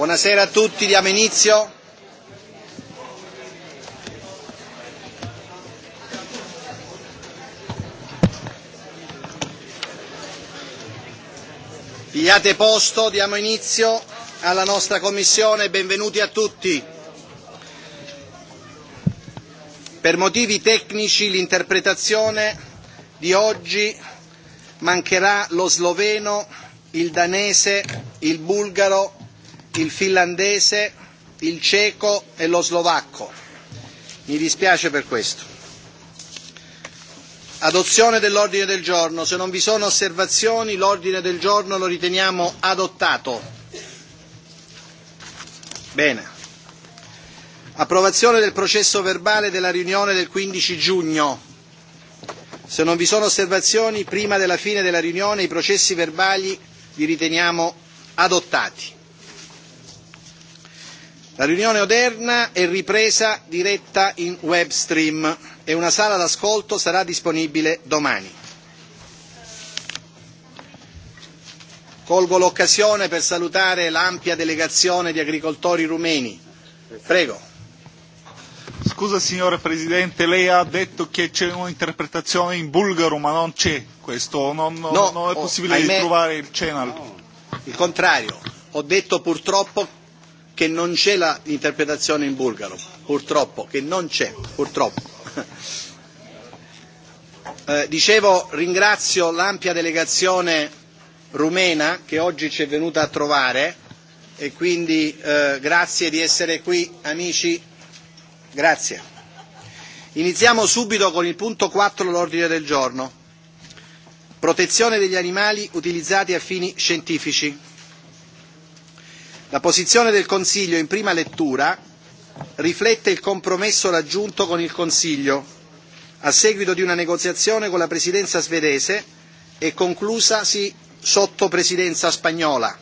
Buonasera a tutti, diamo inizio. Pigliate posto, diamo inizio alla nostra commissione, benvenuti a tutti. Per motivi tecnici l'interpretazione di oggi mancherà lo sloveno, il danese, il bulgaro il finlandese, il ceco e lo slovacco. Mi dispiace per questo. Adozione dell'ordine del giorno. Se non vi sono osservazioni, l'ordine del giorno lo riteniamo adottato. Bene. Approvazione del processo verbale della riunione del 15 giugno. Se non vi sono osservazioni, prima della fine della riunione i processi verbali li riteniamo adottati. La riunione odierna è e ripresa diretta in web stream e una sala d'ascolto sarà disponibile domani. Colgo l'occasione per salutare l'ampia delegazione di agricoltori rumeni. Prego. Scusa signora Presidente, lei ha detto che c'è un'interpretazione in bulgaro, ma non c'è questo, non, no, non è oh, possibile oh, ahimè, ritrovare il Cenal. No. Il contrario, ho detto purtroppo che non c'è l'interpretazione in bulgaro, purtroppo, che non c'è, purtroppo. Eh, dicevo, ringrazio l'ampia delegazione rumena che oggi ci è venuta a trovare e quindi eh, grazie di essere qui, amici. Grazie. Iniziamo subito con il punto 4 dell'ordine del giorno. Protezione degli animali utilizzati a fini scientifici La posizione del Consiglio in prima lettura riflette il compromesso raggiunto con il Consiglio a seguito di una negoziazione con la Presidenza svedese e conclusasi sotto Presidenza spagnola.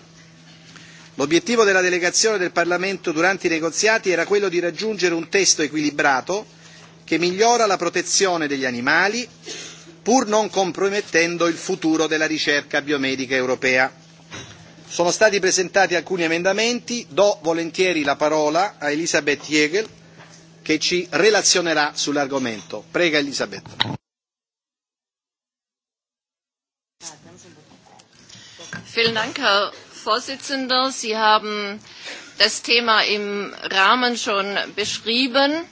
L'obiettivo della delegazione del Parlamento durante i negoziati era quello di raggiungere un testo equilibrato che migliora la protezione degli animali, pur non compromettendo il futuro della ricerca biomedica europea. Sono stati presentati alcuni emendamenti, do volentieri la parola a Elisabeth Jägel che ci relazionerà sull'argomento. Prega Elisabeth. Vielen Dank, Herr Vorsitzender. Sie haben das Thema im Rahmen schon beschrieben,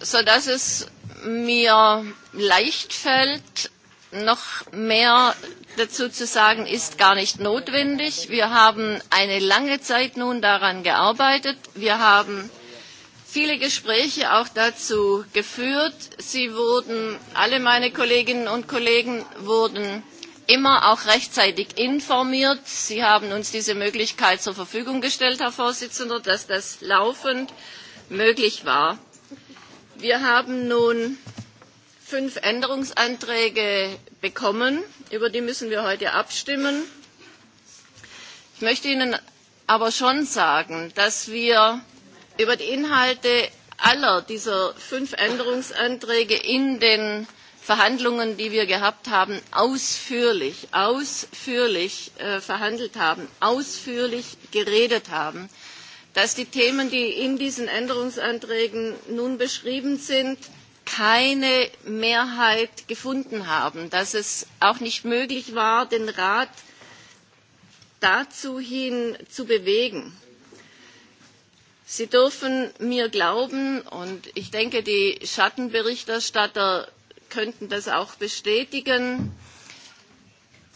sodass es mir leicht fällt, noch mehr dazu zu sagen, ist gar nicht notwendig. Wir haben eine lange Zeit nun daran gearbeitet. Wir haben viele Gespräche auch dazu geführt. Sie wurden, alle meine Kolleginnen und Kollegen wurden immer auch rechtzeitig informiert. Sie haben uns diese Möglichkeit zur Verfügung gestellt, Herr Vorsitzender, dass das laufend möglich war. Wir haben nun fünf Änderungsanträge bekommen. Über die müssen wir heute abstimmen. Ich möchte Ihnen aber schon sagen, dass wir über die Inhalte aller dieser fünf Änderungsanträge in den Verhandlungen, die wir gehabt haben, ausführlich, ausführlich äh, verhandelt haben, ausführlich geredet haben, dass die Themen, die in diesen Änderungsanträgen nun beschrieben sind, keine Mehrheit gefunden haben, dass es auch nicht möglich war, den Rat dazu hin zu bewegen. Sie dürfen mir glauben, und ich denke, die Schattenberichterstatter könnten das auch bestätigen,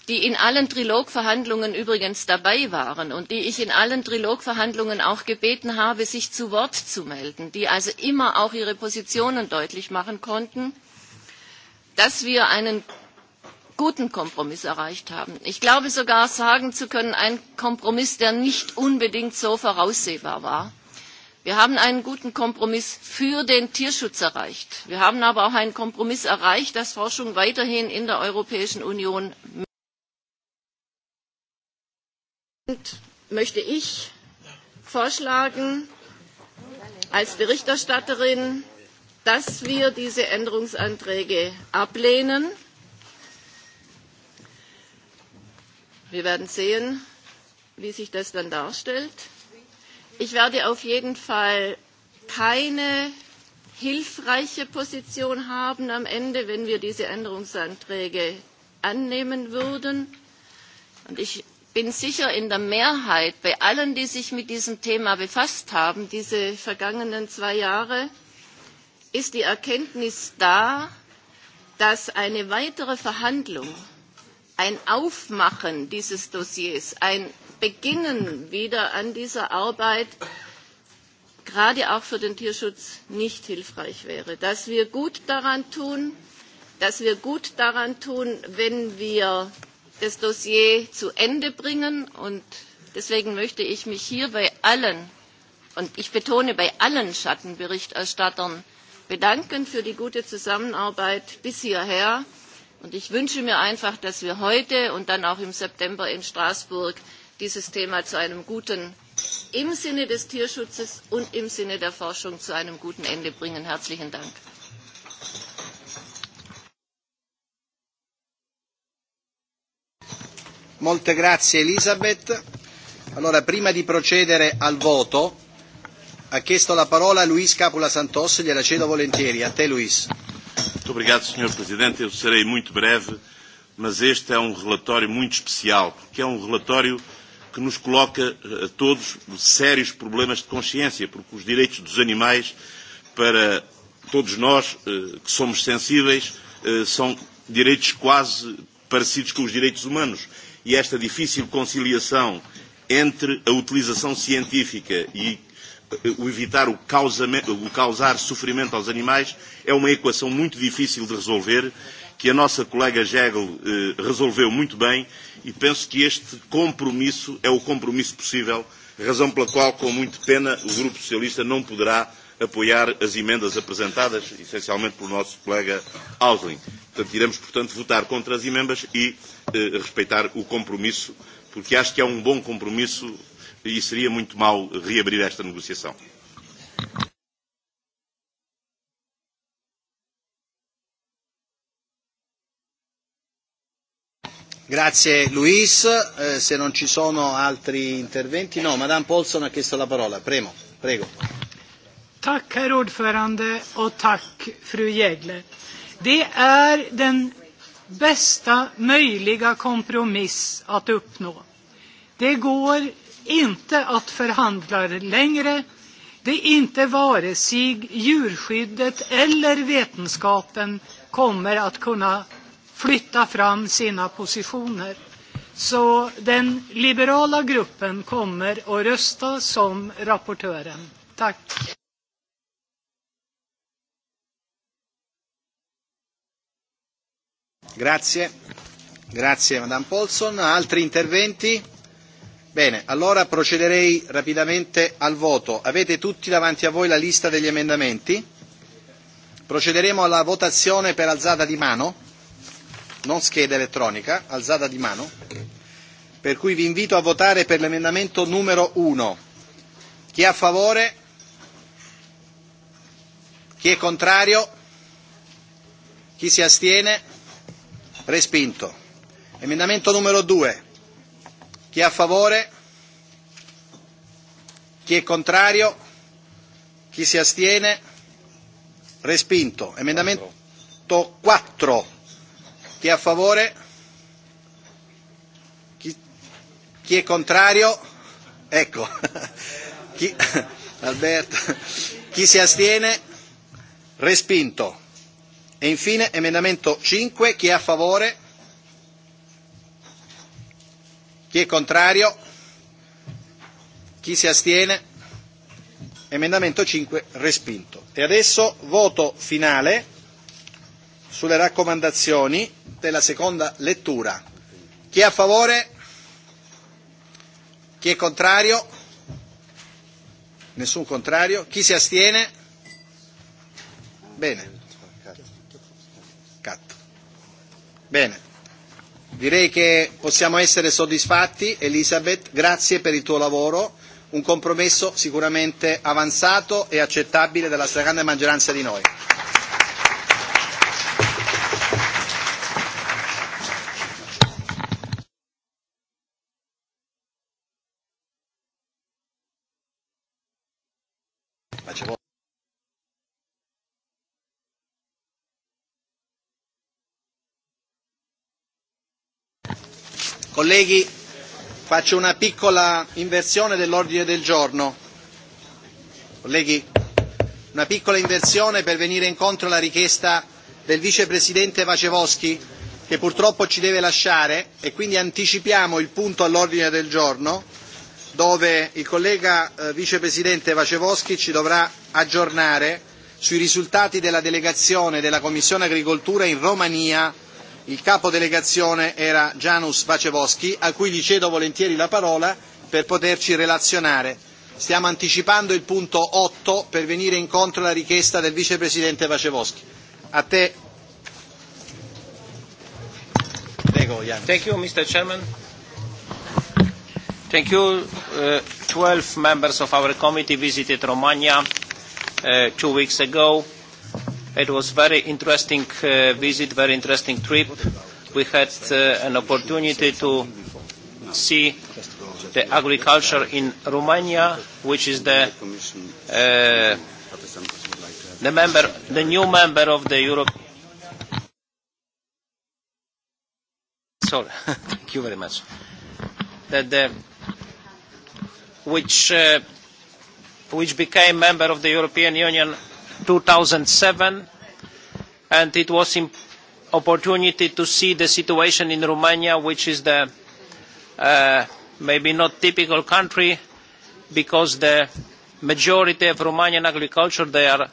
die in allen Trilogverhandlungen übrigens dabei waren und die ich in allen Trilogverhandlungen auch gebeten habe, sich zu Wort zu melden, die also immer auch ihre Positionen deutlich machen konnten, dass wir einen guten Kompromiss erreicht haben. Ich glaube sogar sagen zu können, ein Kompromiss, der nicht unbedingt so voraussehbar war. Wir haben einen guten Kompromiss für den Tierschutz erreicht. Wir haben aber auch einen Kompromiss erreicht, dass Forschung weiterhin in der Europäischen Union möchte ich vorschlagen, als Berichterstatterin, dass wir diese Änderungsanträge ablehnen. Wir werden sehen, wie sich das dann darstellt. Ich werde auf jeden Fall keine hilfreiche Position haben am Ende, wenn wir diese Änderungsanträge annehmen würden. Und ich bin sicher in der Mehrheit bei allen, die sich mit diesem Thema befasst haben, diese vergangenen zwei Jahre, ist die Erkenntnis da, dass eine weitere Verhandlung, ein Aufmachen dieses Dossiers, ein Beginnen wieder an dieser Arbeit gerade auch für den Tierschutz nicht hilfreich wäre. Dass wir gut daran tun, dass wir gut daran tun, wenn wir das Dossier zu Ende bringen. Und deswegen möchte ich mich hier bei allen, und ich betone bei allen Schattenberichterstattern, bedanken für die gute Zusammenarbeit bis hierher. Und ich wünsche mir einfach, dass wir heute und dann auch im September in Straßburg dieses Thema zu einem guten, im Sinne des Tierschutzes und im Sinne der Forschung zu einem guten Ende bringen. Herzlichen Dank. Molte grazie Elisabeth. Allora, prima di procedere al voto, ha chiesto la parola Luis Capula Santos, gliela cedo volentieri. A te Luis. Muito obrigado, Sr. Presidente. Eu serei muito breve, mas este é um relatório muito especial, porque é um relatório que nos coloca a eh, todos sérios problemas de consciência, porque os direitos dos animais, para todos nós eh, que somos sensíveis, eh, são direitos quase parecidos com os direitos humanos e esta difícil conciliação entre a utilização científica e eh, o evitar o, causa, o causar sofrimento aos animais é uma equação muito difícil de resolver, que a nossa colega Jegel eh, resolveu muito bem e penso que este compromisso é o compromisso possível, razão pela qual, com muito pena, o Grupo Socialista não poderá apoiar as emendas apresentadas, essencialmente pelo nosso colega Ausling. Portanto, iremos, portanto, votar contra as emendas e eh, respeitar o compromisso, porque acho que é um bom compromisso e seria muito mal reabrir esta negociação. Grazie Luis, eh, se non ci sono altri interventi. No, Madame Paulson ha chiesto la parola. Prego. Prego. Tack herr ordförande och tack fru Jägle. Det är den bästa möjliga kompromiss att uppnå. Det går inte att förhandla längre. Det är inte vare sig djurskyddet eller vetenskapen kommer att kunna flytta fram sina positioner. Så den liberala gruppen kommer att rösta som rapportören. Tack. Grazie, grazie Madame Polson. Altri interventi? Bene, allora procederei rapidamente al voto. Avete tutti davanti a voi la lista degli emendamenti? Procederemo alla votazione per alzata di mano, non scheda elettronica, alzata di mano. Per cui vi invito a votare per l'emendamento numero 1. Chi è a favore? Chi è contrario? Chi si astiene? Respinto. Emendamento numero 2. Chi è a favore? Chi è contrario? Chi si astiene? Respinto. Emendamento 4. Chi è a favore? Chi, chi è contrario? Ecco. Chi, Alberto. Chi si astiene? Respinto. E infine emendamento 5, chi è a favore? Chi è contrario? Chi si astiene? Emendamento 5 respinto. E adesso voto finale sulle raccomandazioni della seconda lettura. Chi è a favore? Chi è contrario? Nessun contrario? Chi si astiene? Bene. Bene, direi che possiamo essere soddisfatti. Elisabeth, grazie per il tuo lavoro, un compromesso sicuramente avanzato e accettabile dalla stragrande maggioranza di noi. Colleghi, faccio una piccola inversione dell'ordine del giorno. Colleghi, una piccola inversione per venire incontro alla richiesta del vicepresidente Vacevoschi, che purtroppo ci deve lasciare, e quindi anticipiamo il punto all'ordine del giorno, dove il collega eh, vicepresidente Vacevoschi ci dovrà aggiornare sui risultati della delegazione della Commissione Agricoltura in Romania Il capo delegazione era Janus Vacevoschi, a cui gli cedo volentieri la parola per poterci relazionare. Stiamo anticipando il punto 8 per venire incontro alla richiesta del vicepresidente Vacevoschi. A te. Prego, Jan. Thank you, Mr. Chairman. Thank you. Uh, 12 members of our committee visited Romania uh, two weeks ago It was very interesting uh, visit, very interesting trip. We had uh, an opportunity to see the agriculture in Romania, which is the, uh, the, member, the new member of the European Sorry, thank you very much. That the, which, uh, which became member of the European Union 2007 and it was an opportunity to see the situation in Romania which is the uh, maybe not typical country because the majority of Romanian agriculture they are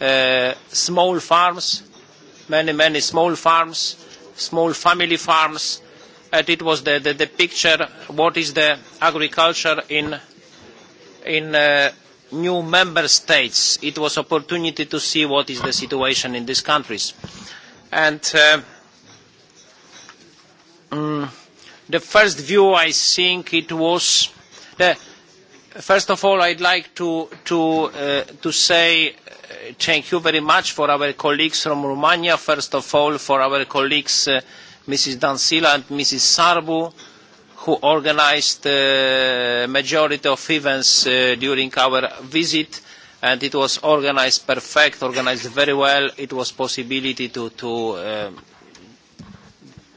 uh, small farms, many many small farms, small family farms and it was the, the, the picture what is the agriculture in in uh, new member states, it was opportunity to see what is the situation in these countries. And uh, um, the first view, I think it was, the, first of all, I'd like to, to, uh, to say uh, thank you very much for our colleagues from Romania, first of all, for our colleagues, uh, Mrs. Dansila and Mrs. Sarbu, who organized the uh, majority of events uh, during our visit and it was organized perfect, organized very well. It was possibility to, to, uh,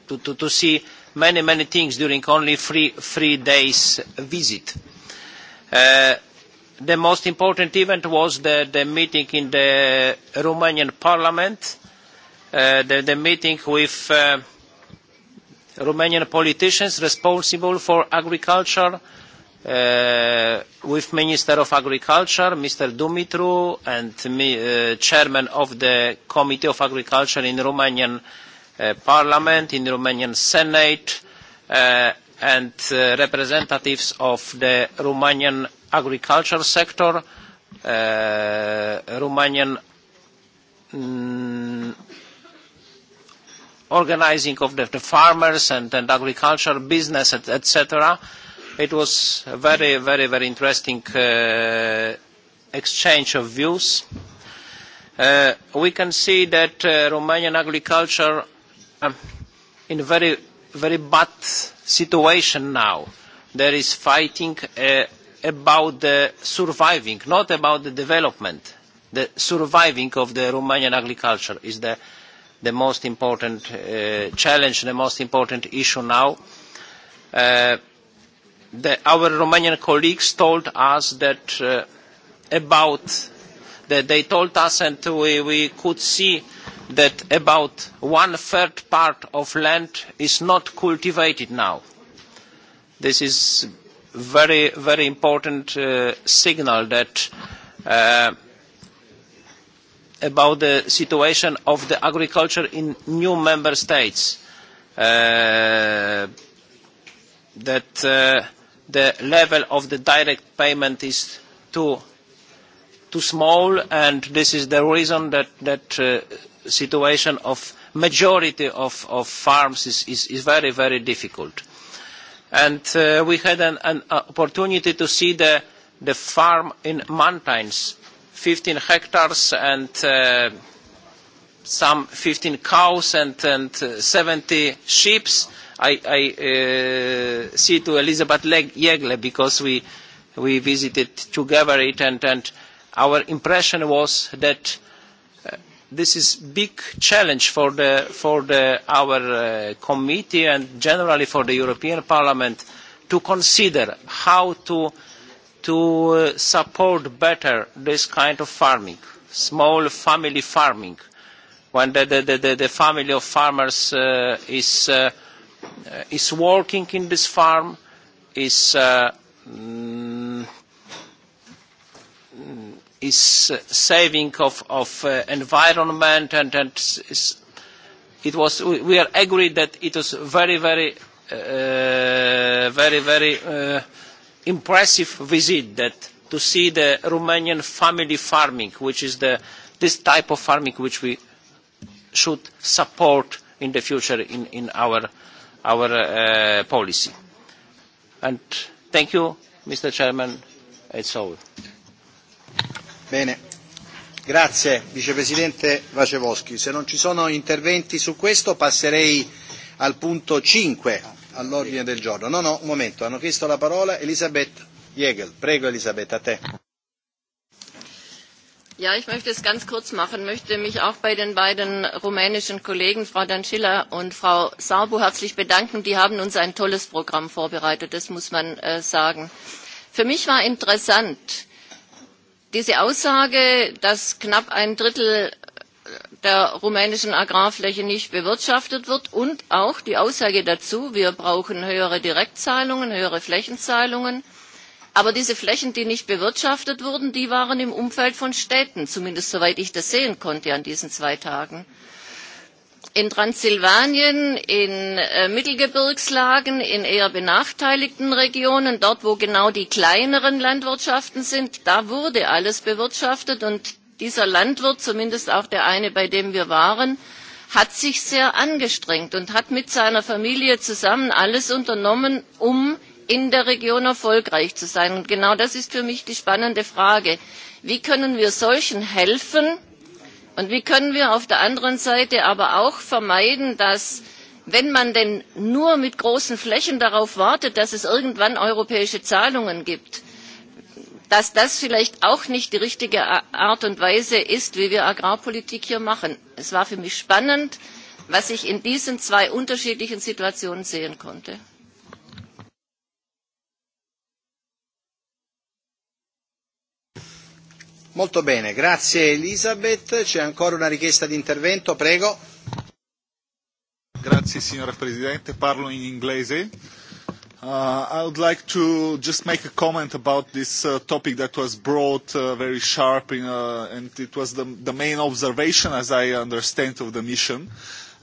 to, to, to see many, many things during only three, three days visit. Uh, the most important event was the, the meeting in the Romanian parliament, uh, the, the meeting with uh, Romanian politicians responsible for agriculture uh, with Minister of Agriculture, Mr. Dumitru, and me, uh, Chairman of the Committee of Agriculture in Romanian uh, Parliament, in Romanian Senate, uh, and uh, representatives of the Romanian agriculture sector, uh, Romanian mm, organizing of the, the farmers and, and agriculture business, etc. Et it was a very, very, very interesting uh, exchange of views. Uh, we can see that uh, Romanian agriculture um, in a very, very bad situation now. There is fighting uh, about the surviving, not about the development. The surviving of the Romanian agriculture is the the most important uh, challenge, the most important issue now. Uh, the, our Romanian colleagues told us that uh, about, that they told us and we, we could see that about one third part of land is not cultivated now. This is very, very important uh, signal that uh, about the situation of the agriculture in new member states. Uh, that uh, the level of the direct payment is too, too small and this is the reason that the uh, situation of majority of, of farms is, is, is very, very difficult. And uh, we had an, an opportunity to see the, the farm in mountains 15 hectares and uh, some 15 cows and, and 70 uh, sheep. I, I uh, see to Elizabeth Yegle because we, we visited together it and, and our impression was that uh, this is big challenge for, the, for the, our uh, committee and generally for the European Parliament to consider how to uh, to uh, support better this kind of farming, small family farming, when the, the, the, the family of farmers uh, is, uh, uh, is working in this farm, is, uh, mm, is saving of, of uh, environment and, and is, it was, we are agreed that it was very, very, uh, very, very uh, impressive visit that to see the Romanian family farming, which is the, this type of farming which we should support in the future in, in our, our uh, policy. And thank you, Mr. Chairman. It's all. Bene. Grazie, Vicepresidente Vacevoschi. Se non ci sono interventi su questo passerei al punto 5 all'ordine del giorno. No, no, un momento, hanno chiesto la parola Elisabeth Jägel. Prego Elisabeth, a te. Ja, ich möchte es ganz kurz machen, möchte mich auch bei den beiden rumänischen Kollegen, Frau Dancila und Frau Sarbu, herzlich bedanken. Die haben uns ein tolles Programm vorbereitet, das muss man äh, sagen. Für mich war interessant diese Aussage, dass knapp ein Drittel der rumänischen Agrarfläche nicht bewirtschaftet wird und auch die Aussage dazu, wir brauchen höhere Direktzahlungen, höhere Flächenzahlungen. Aber diese Flächen, die nicht bewirtschaftet wurden, die waren im Umfeld von Städten, zumindest soweit ich das sehen konnte an diesen zwei Tagen. In Transsilvanien, in äh, Mittelgebirgslagen, in eher benachteiligten Regionen, dort wo genau die kleineren Landwirtschaften sind, da wurde alles bewirtschaftet und dieser Landwirt, zumindest auch der eine, bei dem wir waren, hat sich sehr angestrengt und hat mit seiner Familie zusammen alles unternommen, um in der Region erfolgreich zu sein. Und genau das ist für mich die spannende Frage. Wie können wir solchen helfen? Und wie können wir auf der anderen Seite aber auch vermeiden, dass wenn man denn nur mit großen Flächen darauf wartet, dass es irgendwann europäische Zahlungen gibt, dass das vielleicht auch nicht die richtige Art und Weise ist, wie wir Agrarpolitik hier machen. Es war für mich spannend, was ich in diesen zwei unterschiedlichen Situationen sehen konnte. Molto bene, grazie Elisabeth. C'è ancora una richiesta di intervento, prego. Grazie signora Presidente, parlo in inglese. Uh, I would like to just make a comment about this uh, topic that was brought uh, very sharp, in, uh, and it was the, the main observation, as I understand, of the mission,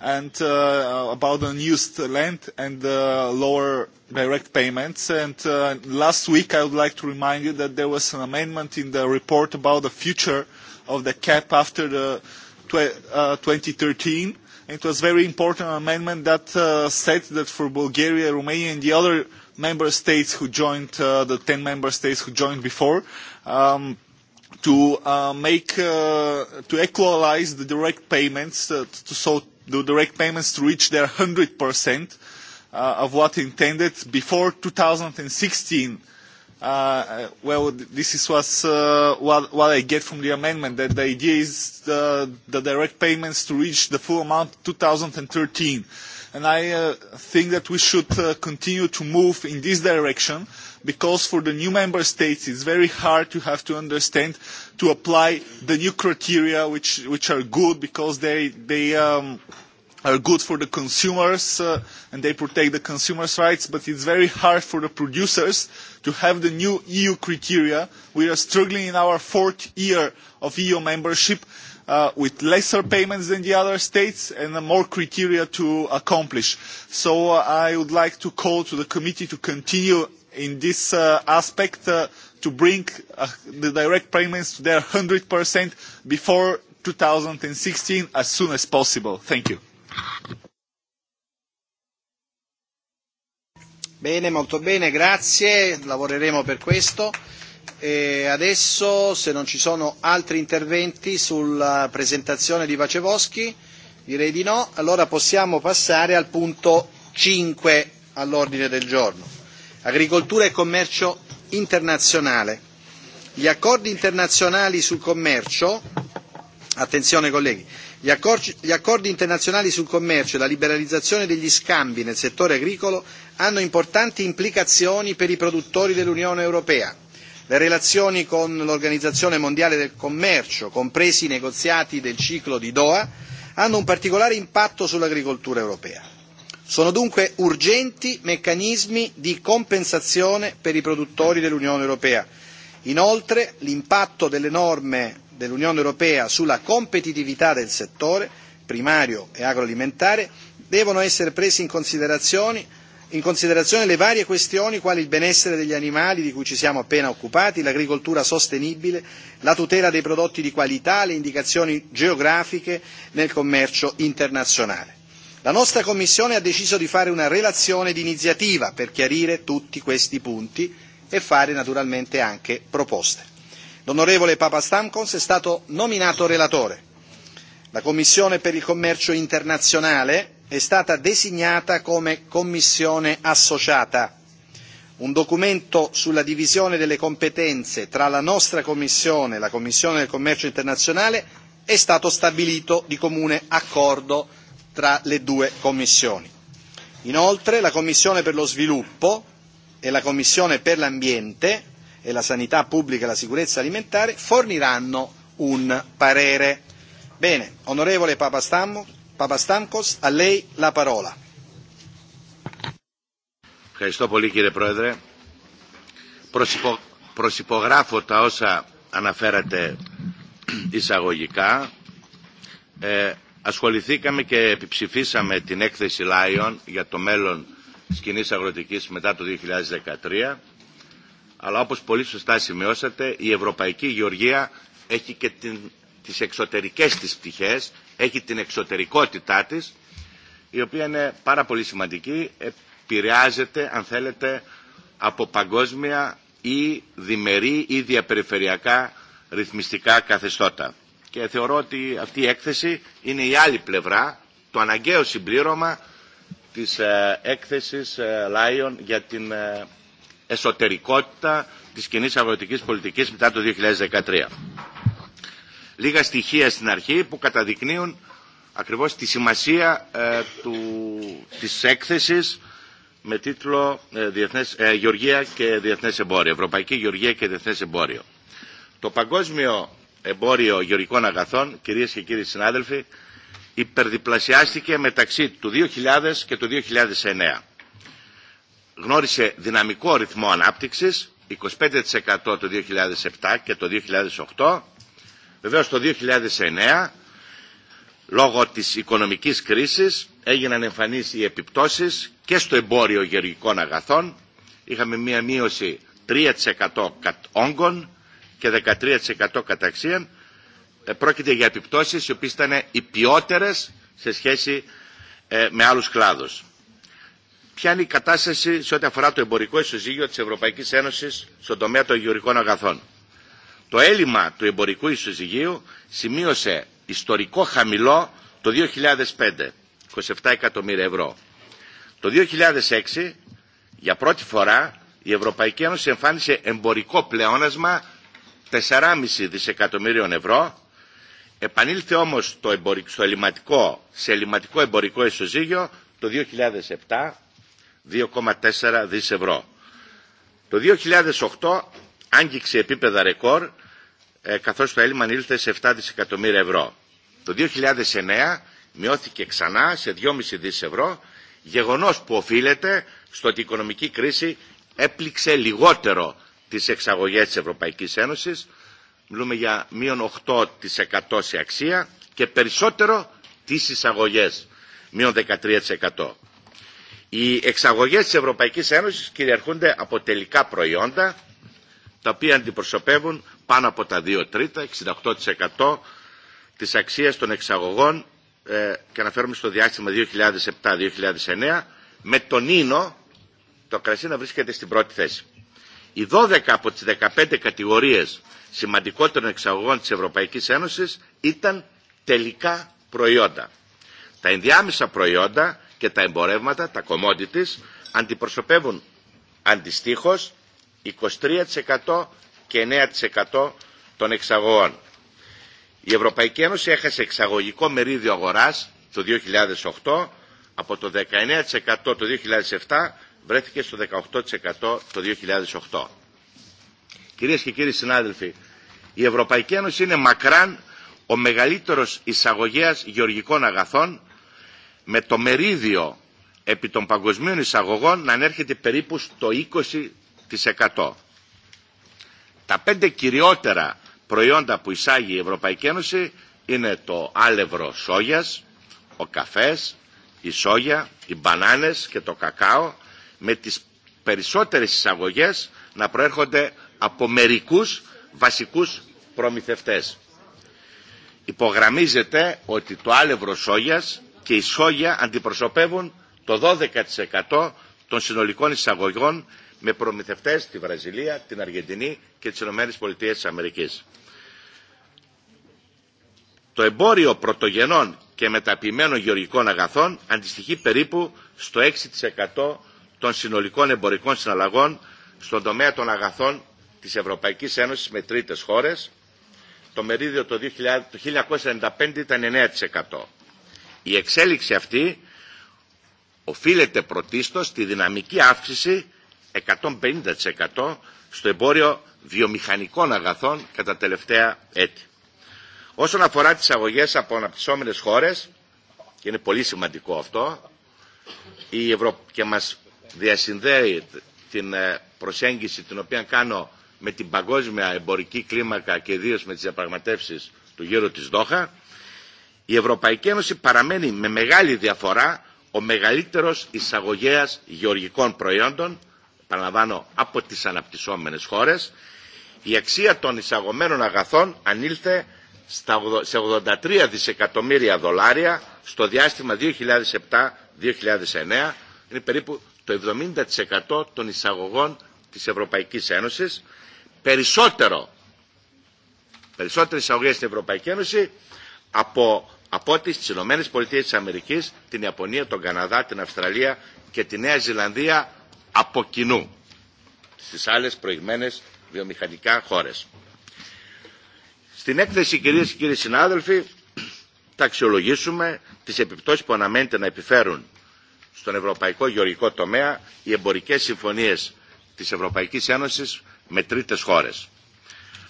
and uh, uh about unused land and uh, lower direct payments. And uh, last week, I would like to remind you that there was an amendment in the report about the future of the cap after the tw- uh, 2013 It was very important amendment that uh, said that for Bulgaria, Romania, and the other member states who joined, uh, the 10 member states who joined before, um, to uh, make, uh, to equalize the direct payments, uh, to, so the direct payments to reach their 100% uh, of what intended before 2016 Uh, well, this is was, uh, what, what I get from the amendment, that the idea is the, uh, the direct payments to reach the full amount 2013. And I uh, think that we should uh, continue to move in this direction because for the new member states it's very hard to have to understand to apply the new criteria which, which are good because they, they um, uh, are good for the consumers uh, and they protect the consumers' rights, but it's very hard for the producers to have the new EU criteria. We are struggling in our fourth year of EU membership uh, with lesser payments than the other states and more criteria to accomplish. So uh, I would like to call to the committee to continue in this uh, aspect uh, to bring uh, the direct payments to their 100% before 2016 as soon as possible. Thank you. Bene, molto bene, grazie, lavoreremo per questo. E adesso, se non ci sono altri interventi sulla presentazione di Vacevoschi, direi di no, allora possiamo passare al punto 5 all'ordine del giorno. Agricoltura e commercio internazionale. Gli accordi internazionali sul commercio, attenzione colleghi, Gli accordi, gli accordi internazionali sul commercio e la liberalizzazione degli scambi nel settore agricolo hanno importanti implicazioni per i produttori dell'Unione europea. Le relazioni con l'Organizzazione Mondiale del Commercio, compresi i negoziati del ciclo di Doha, hanno un particolare impatto sull'agricoltura europea. Sono dunque urgenti meccanismi di compensazione per i produttori dell'Unione europea. Inoltre, l'impatto delle norme dell'Unione Europea sulla competitività del settore primario e agroalimentare devono essere prese in considerazione, in considerazione le varie questioni quali il benessere degli animali di cui ci siamo appena occupati, l'agricoltura sostenibile, la tutela dei prodotti di qualità, le indicazioni geografiche nel commercio internazionale. La nostra Commissione ha deciso di fare una relazione d'iniziativa per chiarire tutti questi punti e fare naturalmente anche proposte. L'onorevole Papastamkos è stato nominato relatore. La Commissione per il commercio internazionale è stata designata come Commissione associata. Un documento sulla divisione delle competenze tra la nostra Commissione e la Commissione del commercio internazionale è stato stabilito di comune accordo tra le due Commissioni. Inoltre la Commissione per lo sviluppo e la Commissione per l'ambiente e la sanità pubblica e la sicurezza alimentare forniranno un parere. Bene, onorevole Papastamkos, a lei la parola. Ευχαριστώ πολύ κύριε Πρόεδρε. Προσυπο, προσυπογράφω τα όσα αναφέρατε εισαγωγικά. Ε, ασχοληθήκαμε και επιψηφίσαμε την έκθεση Lion για το μέλλον της κοινής αγροτικής μετά το 2013 αλλά όπως πολύ σωστά σημειώσατε, η Ευρωπαϊκή Γεωργία έχει και την, τις εξωτερικές της πτυχές, έχει την εξωτερικότητά της, η οποία είναι πάρα πολύ σημαντική, επηρεάζεται, αν θέλετε, από παγκόσμια ή διμερή ή διαπεριφερειακά ρυθμιστικά καθεστώτα. Και θεωρώ ότι αυτή η έκθεση είναι η άλλη πλευρά, το αναγκαίο συμπλήρωμα της ε, έκθεσης ε, Lion για την ε, εσωτερικότητα της κοινή αγροτικής πολιτικής μετά το 2013. Λίγα στοιχεία στην αρχή που καταδεικνύουν ακριβώς τη σημασία ε, του, της έκθεσης με τίτλο ε, Διεθνές, ε, «Γεωργία και Διεθνές Εμπόριο», «Ευρωπαϊκή Γεωργία και Διεθνές Εμπόριο». Το παγκόσμιο εμπόριο γεωργικών αγαθών, κυρίες και κύριοι συνάδελφοι, υπερδιπλασιάστηκε μεταξύ του 2000 και του 2009 γνώρισε δυναμικό ρυθμό ανάπτυξης, 25% το 2007 και το 2008. Βεβαίως το 2009, λόγω της οικονομικής κρίσης, έγιναν εμφανείς οι επιπτώσεις και στο εμπόριο γεωργικών αγαθών. Είχαμε μία μείωση 3% κατ όγκων και 13% κατ αξίαν. Πρόκειται για επιπτώσεις οι οποίες ήταν οι ποιότερες σε σχέση με άλλους κλάδους ποια είναι η κατάσταση σε ό,τι αφορά το εμπορικό ισοζύγιο της Ευρωπαϊκής Ένωσης στον τομέα των γεωρικών αγαθών. Το έλλειμμα του εμπορικού ισοζυγίου σημείωσε ιστορικό χαμηλό το 2005, 27 εκατομμύρια ευρώ. Το 2006, για πρώτη φορά, η Ευρωπαϊκή Ένωση εμφάνισε εμπορικό πλεόνασμα 4,5 δισεκατομμύριων ευρώ. Επανήλθε όμως το εμπορικό, στο ελληματικό, σε ελληματικό εμπορικό ισοζύγιο το 2007 2,4 δις ευρώ. Το 2008 άγγιξε επίπεδα ρεκόρ, ε, καθώς το έλλειμμα ανήλθε σε 7 δισεκατομμύρια ευρώ. Το 2009 μειώθηκε ξανά σε 2,5 δις ευρώ, γεγονός που οφείλεται στο ότι η οικονομική κρίση έπληξε λιγότερο τις εξαγωγές της Ευρωπαϊκής Ένωσης, μιλούμε για μείον 8% σε αξία και περισσότερο τις εισαγωγές, μείον 13%. Οι εξαγωγές της Ευρωπαϊκής Ένωσης κυριαρχούνται από τελικά προϊόντα, τα οποία αντιπροσωπεύουν πάνω από τα 2 τρίτα, 68% της αξίας των εξαγωγών ε, και αναφέρουμε στο διάστημα 2007-2009, με τον ίνο το κρασί να βρίσκεται στην πρώτη θέση. Οι 12 από τις 15 κατηγορίες σημαντικότερων εξαγωγών της Ευρωπαϊκής Ένωσης ήταν τελικά προϊόντα. Τα ενδιάμεσα προϊόντα και τα εμπορεύματα, τα commodities, αντιπροσωπεύουν αντιστοίχως 23% και 9% των εξαγωγών. Η Ευρωπαϊκή Ένωση έχασε εξαγωγικό μερίδιο αγοράς το 2008, από το 19% το 2007 βρέθηκε στο 18% το 2008. Κυρίες και κύριοι συνάδελφοι, η Ευρωπαϊκή Ένωση είναι μακράν ο μεγαλύτερος εισαγωγέας γεωργικών αγαθών με το μερίδιο επί των παγκοσμίων εισαγωγών να ανέρχεται περίπου στο 20%. Τα πέντε κυριότερα προϊόντα που εισάγει η Ευρωπαϊκή Ένωση είναι το άλευρο σόγιας, ο καφές, η σόγια, οι μπανάνες και το κακάο, με τις περισσότερες εισαγωγές να προέρχονται από μερικούς βασικούς προμηθευτές. Υπογραμμίζεται ότι το άλευρο σόγιας και η σόγια αντιπροσωπεύουν το 12% των συνολικών εισαγωγών με προμηθευτές στη Βραζιλία, την Αργεντινή και τις Ηνωμένες Πολιτείες της Αμερικής. Το εμπόριο πρωτογενών και μεταποιημένων γεωργικών αγαθών αντιστοιχεί περίπου στο 6% των συνολικών εμπορικών συναλλαγών στον τομέα των αγαθών της Ευρωπαϊκής Ένωσης με τρίτες χώρες. Το μερίδιο το 1995 ήταν 9%. Η εξέλιξη αυτή οφείλεται πρωτίστως στη δυναμική αύξηση 150% στο εμπόριο βιομηχανικών αγαθών κατά τελευταία έτη. Όσον αφορά τις αγωγές από αναπτυσσόμενες χώρες, και είναι πολύ σημαντικό αυτό, η Ευρω... και μας διασυνδέει την προσέγγιση την οποία κάνω με την παγκόσμια εμπορική κλίμακα και ιδίω με τις διαπραγματεύσεις του γύρω της Δόχα, η Ευρωπαϊκή Ένωση παραμένει με μεγάλη διαφορά ο μεγαλύτερος εισαγωγέας γεωργικών προϊόντων, επαναλαμβάνω από τις αναπτυσσόμενες χώρες, η αξία των εισαγωμένων αγαθών ανήλθε σε 83 δισεκατομμύρια δολάρια στο διάστημα 2007-2009, είναι περίπου το 70% των εισαγωγών της Ευρωπαϊκής Ένωσης, περισσότερο, περισσότερες εισαγωγές στην Ευρωπαϊκή Ένωση από από ό,τι στις Ηνωμένες Πολιτείες της Αμερικής, την Ιαπωνία, τον Καναδά, την Αυστραλία και τη Νέα Ζηλανδία από κοινού στις άλλες προηγμένες βιομηχανικά χώρες. Στην έκθεση κυρίες και κύριοι συνάδελφοι θα αξιολογήσουμε τις επιπτώσεις που αναμένεται να επιφέρουν στον ευρωπαϊκό γεωργικό τομέα οι εμπορικές συμφωνίες της Ευρωπαϊκής Ένωσης με τρίτες χώρες.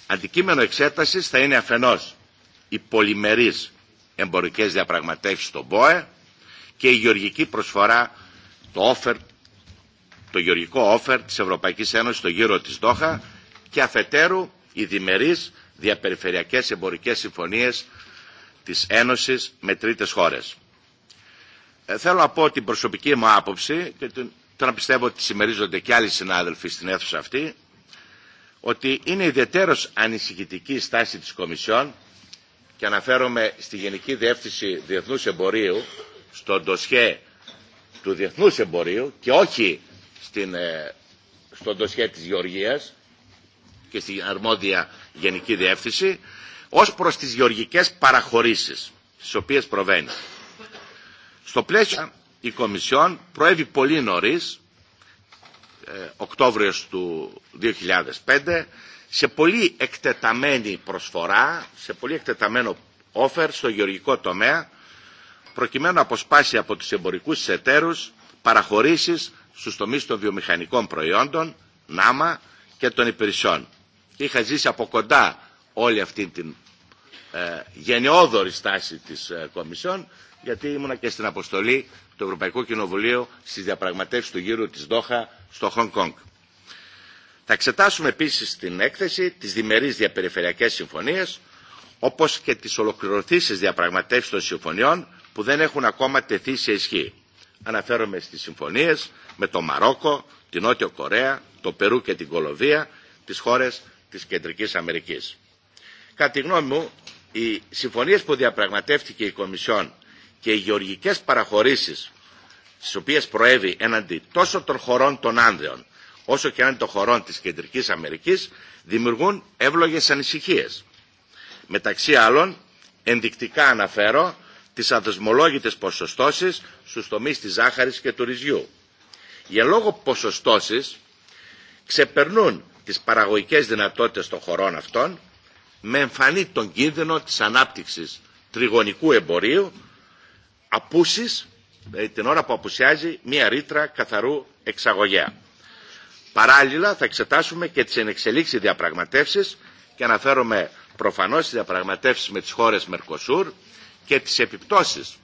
Αντικείμενο εξέτασης θα είναι αφενός οι πολυμερείς εμπορικές διαπραγματεύσεις στον ΠΟΕ και η γεωργική προσφορά, το offer, το γεωργικό offer της Ευρωπαϊκής Ένωσης στο γύρο της Δόχα και αφετέρου οι διμερείς διαπεριφερειακές εμπορικές συμφωνίες της Ένωσης με τρίτες χώρες. Ε, θέλω να πω την προσωπική μου άποψη και την, τώρα πιστεύω ότι συμμερίζονται και άλλοι συνάδελφοι στην αίθουσα αυτή ότι είναι ιδιαίτερος ανησυχητική η στάση της Κομισιόν και αναφέρομαι στη Γενική Διεύθυνση Διεθνούς Εμπορίου, στο ντοσιέ του Διεθνούς Εμπορίου και όχι στην, στο ντοσιέ της Γεωργίας και στην αρμόδια Γενική Διεύθυνση, ως προς τις γεωργικές παραχωρήσεις, στις οποίες προβαίνει. Στο πλαίσιο η Κομισιόν προέβη πολύ νωρίς, Οκτώβριος του 2005, σε πολύ εκτεταμένη προσφορά, σε πολύ εκτεταμένο offer στο γεωργικό τομέα, προκειμένου να αποσπάσει από τους εμπορικούς εταίρους παραχωρήσεις στους τομείς των βιομηχανικών προϊόντων, ΝΑΜΑ και των υπηρεσιών. Είχα ζήσει από κοντά όλη αυτή την ε, γενναιόδορη στάση της ε, Κομισιόν, γιατί ήμουνα και στην αποστολή του Ευρωπαϊκού Κοινοβουλίου στις διαπραγματεύσεις του γύρου της Δόχα στο Χονγκ Κόνγκ. Θα εξετάσουμε επίσης στην έκθεση τις διμερείς διαπεριφερειακές συμφωνίες, όπως και τις ολοκληρωθήσεις διαπραγματεύσεις των συμφωνιών που δεν έχουν ακόμα τεθεί σε ισχύ. Αναφέρομαι στις συμφωνίες με το Μαρόκο, την Νότιο Κορέα, το Περού και την Κολοβία, τις χώρες της Κεντρικής Αμερικής. Κατά τη γνώμη μου, οι συμφωνίες που διαπραγματεύτηκε η Κομισιόν και οι γεωργικές παραχωρήσεις στις οποίες προέβη έναντι τόσο των χωρών των άνδρεων όσο και αν των χωρών της Κεντρικής Αμερικής δημιουργούν εύλογες ανησυχίες. Μεταξύ άλλων, ενδεικτικά αναφέρω τις αδεσμολόγητες ποσοστώσεις στους τομείς της ζάχαρης και του ρυζιού. Οι εν λόγω ποσοστώσεις ξεπερνούν τις παραγωγικές δυνατότητες των χωρών αυτών με εμφανή τον κίνδυνο της ανάπτυξης τριγωνικού εμπορίου απούσης την ώρα που απουσιάζει μία ρήτρα καθαρού εξαγωγέα. Παράλληλα θα εξετάσουμε και τις ενεξελίξει διαπραγματεύσεις και αναφέρομαι προφανώς στις διαπραγματεύσεις με τις χώρες Μερκοσούρ και τις επιπτώσεις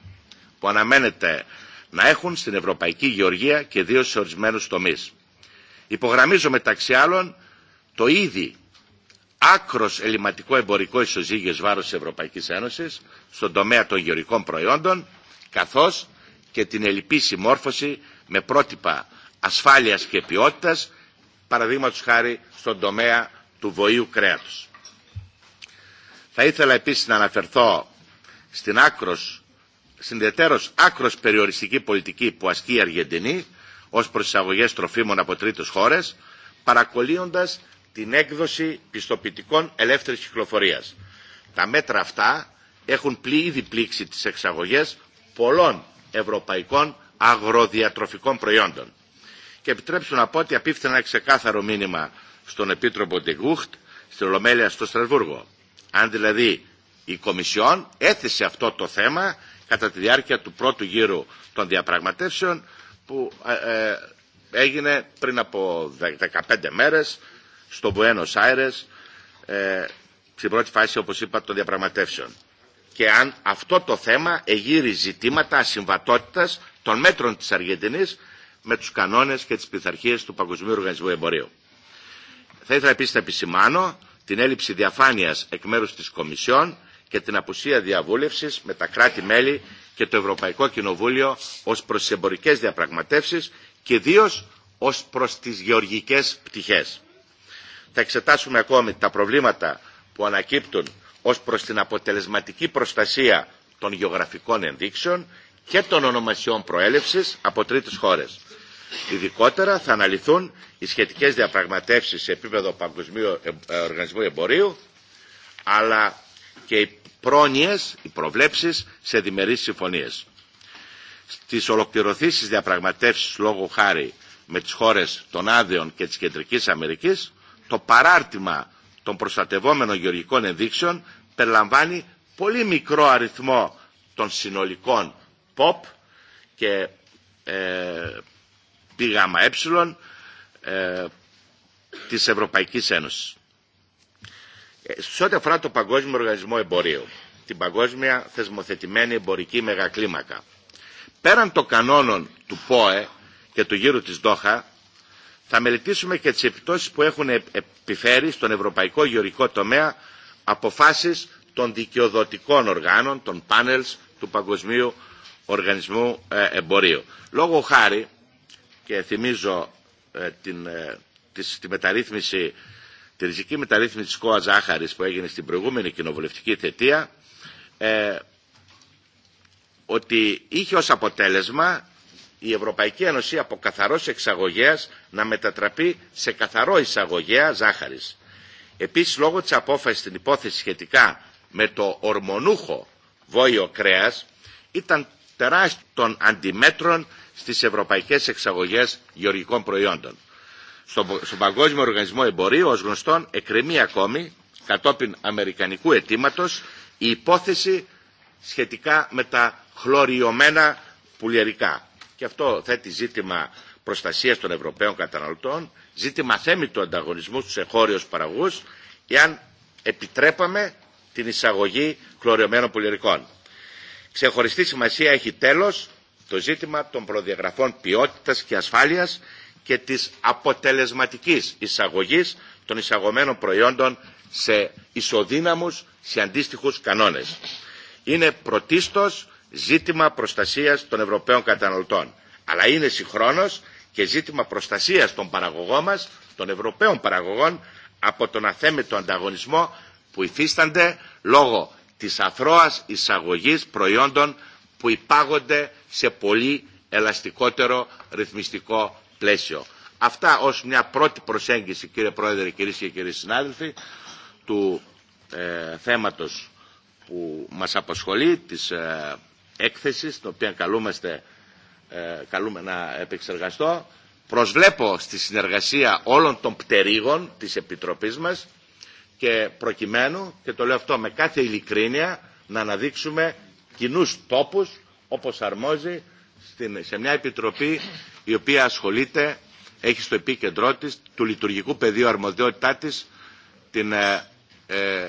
που αναμένεται να έχουν στην Ευρωπαϊκή Γεωργία και δύο σε ορισμένους τομείς. Υπογραμμίζω μεταξύ άλλων το ήδη άκρος ελληματικό εμπορικό ισοζύγιο βάρος της Ευρωπαϊκής Ένωσης στον τομέα των γεωρικών προϊόντων καθώς και την ελληπή συμμόρφωση με πρότυπα ασφάλειας και ποιότητας παραδείγματος χάρη στον τομέα του βοήου κρέατος. Θα ήθελα επίσης να αναφερθώ στην άκρος, στην ιδιαίτερος άκρος περιοριστική πολιτική που ασκεί η Αργεντινή ως προς εισαγωγές τροφίμων από τρίτες χώρες, παρακολύοντας την έκδοση πιστοποιητικών ελεύθερης κυκλοφορίας. Τα μέτρα αυτά έχουν ήδη πλήξει τις εξαγωγές πολλών ευρωπαϊκών αγροδιατροφικών προϊόντων και επιτρέψουν να πω ότι απίφθηνα ένα ξεκάθαρο μήνυμα στον Επίτροπο Ντεγούχτ στην Ολομέλεια στο Στρασβούργο. Αν δηλαδή η Κομισιόν έθεσε αυτό το θέμα κατά τη διάρκεια του πρώτου γύρου των διαπραγματεύσεων που ε, ε, έγινε πριν από 15 μέρες στο Buenos Aires ε, στην πρώτη φάση όπως είπα των διαπραγματεύσεων και αν αυτό το θέμα εγείρει ζητήματα ασυμβατότητας των μέτρων της Αργεντινής με τους κανόνες και τις πειθαρχίες του Παγκοσμίου Οργανισμού Εμπορίου. Θα ήθελα επίσης να επισημάνω την έλλειψη διαφάνειας εκ μέρους της Κομισιόν και την απουσία διαβούλευσης με τα κράτη-μέλη και το Ευρωπαϊκό Κοινοβούλιο ως προς τις εμπορικές διαπραγματεύσεις και ιδίω ως προς τις γεωργικές πτυχές. Θα εξετάσουμε ακόμη τα προβλήματα που ανακύπτουν ως προς την αποτελεσματική προστασία των γεωγραφικών ενδείξεων και των ονομασιών προέλευσης από τρίτες χώρες. Ειδικότερα θα αναλυθούν οι σχετικές διαπραγματεύσεις σε επίπεδο Παγκοσμίου Οργανισμού Εμπορίου, αλλά και οι πρόνοιες, οι προβλέψεις σε διμερείς συμφωνίες. Στις ολοκληρωθήσεις διαπραγματεύσεις λόγω χάρη με τις χώρες των Άδεων και της Κεντρικής Αμερικής, το παράρτημα των προστατευόμενων γεωργικών ενδείξεων περιλαμβάνει πολύ μικρό αριθμό των συνολικών ΠΟΠ και ε, τη ΓΑΜΑΕ ε, της Ευρωπαϊκής Ένωσης. Σε ό,τι αφορά το Παγκόσμιο Οργανισμό Εμπορίου, την παγκόσμια θεσμοθετημένη εμπορική μεγακλίμακα, πέραν των κανόνων του ΠΟΕ και του γύρου της Δόχα, θα μελετήσουμε και τις επιπτώσεις που έχουν επιφέρει στον ευρωπαϊκό γεωρικό τομέα αποφάσεις των δικαιοδοτικών οργάνων, των πάνελς του Παγκοσμίου Οργανισμού Εμπορίου. Λόγω χάρη, και θυμίζω ε, την, ε, τη, τη μεταρρύθμιση, τη ριζική μεταρρύθμιση της ΚΟΑ Ζάχαρης που έγινε στην προηγούμενη κοινοβουλευτική θετία ε, ότι είχε ως αποτέλεσμα η Ευρωπαϊκή Ένωση από καθαρός εξαγωγέας να μετατραπεί σε καθαρό εισαγωγέα ζάχαρης. Επίσης λόγω της απόφασης στην υπόθεση σχετικά με το ορμονούχο βόλιο κρέας ήταν τεράστιο των αντιμέτρων στις ευρωπαϊκές εξαγωγές γεωργικών προϊόντων. Στο, στον Παγκόσμιο Οργανισμό Εμπορίου, ως γνωστόν, εκκρεμεί ακόμη, κατόπιν αμερικανικού αιτήματο, η υπόθεση σχετικά με τα χλωριωμένα πουλιαρικά. Και αυτό θέτει ζήτημα προστασίας των Ευρωπαίων καταναλωτών, ζήτημα θέμη του ανταγωνισμού στους εχώριους παραγούς, εάν επιτρέπαμε την εισαγωγή χλωριωμένων πουλιαρικών. Ξεχωριστή σημασία έχει τέλος το ζήτημα των προδιαγραφών ποιότητας και ασφάλειας και της αποτελεσματικής εισαγωγής των εισαγωμένων προϊόντων σε ισοδύναμους, σε αντίστοιχους κανόνες. Είναι πρωτίστως ζήτημα προστασίας των Ευρωπαίων καταναλωτών, αλλά είναι συγχρόνως και ζήτημα προστασίας των παραγωγών μας, των Ευρωπαίων παραγωγών, από τον αθέμητο ανταγωνισμό που υφίστανται λόγω της αθρώας εισαγωγής προϊόντων που υπάγονται σε πολύ ελαστικότερο ρυθμιστικό πλαίσιο. Αυτά ως μια πρώτη προσέγγιση κύριε Πρόεδρε, κυρίες και κύριοι συνάδελφοι του ε, θέματος που μας απασχολεί, της ε, έκθεσης, την οποία καλούμαστε, ε, καλούμε να επεξεργαστώ. Προσβλέπω στη συνεργασία όλων των πτερίγων της Επιτροπής μας και προκειμένου, και το λέω αυτό με κάθε ειλικρίνεια, να αναδείξουμε κοινούς τόπους όπως αρμόζει στην, σε μια επιτροπή η οποία ασχολείται, έχει στο επίκεντρό της, του λειτουργικού πεδίου αρμοδιότητά της, την ε, ε,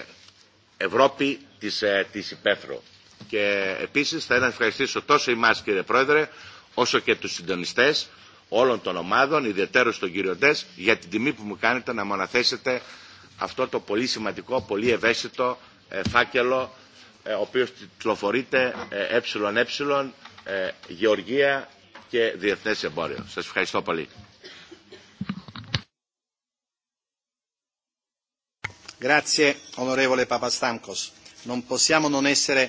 Ευρώπη της, ε, της Υπέθρου. Και επίσης θα ευχαριστήσω τόσο εμάς κύριε Πρόεδρε, όσο και τους συντονιστές όλων των ομάδων, ιδιαίτερο τον κύριο Ντές, για την τιμή που μου κάνετε να μου αναθέσετε αυτό το πολύ σημαντικό, πολύ ευαίσθητο ε, φάκελο ο οποίος τυκλοφορείται ΕΕ, γεωργία και διεθνές εμπόριο. Σας ευχαριστώ πολύ. Grazie onorevole Papastamkos. Non possiamo non essere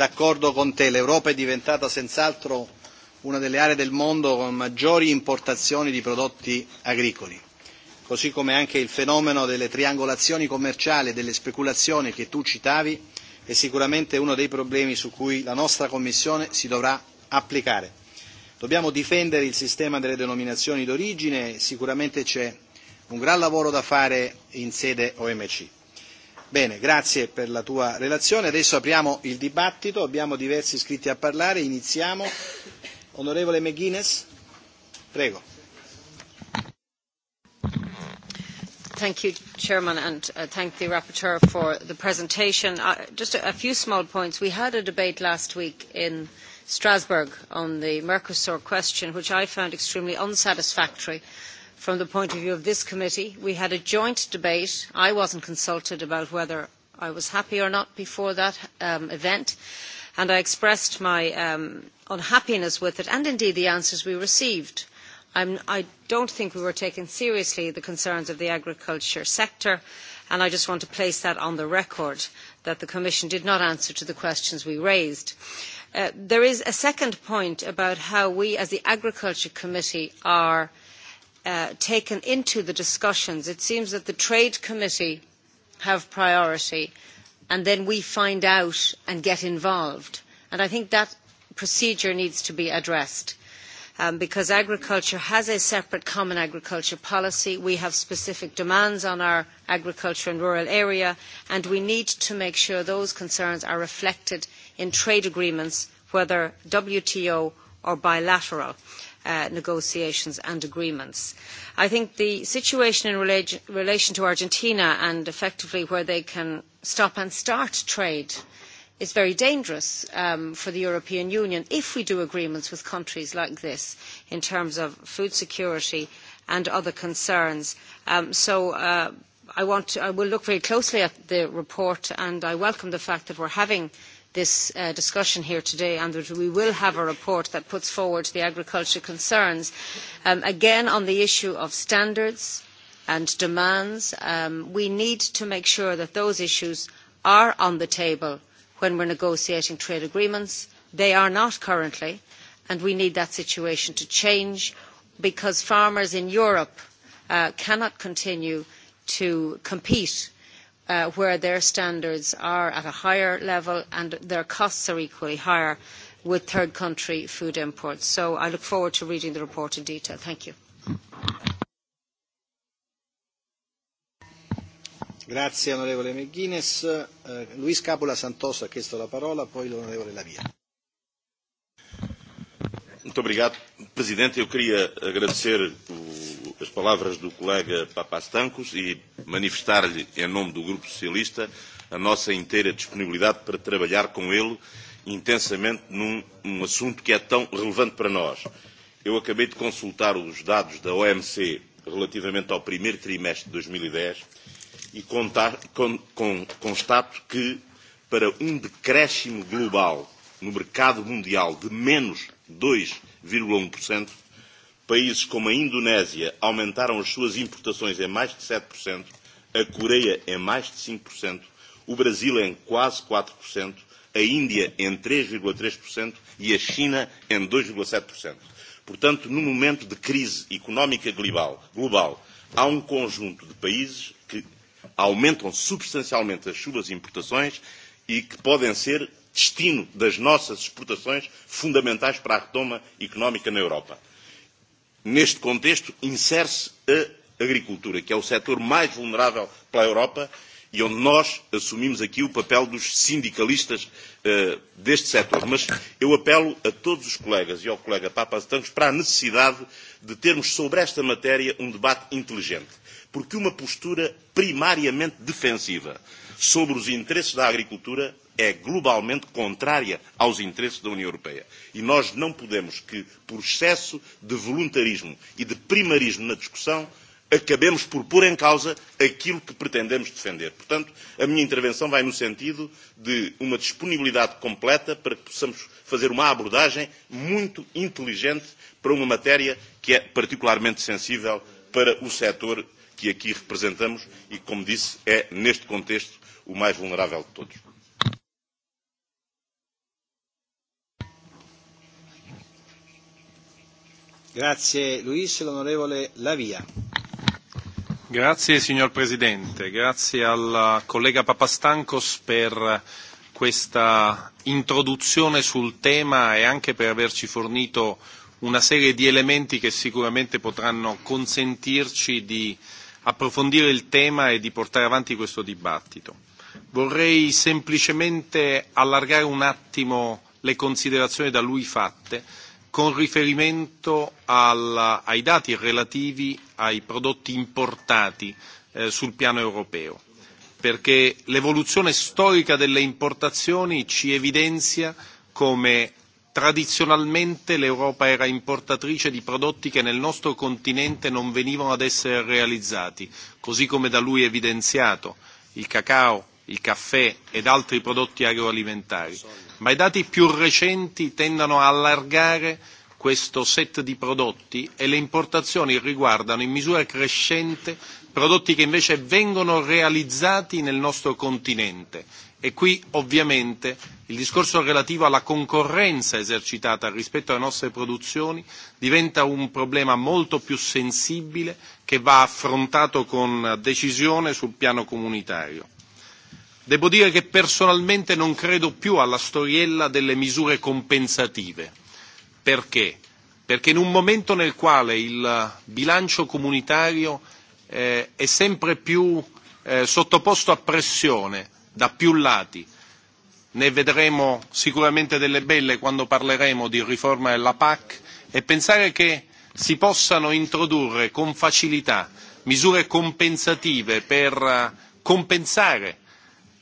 d'accordo con te. L'Europa è diventata senz'altro una delle aree del mondo con maggiori importazioni di prodotti agricoli, così come anche il fenomeno delle triangolazioni commerciali e delle speculazioni che tu citavi è sicuramente uno dei problemi su cui la nostra Commissione si dovrà applicare. Dobbiamo difendere il sistema delle denominazioni d'origine, sicuramente c'è un gran lavoro da fare in sede OMC. Bene, grazie per la tua relazione. Adesso apriamo il dibattito, abbiamo diversi iscritti a parlare, iniziamo. Onorevole McGuinness, prego. Thank you, Chairman, and uh, thank the Rapporteur for the presentation. Uh, just a, a few small points. We had a debate last week in Strasbourg on the Mercosur question, which I found extremely unsatisfactory from the point of view of this committee. We had a joint debate. I wasn't consulted about whether I was happy or not before that um, event, and I expressed my um, unhappiness with it and indeed the answers we received I'm, I don't think we were taking seriously the concerns of the agriculture sector, and I just want to place that on the record, that the Commission did not answer to the questions we raised. Uh, there is a second point about how we, as the Agriculture Committee, are uh, taken into the discussions. It seems that the Trade Committee have priority, and then we find out and get involved. And I think that procedure needs to be addressed um, because agriculture has a separate common agriculture policy. We have specific demands on our agriculture and rural area, and we need to make sure those concerns are reflected in trade agreements, whether WTO or bilateral. Uh, negotiations and agreements. I think the situation in relation, relation to Argentina and effectively where they can stop and start trade uh, is very dangerous um, for the European Union if we do agreements with countries like this in terms of food security and other concerns. Um, so uh, I, want to, I will look very closely at the report and I welcome the fact that we're having this uh, discussion here today and that we will have a report that puts forward the agriculture concerns. Um, again, on the issue of standards and demands, um, we need to make sure that those issues are on the table when we're negotiating trade agreements. They are not currently, and we need that situation to change because farmers in Europe uh, cannot continue to compete uh, where their standards are at a higher level and their costs are equally higher with third country food imports. So I look forward to reading the report in detail. Thank you. Grazie onorevole McGuinness. Eh, Luis Capula Santos ha chiesto la parola, poi l'onorevole Lavia. Muito obrigado, Presidente. Eu queria agradecer o, as palavras do colega Papastancos e manifestar-lhe, em nome do Grupo Socialista, a nossa inteira disponibilidade para trabalhar com ele intensamente num um assunto que é tão relevante para nós. Eu acabei de consultar os dados da OMC relativamente ao primeiro trimestre de 2010 e contar, con, con, constato que, para um decréscimo global no mercado mundial de menos 2,1%, um países como a Indonésia aumentaram as suas importações em mais de 7%, a Coreia em mais de 5%, o Brasil em quase 4%, a Índia em 3,3% e a China em 2,7%. Portanto, no momento de crise económica global, global, há um conjunto de países aumentam substancialmente as suas e importações e que podem ser destino das nossas exportações fundamentais para a retoma económica na Europa. Neste contexto, insere-se a agricultura, que é o setor mais vulnerável pela Europa e onde nós assumimos aqui o papel dos sindicalistas uh, deste setor. Mas eu apelo a todos os colegas e ao colega Papa Santos para a necessidade de termos sobre esta matéria um debate inteligente porque uma postura primariamente defensiva sobre os interesses da agricultura é globalmente contrária aos interesses da União Europeia. E nós não podemos que, por excesso de voluntarismo e de primarismo na discussão, acabemos por pôr em causa aquilo que pretendemos defender. Portanto, a minha intervenção vai no sentido de uma disponibilidade completa para que possamos fazer uma abordagem muito inteligente para uma matéria que é particularmente sensível para o setor que aqui representamos e que, como disse, é, neste contexto, o mais vulnerável de todos. Grazie Luis, l'onorevole Lavia. Grazie signor Presidente, grazie al collega Papastancos per questa introduzione sul tema e anche per averci fornito una serie di elementi che sicuramente potranno consentirci di eh, approfondire il tema e di portare avanti questo dibattito. Vorrei semplicemente allargare un attimo le considerazioni da lui fatte con riferimento al, ai dati relativi ai prodotti importati eh, sul piano europeo, perché l'evoluzione storica delle importazioni ci evidenzia come tradizionalmente l'Europa era importatrice di prodotti che nel nostro continente non venivano ad essere realizzati, così come da lui evidenziato il cacao, il caffè ed altri prodotti agroalimentari. Ma i dati più recenti tendono a allargare questo set di prodotti e le importazioni riguardano in misura crescente prodotti che invece vengono realizzati nel nostro continente E qui ovviamente il discorso relativo alla concorrenza esercitata rispetto alle nostre produzioni diventa un problema molto più sensibile che va affrontato con decisione sul piano comunitario. Devo dire che personalmente non credo più alla storiella delle misure compensative. Perché? Perché in un momento nel quale il bilancio comunitario eh, è sempre più eh, sottoposto a pressione da più lati. Ne vedremo sicuramente delle belle quando parleremo di riforma della PAC e pensare che si possano introdurre con facilità misure compensative per eh, compensare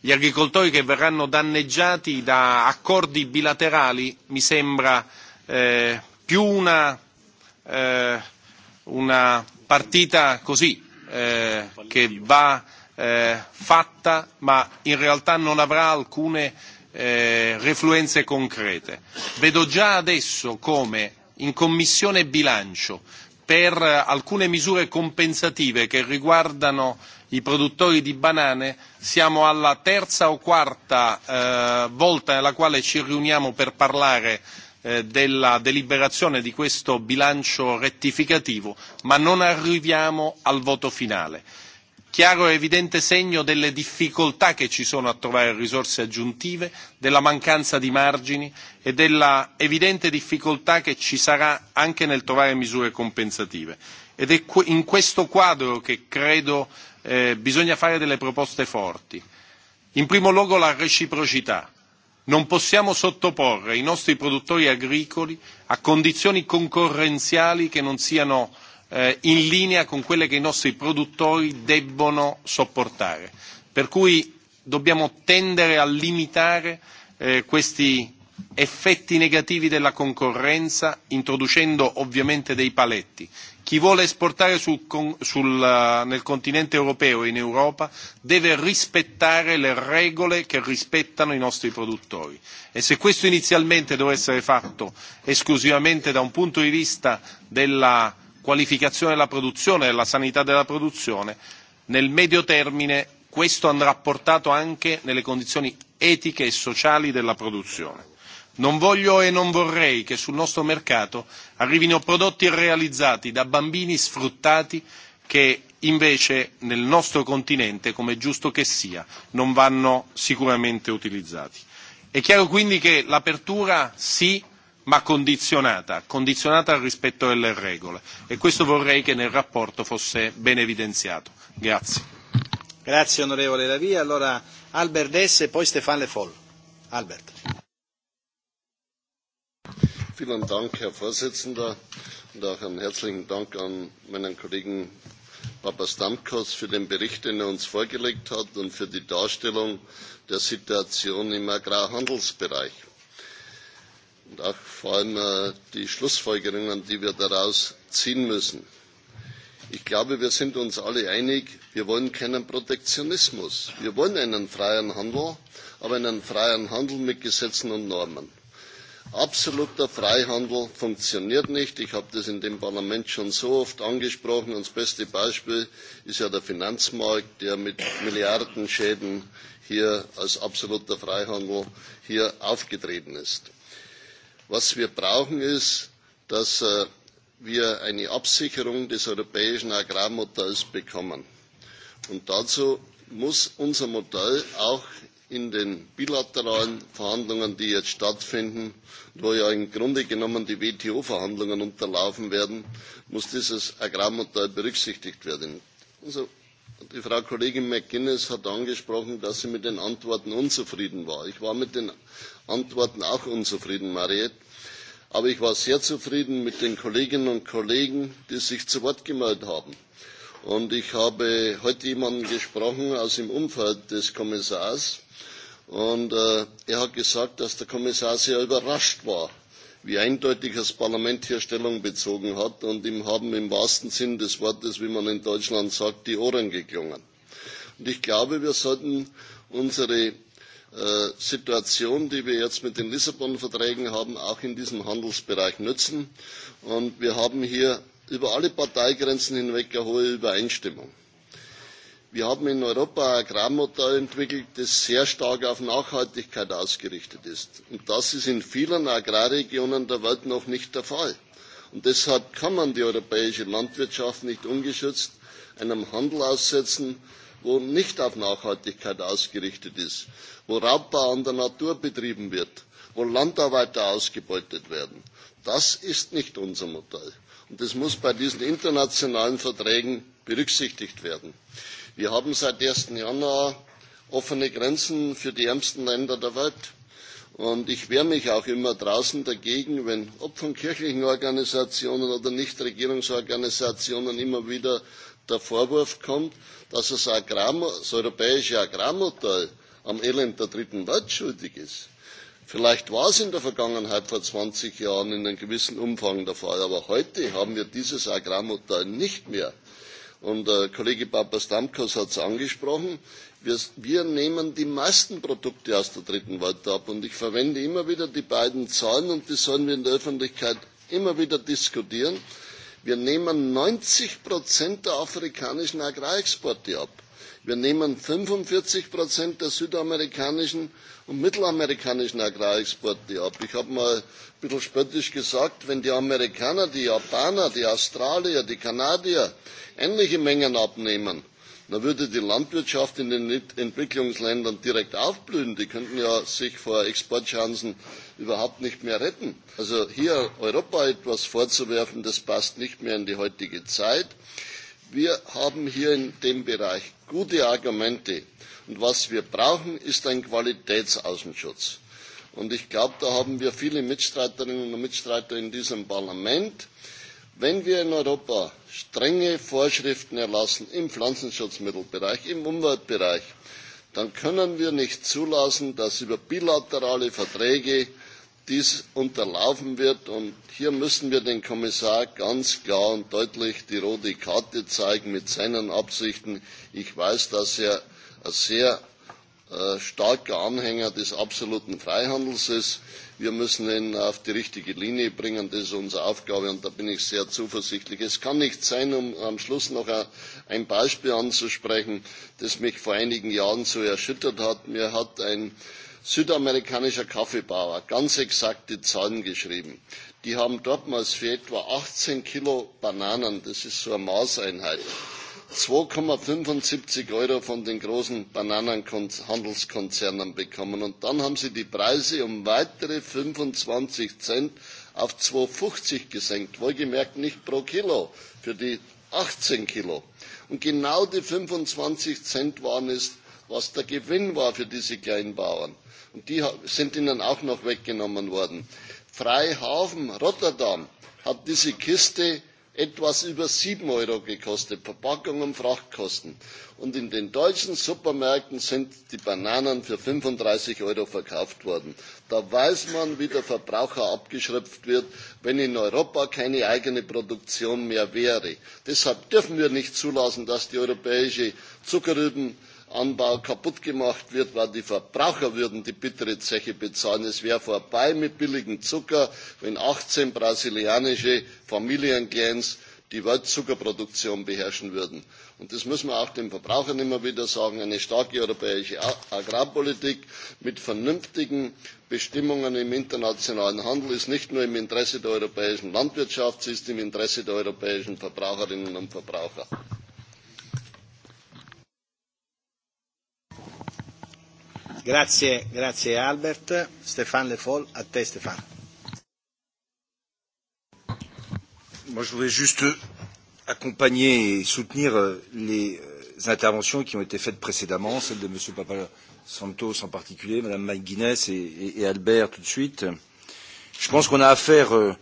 gli agricoltori che verranno danneggiati da accordi bilaterali mi sembra eh, più una, eh, una partita così eh, che va eh, fatta ma in realtà non avrà alcune eh, refluenze concrete. Vedo già adesso come in Commissione bilancio per alcune misure compensative che riguardano i produttori di banane siamo alla terza o quarta eh, volta nella quale ci riuniamo per parlare eh, della deliberazione di questo bilancio rettificativo, ma non arriviamo al voto finale chiaro e evidente segno delle difficoltà che ci sono a trovare risorse aggiuntive, della mancanza di margini e della evidente difficoltà che ci sarà anche nel trovare misure compensative. Ed è in questo quadro che credo eh, bisogna fare delle proposte forti. In primo luogo la reciprocità. Non possiamo sottoporre i nostri produttori agricoli a condizioni concorrenziali che non siano eh, eh, in linea con quelle che i nostri produttori debbono sopportare. Per cui dobbiamo tendere a limitare eh, questi effetti negativi della concorrenza introducendo ovviamente dei paletti. Chi vuole esportare sul, sul, eh, nel continente europeo e in Europa deve rispettare le regole che rispettano i nostri produttori e se questo inizialmente doveva essere fatto esclusivamente da un punto di vista della qualificazione della produzione, della sanità della produzione, nel medio termine questo andrà portato anche nelle condizioni etiche e sociali della produzione. Non voglio e non vorrei che sul nostro mercato arrivino prodotti realizzati da bambini sfruttati che invece nel nostro continente, come è giusto che sia, non vanno sicuramente utilizzati. È chiaro quindi che l'apertura sì ma condizionata, condizionata al rispetto delle regole e questo vorrei che nel rapporto fosse ben evidenziato. Grazie. Grazie onorevole Lavia. Allora Albert Dess e poi Stefan Le Foll. Albert. Vielen Dank, Herr Vorsitzender, und auch einen herzlichen Dank an meinen Kollegen Papastamkos für den Bericht, den er uns vorgelegt hat und für die Darstellung der Situation im Agrarhandelsbereich und auch vor allem äh, die Schlussfolgerungen, die wir daraus ziehen müssen. Ich glaube, wir sind uns alle einig, wir wollen keinen Protektionismus. Wir wollen einen freien Handel, aber einen freien Handel mit Gesetzen und Normen. Absoluter Freihandel funktioniert nicht. Ich habe das in dem Parlament schon so oft angesprochen. Und das beste Beispiel ist ja der Finanzmarkt, der mit Milliardenschäden hier als absoluter Freihandel hier aufgetreten ist was wir brauchen ist dass äh, wir eine absicherung des europäischen agrarmodells bekommen. und dazu muss unser modell auch in den bilateralen verhandlungen die jetzt stattfinden wo ja im grunde genommen die wto verhandlungen unterlaufen werden muss dieses agrarmodell berücksichtigt werden die Frau Kollegin McGuinness hat angesprochen, dass sie mit den Antworten unzufrieden war. Ich war mit den Antworten auch unzufrieden, Mariette. Aber ich war sehr zufrieden mit den Kolleginnen und Kollegen, die sich zu Wort gemeldet haben. Und ich habe heute jemanden gesprochen aus dem Umfeld des Kommissars. Und äh, er hat gesagt, dass der Kommissar sehr überrascht war wie eindeutig das parlament hier stellung bezogen hat und ihm haben im wahrsten sinn des wortes wie man in deutschland sagt die ohren geklungen. Und ich glaube wir sollten unsere äh, situation die wir jetzt mit den lissabon verträgen haben auch in diesem handelsbereich nutzen und wir haben hier über alle parteigrenzen hinweg eine hohe übereinstimmung wir haben in europa ein agrarmodell entwickelt das sehr stark auf nachhaltigkeit ausgerichtet ist und das ist in vielen agrarregionen der welt noch nicht der fall. deshalb kann man die europäische landwirtschaft nicht ungeschützt einem handel aussetzen der nicht auf nachhaltigkeit ausgerichtet ist wo raubbau an der natur betrieben wird wo landarbeiter ausgebeutet werden. das ist nicht unser modell und das muss bei diesen internationalen verträgen berücksichtigt werden. Wir haben seit 1. Januar offene Grenzen für die ärmsten Länder der Welt. Und ich wehre mich auch immer draußen dagegen, wenn, ob von kirchlichen Organisationen oder Nichtregierungsorganisationen, immer wieder der Vorwurf kommt, dass das, Agrarmo das europäische Agrarmodell am Elend der dritten Welt schuldig ist. Vielleicht war es in der Vergangenheit vor 20 Jahren in einem gewissen Umfang der Fall, aber heute haben wir dieses Agrarmodell nicht mehr. Und äh, Kollege Papastamkos hat es angesprochen. Wir, wir nehmen die meisten Produkte aus der dritten Welt ab. Und ich verwende immer wieder die beiden Zahlen und die sollen wir in der Öffentlichkeit immer wieder diskutieren. Wir nehmen 90 Prozent der afrikanischen Agrarexporte ab wir nehmen fünfundvierzig der südamerikanischen und mittelamerikanischen agrarexporte ab. ich habe mal ein bisschen spöttisch gesagt wenn die amerikaner die japaner die australier die kanadier ähnliche mengen abnehmen dann würde die landwirtschaft in den entwicklungsländern direkt aufblühen. die könnten sich ja vor exportchancen überhaupt nicht mehr retten. also hier europa etwas vorzuwerfen das passt nicht mehr in die heutige zeit. Wir haben hier in dem Bereich gute Argumente. Und was wir brauchen, ist ein Qualitätsaußenschutz. Und ich glaube, da haben wir viele Mitstreiterinnen und Mitstreiter in diesem Parlament. Wenn wir in Europa strenge Vorschriften erlassen im Pflanzenschutzmittelbereich, im Umweltbereich, dann können wir nicht zulassen, dass über bilaterale Verträge dies unterlaufen wird. Und hier müssen wir dem Kommissar ganz klar und deutlich die rote Karte zeigen mit seinen Absichten. Ich weiß, dass er ein sehr äh, starker Anhänger des absoluten Freihandels ist. Wir müssen ihn auf die richtige Linie bringen. Das ist unsere Aufgabe und da bin ich sehr zuversichtlich. Es kann nicht sein, um am Schluss noch ein Beispiel anzusprechen, das mich vor einigen Jahren so erschüttert hat. Mir hat ein äh, südamerikanischer Kaffeebauer, ganz exakte Zahlen geschrieben. Die haben dortmals für etwa 18 Kilo Bananen, das ist so eine Maßeinheit, 2,75 Euro von den großen Bananenhandelskonzernen bekommen. Und dann haben sie die Preise um weitere 25 Cent auf 2,50 gesenkt. Wohlgemerkt nicht pro Kilo, für die 18 Kilo. Und genau die 25 Cent waren es, was der Gewinn war für diese Kleinbauern. Und die sind ihnen auch noch weggenommen worden. Freihafen Rotterdam hat diese Kiste etwas über sieben euro gekostet verpackung und frachtkosten und in den deutschen supermärkten sind die bananen für fünfunddreißig euro verkauft worden. da weiß man wie der verbraucher abgeschöpft wird wenn in europa keine eigene produktion mehr wäre. deshalb dürfen wir nicht zulassen dass die europäische zuckerrüben Anbau kaputt gemacht wird, weil die Verbraucher würden die bittere Zeche bezahlen. Es wäre vorbei mit billigem Zucker, wenn 18 brasilianische Familienclans die Weltzuckerproduktion beherrschen würden. Und das müssen wir auch den Verbrauchern immer wieder sagen. Eine starke europäische Agrarpolitik mit vernünftigen Bestimmungen im internationalen Handel ist nicht nur im Interesse der europäischen Landwirtschaft, sie ist im Interesse der europäischen Verbraucherinnen und Verbraucher. Grazie, grazie Albert. Stéphane Le Foll, à te Stéphane. Moi, je voulais juste accompagner et soutenir euh, les euh, interventions qui ont été faites précédemment, celle de M. Papa Santos en particulier, Mme McGuinness et, et, et Albert tout de suite. Je pense qu'on a affaire, euh,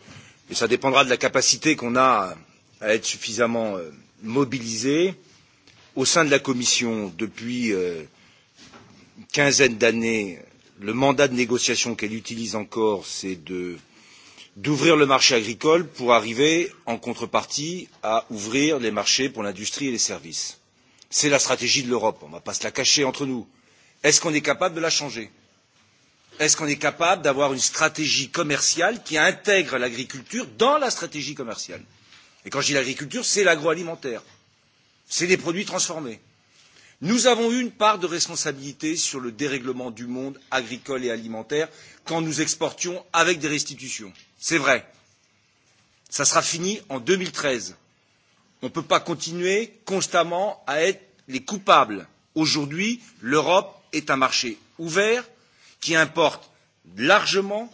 et ça dépendra de la capacité qu'on a à être suffisamment mobilisés, au sein de la Commission depuis euh, quinzaine d'années, le mandat de négociation qu'elle utilise encore, c'est de d'ouvrir le marché agricole pour arriver, en contrepartie, à ouvrir les marchés pour l'industrie et les services. C'est la stratégie de l'Europe, on ne va pas se la cacher entre nous. Est-ce qu'on est capable de la changer Est-ce qu'on est capable d'avoir une stratégie commerciale qui intègre l'agriculture dans la stratégie commerciale Et quand je dis l'agriculture, c'est l'agroalimentaire, c'est les produits transformés, Nous avons eu une part de responsabilité sur le dérèglement du monde agricole et alimentaire quand nous exportions avec des restitutions. C'est vrai. Ça sera fini en 2013. On ne peut pas continuer constamment à être les coupables. Aujourd'hui, l'Europe est un marché ouvert qui importe largement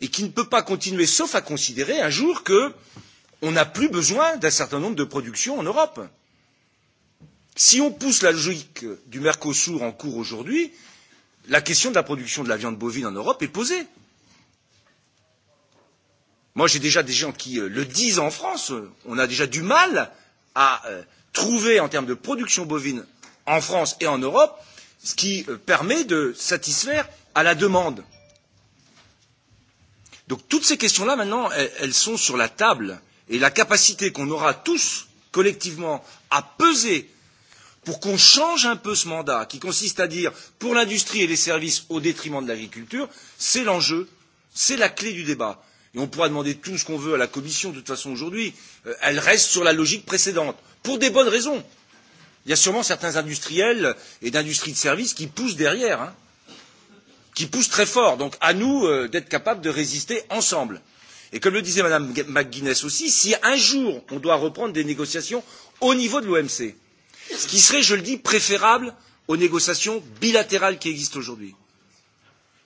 et qui ne peut pas continuer sauf à considérer un jour qu'on n'a plus besoin d'un certain nombre de productions en Europe si on pousse la logique du Mercosur en cours aujourd'hui, la question de la production de la viande bovine en Europe est posée. Moi, j'ai déjà des gens qui euh, le disent en France. Euh, on a déjà du mal à euh, trouver, en termes de production bovine en France et en Europe, ce qui euh, permet de satisfaire à la demande. Donc toutes ces questions-là, maintenant, elles, elles sont sur la table. Et la capacité qu'on aura tous, collectivement, à peser pour qu'on change un peu ce mandat qui consiste à dire pour l'industrie et les services au détriment de l'agriculture, c'est l'enjeu, c'est la clé du débat. Et on pourra demander tout ce qu'on veut à la Commission, de toute façon, aujourd'hui. Euh, elle reste sur la logique précédente, pour des bonnes raisons. Il y a sûrement certains industriels et d'industries de services qui poussent derrière, hein, qui poussent très fort. Donc à nous euh, d'être capables de résister ensemble. Et comme le disait Madame McGuinness aussi, si un jour on doit reprendre des négociations au niveau de l'OMC, ce qui serait, je le dis, préférable aux négociations bilatérales qui existent aujourd'hui.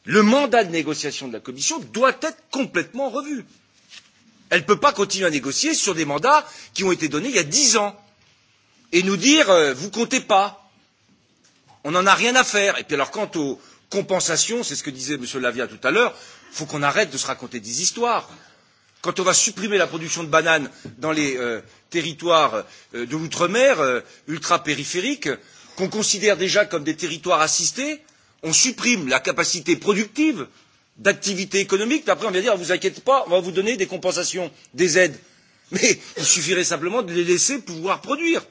Le mandat de négociation de la Commission doit être complètement revu. Elle ne peut pas continuer à négocier sur des mandats qui ont été donnés il y a dix ans et nous dire euh, vous comptez pas, on n'en a rien à faire. Et puis alors quant aux compensations, c'est ce que disait M. Lavia tout à l'heure, il faut qu'on arrête de se raconter des histoires. Quand on va supprimer la production de bananes dans les, euh, territoires euh, de l'outre-mer euh, ultrapériphériques qu'on considère déjà comme des territoires assistés, on supprime la capacité productive d'activité économique, puis après on vient dire ne vous inquiétez pas, on va vous donner des compensations, des aides. Mais il suffirait simplement de les laisser pouvoir produire.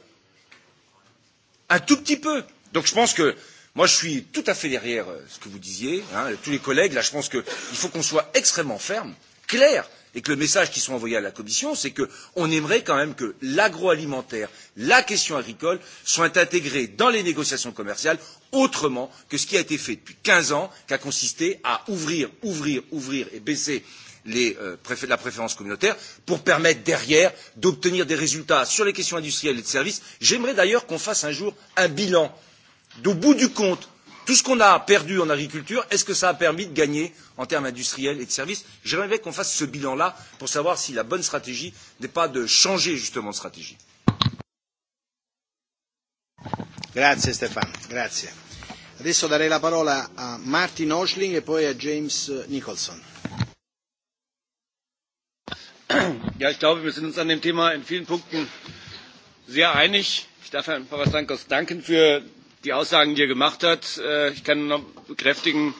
Un tout petit peu. Donc je pense que moi je suis tout à fait derrière euh, ce que vous disiez, hein, tous les collègues, là je pense qu'il faut qu'on soit extrêmement ferme, clair, et que le message qui soit envoyé à la Commission, c'est qu'on aimerait quand même que l'agroalimentaire, la question agricole soient intégrées dans les négociations commerciales autrement que ce qui a été fait depuis 15 ans, qui a consisté à ouvrir, ouvrir, ouvrir et baisser les, euh, préfé la préférence communautaire pour permettre derrière d'obtenir des résultats sur les questions industrielles et de services. J'aimerais d'ailleurs qu'on fasse un jour un bilan d'au bout du compte Tout ce qu'on a perdu en agriculture, est-ce que ça a permis de gagner en termes industriels et de services J'aimerais qu'on fasse ce bilan-là pour savoir si la bonne stratégie n'est pas de changer justement de stratégie. Grazie Stéphane, grazie. Adesso darei la parola a Martin Oschling e poi a James eh, Nicholson. Ja, ich glaube, wir sind uns an dem Thema in vielen Punkten sehr einig. Ich darf Herrn Papastamkos danken für die Aussagen, die er gemacht hat. Äh, ich kann noch bekräftigen,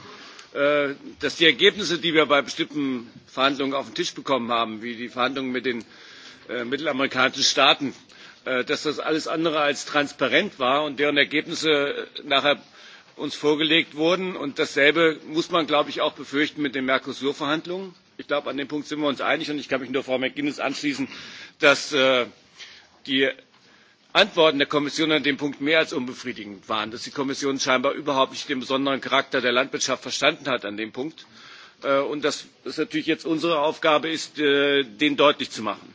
äh, dass die Ergebnisse, die wir bei bestimmten Verhandlungen auf den Tisch bekommen haben, wie die Verhandlungen mit den äh, mittelamerikanischen Staaten, dass das alles andere als transparent war und deren Ergebnisse nachher uns vorgelegt wurden. Und dasselbe muss man, glaube ich, auch befürchten mit den Mercosur-Verhandlungen. Ich glaube, an dem Punkt sind wir uns einig und ich kann mich nur Frau McGuinness anschließen, dass die antworten der kommission an dem punkt mehr als unbefriedigend waren dass die kommission scheinbar überhaupt nicht den besonderen charakter der landwirtschaft verstanden hat an dem punkt äh, und dass es natürlich jetzt unsere aufgabe ist äh, den deutlich zu machen.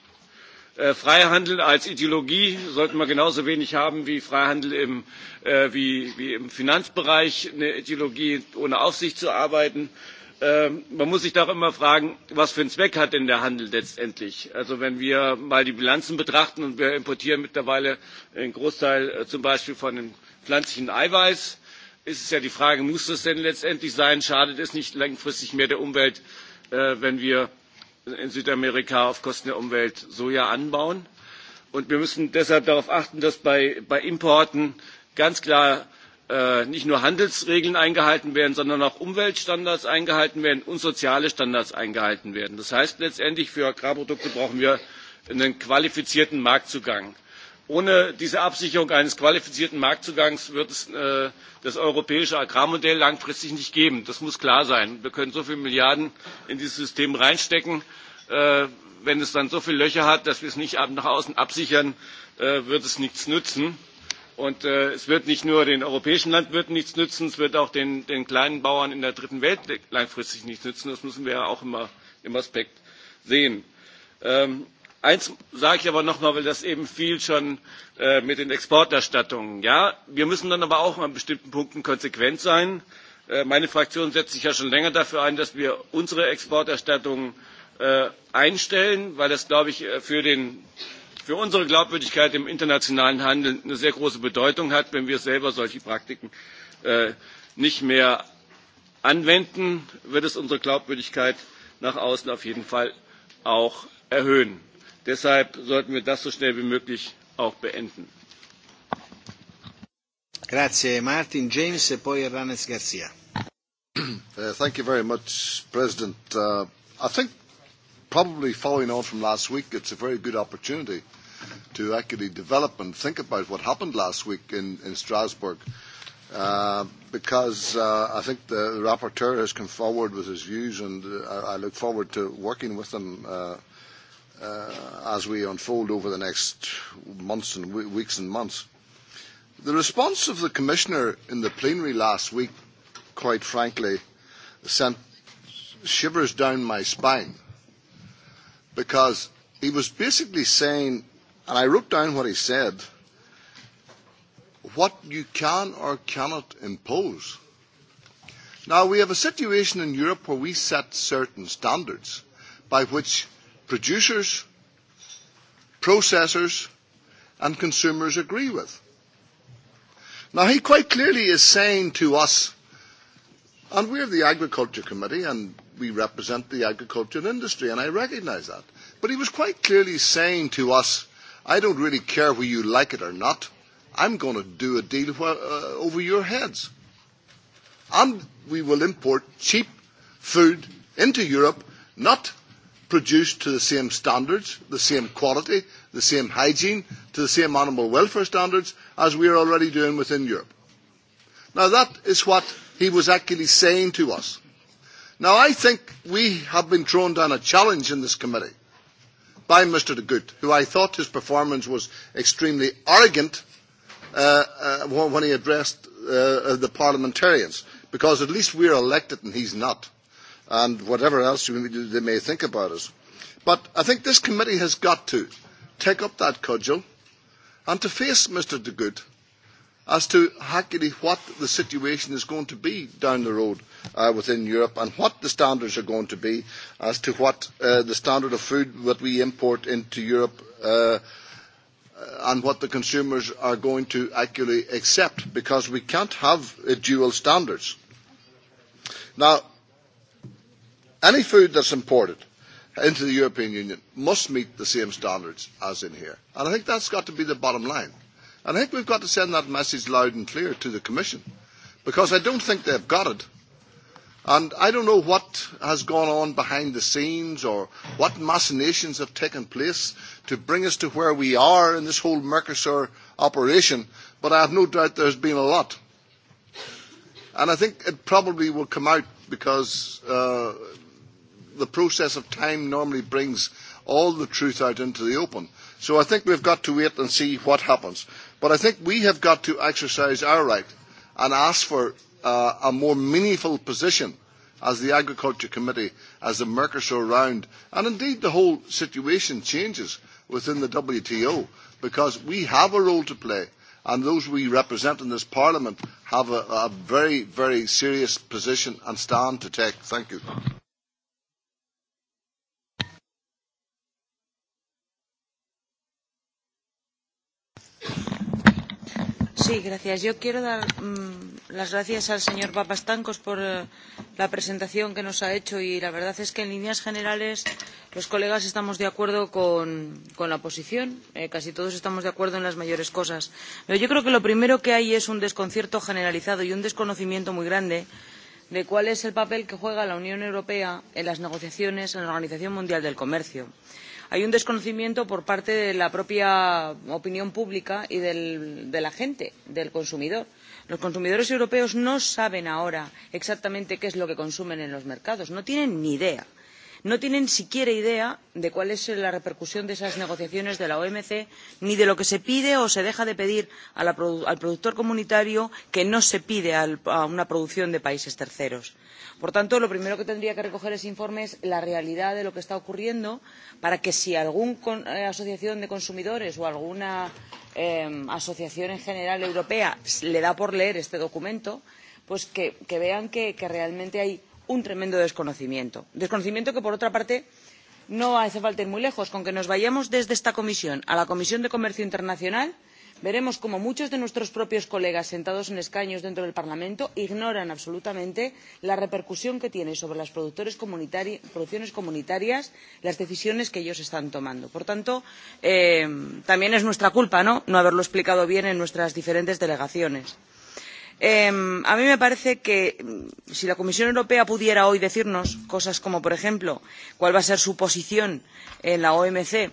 Äh, freihandel als ideologie sollten wir genauso wenig haben wie freihandel im, wie, wie im finanzbereich eine ideologie ohne aufsicht zu arbeiten. Ähm, man muss sich doch immer fragen was für einen zweck hat denn der handel letztendlich? also wenn wir mal die bilanzen betrachten und wir importieren mittlerweile einen großteil äh, zum beispiel von pflanzlichem eiweiß ist es ja die frage muss das denn letztendlich sein? schadet es nicht langfristig mehr der umwelt äh, wenn wir in südamerika auf kosten der umwelt soja anbauen? und wir müssen deshalb darauf achten dass bei importen ganz klar Äh, nicht nur handelsregeln eingehalten werden sondern auch umweltstandards eingehalten werden und soziale standards eingehalten werden. das heißt letztendlich für agrarprodukte brauchen wir einen qualifizierten marktzugang. ohne diese absicherung eines qualifizierten marktzugangs wird es äh, das europäische agrarmodell langfristig nicht geben. das muss klar sein. wir können so viele milliarden in dieses system reinstecken äh, wenn es dann so viele löcher hat dass wir es nicht nach außen absichern wird es nichts nützen Und äh, es wird nicht nur den europäischen Landwirten nichts nützen, es wird auch den, den kleinen Bauern in der dritten Welt langfristig nichts nützen. Das müssen wir ja auch immer im Aspekt sehen. Ähm, eins sage ich aber nochmal, weil das eben viel schon äh, mit den Exporterstattungen. Ja, wir müssen dann aber auch an bestimmten Punkten konsequent sein. Äh, meine Fraktion setzt sich ja schon länger dafür ein, dass wir unsere Exporterstattungen äh, einstellen, weil das, glaube ich, äh, für den für unsere Glaubwürdigkeit im internationalen Handel eine sehr große Bedeutung hat, wenn wir selber solche Praktiken äh, nicht mehr anwenden, wird es unsere Glaubwürdigkeit nach außen auf jeden Fall auch erhöhen. Deshalb sollten wir das so schnell wie möglich auch beenden. Grazie Martin James e poi Hernanes Garcia. Uh, thank you very much, President. Uh, I think probably following on from last week, it's a very good opportunity to actually develop and think about what happened last week in, in Strasbourg. Uh, because uh, I think the rapporteur has come forward with his views, and uh, I look forward to working with him uh, uh, as we unfold over the next months and w- weeks and months. The response of the Commissioner in the plenary last week, quite frankly, sent shivers down my spine because he was basically saying, and I wrote down what he said, what you can or cannot impose. Now, we have a situation in Europe where we set certain standards by which producers, processors, and consumers agree with. Now, he quite clearly is saying to us, And we're the Agriculture Committee and we represent the agricultural industry and I recognise that. But he was quite clearly saying to us, I don't really care whether you like it or not, I'm going to do a deal wh- uh, over your heads. And we will import cheap food into Europe, not produced to the same standards, the same quality, the same hygiene, to the same animal welfare standards as we are already doing within Europe. Now that is what he was actually saying to us. Now, I think we have been thrown down a challenge in this committee by Mr de Gucht, who I thought his performance was extremely arrogant uh, uh, when he addressed uh, uh, the parliamentarians, because at least we're elected and he's not, and whatever else they may think about us. But I think this committee has got to take up that cudgel and to face Mr de Gucht as to actually what the situation is going to be down the road uh, within Europe and what the standards are going to be as to what uh, the standard of food that we import into Europe uh, uh, and what the consumers are going to actually accept because we can't have uh, dual standards. Now, any food that's imported into the European Union must meet the same standards as in here. And I think that's got to be the bottom line And I think we've got to send that message loud and clear to the Commission, because I don't think they've got it. And I don't know what has gone on behind the scenes or what machinations have taken place to bring us to where we are in this whole Mercosur operation, but I have no doubt there's been a lot. And I think it probably will come out because uh, the process of time normally brings all the truth out into the open. So I think we've got to wait and see what happens. But I think we have got to exercise our right and ask for uh, a more meaningful position as the Agriculture Committee, as the Mercosur round, and indeed the whole situation changes within the WTO because we have a role to play and those we represent in this Parliament have a, a very, very serious position and stand to take. Thank you. Sí, gracias. Yo quiero dar mmm, las gracias al señor Papastancos por eh, la presentación que nos ha hecho y la verdad es que en líneas generales los colegas estamos de acuerdo con, con la posición, eh, casi todos estamos de acuerdo en las mayores cosas. Pero yo creo que lo primero que hay es un desconcierto generalizado y un desconocimiento muy grande de cuál es el papel que juega la Unión Europea en las negociaciones en la Organización Mundial del Comercio. Eh, hay un desconocimiento por parte de la propia opinión pública y del, de la gente, del consumidor. Los consumidores europeos no saben ahora exactamente qué es lo que consumen en los mercados, no tienen ni idea. Eh, no tienen siquiera idea de cuál es la repercusión de esas negociaciones de la omc ni de lo que se pide o se deja de pedir la, al productor comunitario que no se pide al, a una producción de países terceros. por tanto lo primero que tendría que recoger ese informe es la realidad de lo que está ocurriendo para que si alguna eh, asociación de consumidores o alguna eh, asociación en general europea le da por leer este documento pues que, que vean que, que realmente hay un tremendo desconocimiento desconocimiento que por otra parte no hace falta ir muy lejos con que nos vayamos desde esta comisión a la comisión de comercio internacional veremos cómo muchos de nuestros propios colegas sentados en escaños dentro del parlamento ignoran absolutamente la repercusión que tienen sobre las comunitari producciones comunitarias las decisiones que ellos están tomando. por tanto eh, también es nuestra culpa no, no haberlo explicado bien en nuestras diferentes delegaciones. por Eh, a mí me parece que mm, si la Comisión Europea pudiera hoy decirnos cosas como, por ejemplo, cuál va a ser su posición en la OMC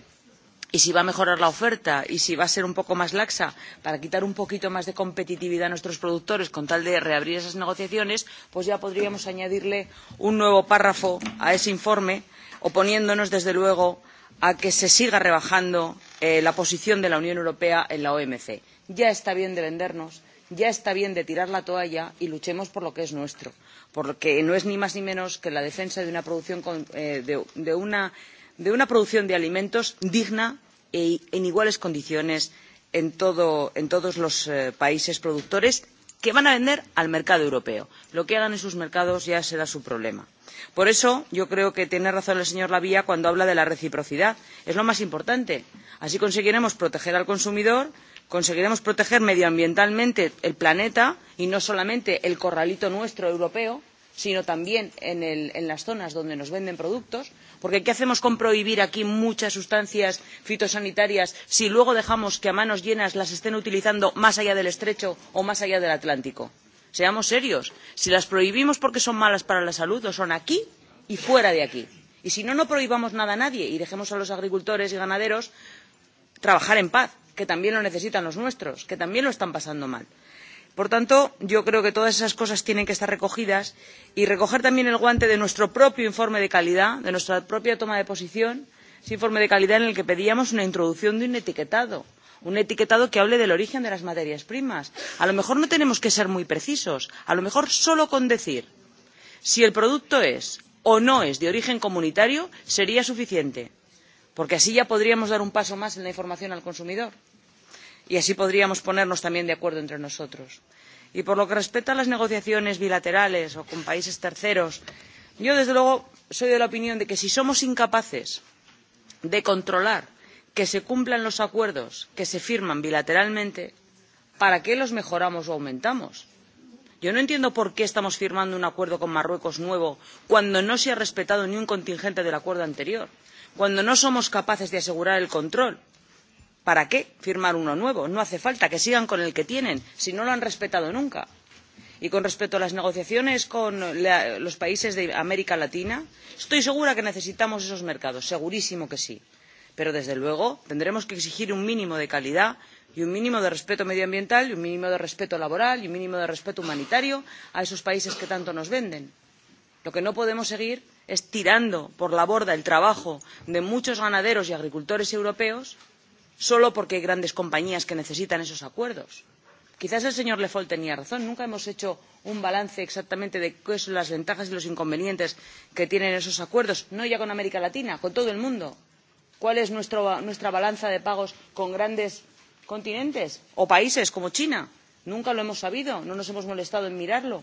y si va a mejorar la oferta y si va a ser un poco más laxa para quitar un poquito más de competitividad a nuestros productores con tal de reabrir esas negociaciones, pues ya podríamos añadirle un nuevo párrafo a ese informe, oponiéndonos, desde luego, a que se siga rebajando eh, la posición de la Unión Europea en la OMC. Ya está bien de vendernos ya está bien de tirar la toalla y luchemos por lo que es nuestro, porque no es ni más ni menos que la defensa de una producción, con, eh, de, de, una, de una producción de alimentos digna e, en iguales condiciones en, todo, en todos los eh, países productores que van a vender al mercado europeo. Lo que hagan en sus mercados ya será su problema. Por eso yo creo que tiene razón el señor Lavía cuando habla de la reciprocidad. Es lo más importante. Así conseguiremos proteger al consumidor, conseguiremos proteger medioambientalmente el planeta y no solamente el corralito nuestro europeo sino también en, el, en las zonas donde nos venden productos porque qué hacemos con prohibir aquí muchas sustancias fitosanitarias si luego dejamos que a manos llenas las estén utilizando más allá del estrecho o más allá del atlántico? seamos serios si las prohibimos porque son malas para la salud lo son aquí y fuera de aquí y si no no prohibamos nada a nadie y dejemos a los agricultores y ganaderos trabajar en paz que también lo necesitan los nuestros, que también lo están pasando mal. Por tanto, yo creo que todas esas cosas tienen que estar recogidas y recoger también el guante de nuestro propio informe de calidad, de nuestra propia toma de posición, ese informe de calidad en el que pedíamos una introducción de un etiquetado, un etiquetado que hable del origen de las materias primas. A lo mejor no tenemos que ser muy precisos, a lo mejor solo con decir si el producto es o no es de origen comunitario sería suficiente porque así ya podríamos dar un paso más en la información al consumidor y así podríamos ponernos también de acuerdo entre nosotros. Y por lo que respecta a las negociaciones bilaterales o con países terceros, yo desde luego soy de la opinión de que si somos incapaces de controlar que se cumplan los acuerdos que se firman bilateralmente, ¿para qué los mejoramos o aumentamos? Yo no entiendo por qué estamos firmando un acuerdo con Marruecos nuevo cuando no se ha respetado ni un contingente del acuerdo anterior cuando no somos capaces de asegurar el control? ¿Para qué firmar uno nuevo? No hace falta que sigan con el que tienen, si no lo han respetado nunca. Y con respecto a las negociaciones con la, los países de América Latina, estoy segura que necesitamos esos mercados, segurísimo que sí. Pero, desde luego, tendremos que exigir un mínimo de calidad y un mínimo de respeto medioambiental y un mínimo de respeto laboral y un mínimo de respeto humanitario a esos países que tanto nos venden. Lo que no podemos seguir es tirando por la borda el trabajo de muchos ganaderos y agricultores europeos solo porque hay grandes compañías que necesitan esos acuerdos. quizás el señor le foll tenía razón nunca hemos hecho un balance exactamente de cuáles son las ventajas y los inconvenientes que tienen esos acuerdos no ya con américa latina con todo el mundo. cuál es nuestro, nuestra balanza de pagos con grandes continentes o países como china? nunca lo hemos sabido no nos hemos molestado en mirarlo.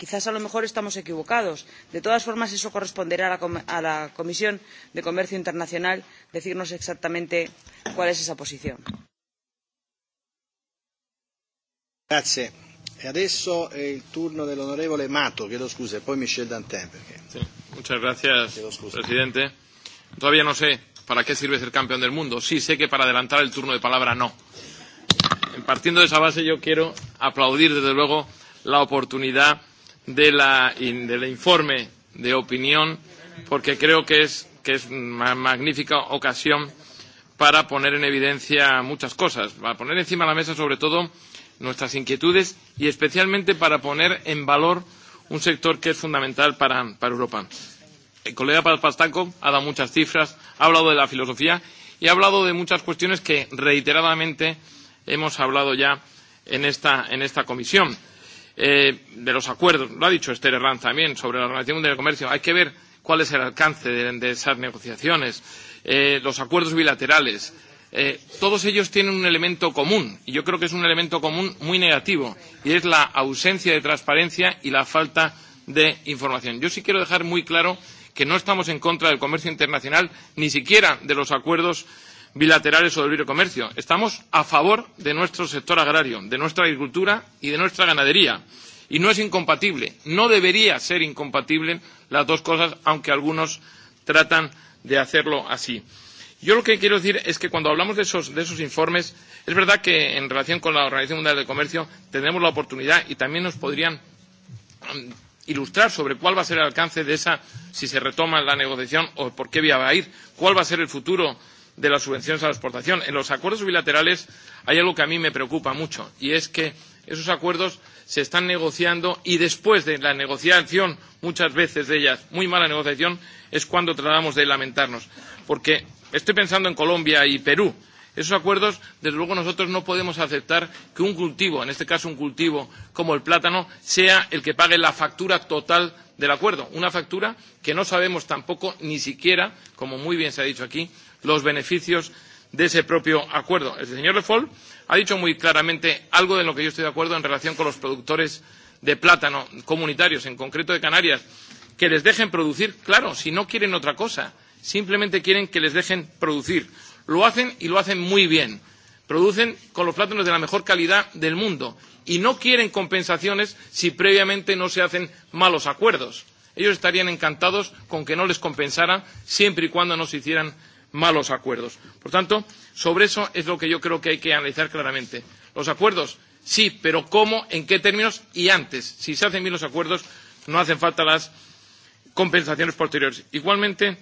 Quizás a lo mejor estamos equivocados. De todas formas, eso corresponderá a la, Com a la Comisión de Comercio Internacional decirnos exactamente cuál es esa posición. Grazie. E adesso è il turno dell'onorevole Mato, chiedo scusa, e poi Michel Dantin. Perché... Sí. Muchas gracias, presidente. Todavía no sé para qué sirve ser campeón del mundo. Sí sé que para adelantar el turno de palabra no. Partiendo de esa base, yo quiero aplaudir, desde luego, la oportunidad de la, del informe de opinión, porque creo que es, que es una magnífica ocasión para poner en evidencia muchas cosas, para poner encima de la mesa, sobre todo, nuestras inquietudes y, especialmente, para poner en valor un sector que es fundamental para, para Europa. El colega Pastanco ha dado muchas cifras, ha hablado de la filosofía y ha hablado de muchas cuestiones que reiteradamente hemos hablado ya en esta, en esta comisión eh, de los acuerdos, lo ha dicho Esther Herranz también, sobre la Organización Mundial del Comercio, hay que ver cuál es el alcance de, de esas negociaciones, eh, los acuerdos bilaterales. Eh, todos ellos tienen un elemento común, y yo creo que es un elemento común muy negativo, y es la ausencia de transparencia y la falta de información. Yo sí quiero dejar muy claro que no estamos en contra del comercio internacional, ni siquiera de los acuerdos eh, bilaterales sobre libre comercio. Estamos a favor de nuestro sector agrario, de nuestra agricultura y de nuestra ganadería. Y no es incompatible, no debería ser incompatible las dos cosas, aunque algunos tratan de hacerlo así. Yo lo que quiero decir es que cuando hablamos de esos, de esos informes, es verdad que en relación con la Organización Mundial de Comercio tendremos la oportunidad y también nos podrían um, ilustrar sobre cuál va a ser el alcance de esa, si se retoma la negociación o por qué vía va a ir, cuál va a ser el futuro de las subvenciones a la exportación. En los acuerdos bilaterales hay algo que a mí me preocupa mucho y es que esos acuerdos se están negociando y después de la negociación, muchas veces de ellas, muy mala negociación, es cuando tratamos de lamentarnos. Porque estoy pensando en Colombia y Perú. Esos acuerdos, desde luego, nosotros no podemos aceptar que un cultivo, en este caso un cultivo como el plátano, sea el que pague la factura total del acuerdo. Una factura que no sabemos tampoco, ni siquiera, como muy bien se ha dicho aquí, los beneficios de ese propio acuerdo. El señor Le Foll ha dicho muy claramente algo de lo que yo estoy de acuerdo en relación con los productores de plátano comunitarios, en concreto de Canarias, que les dejen producir, claro, si no quieren otra cosa, simplemente quieren que les dejen producir. Lo hacen y lo hacen muy bien. Producen con los plátanos de la mejor calidad del mundo y no quieren compensaciones si previamente no se hacen malos acuerdos. Ellos estarían encantados con que no les compensaran siempre y cuando no se hicieran malos acuerdos. Por tanto, sobre eso es lo que yo creo que hay que analizar claramente. Los acuerdos, sí, pero cómo, en qué términos y antes. Si se hacen bien los acuerdos, no hacen falta las compensaciones posteriores. Igualmente,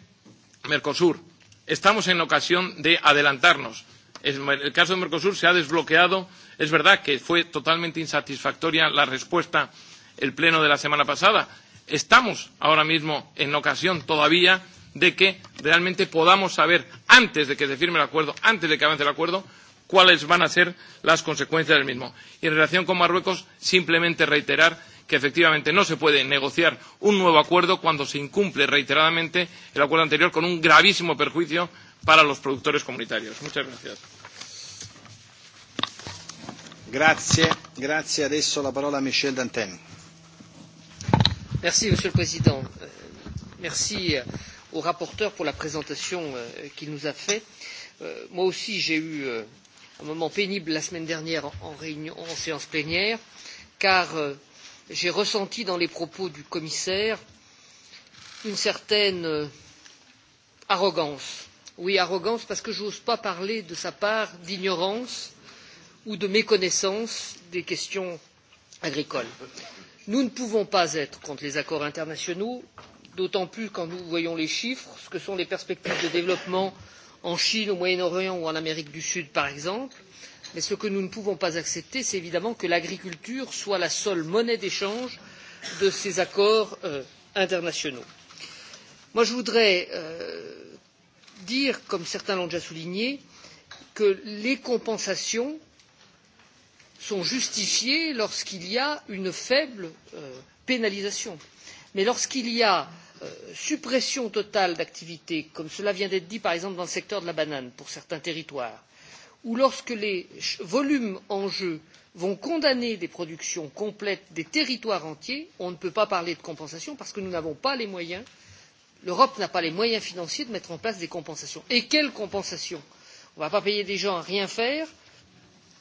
Mercosur. Estamos en ocasión de adelantarnos. El caso de Mercosur se ha desbloqueado. Es verdad que fue totalmente insatisfactoria la respuesta el pleno de la semana pasada. Estamos ahora mismo en ocasión todavía de que realmente podamos saber, antes de que se firme el acuerdo, antes de que avance el acuerdo, cuáles van a ser las consecuencias del mismo. Y en relación con Marruecos, simplemente reiterar que efectivamente no se puede negociar un nuevo acuerdo cuando se incumple reiteradamente el acuerdo anterior con un gravísimo perjuicio para los productores comunitarios. Muchas gracias. Grazie, grazie. Adesso la parola a Michel Dantin. Merci, Monsieur le Président. Euh, merci euh, au rapporteur pour la présentation euh, qu'il nous a faite. Euh, moi aussi, j'ai eu euh, un moment pénible la semaine dernière en, réunion, en séance plénière, car j'ai ressenti dans les propos du commissaire une certaine arrogance. Oui, arrogance, parce que j'ose pas parler de sa part d'ignorance ou de méconnaissance des questions agricoles. Nous ne pouvons pas être contre les accords internationaux, d'autant plus quand nous voyons les chiffres, ce que sont les perspectives de développement en Chine, au Moyen-Orient ou en Amérique du Sud, par exemple. Mais ce que nous ne pouvons pas accepter, c'est évidemment que l'agriculture soit la seule monnaie d'échange de ces accords euh, internationaux. Moi, je voudrais euh, dire, comme certains l'ont déjà souligné, que les compensations sont justifiées lorsqu'il y a une faible euh, pénalisation. Mais lorsqu'il y a euh, Euh, suppression totale d'activités comme cela vient d'être dit par exemple dans le secteur de la banane pour certains territoires ou lorsque les volumes en jeu vont condamner des productions complètes des territoires entiers on ne peut pas parler de compensation parce que nous n'avons pas les moyens l'europe n'a pas les moyens financiers de mettre en place des compensations. et quelles compensations? on ne va pas payer des gens à rien faire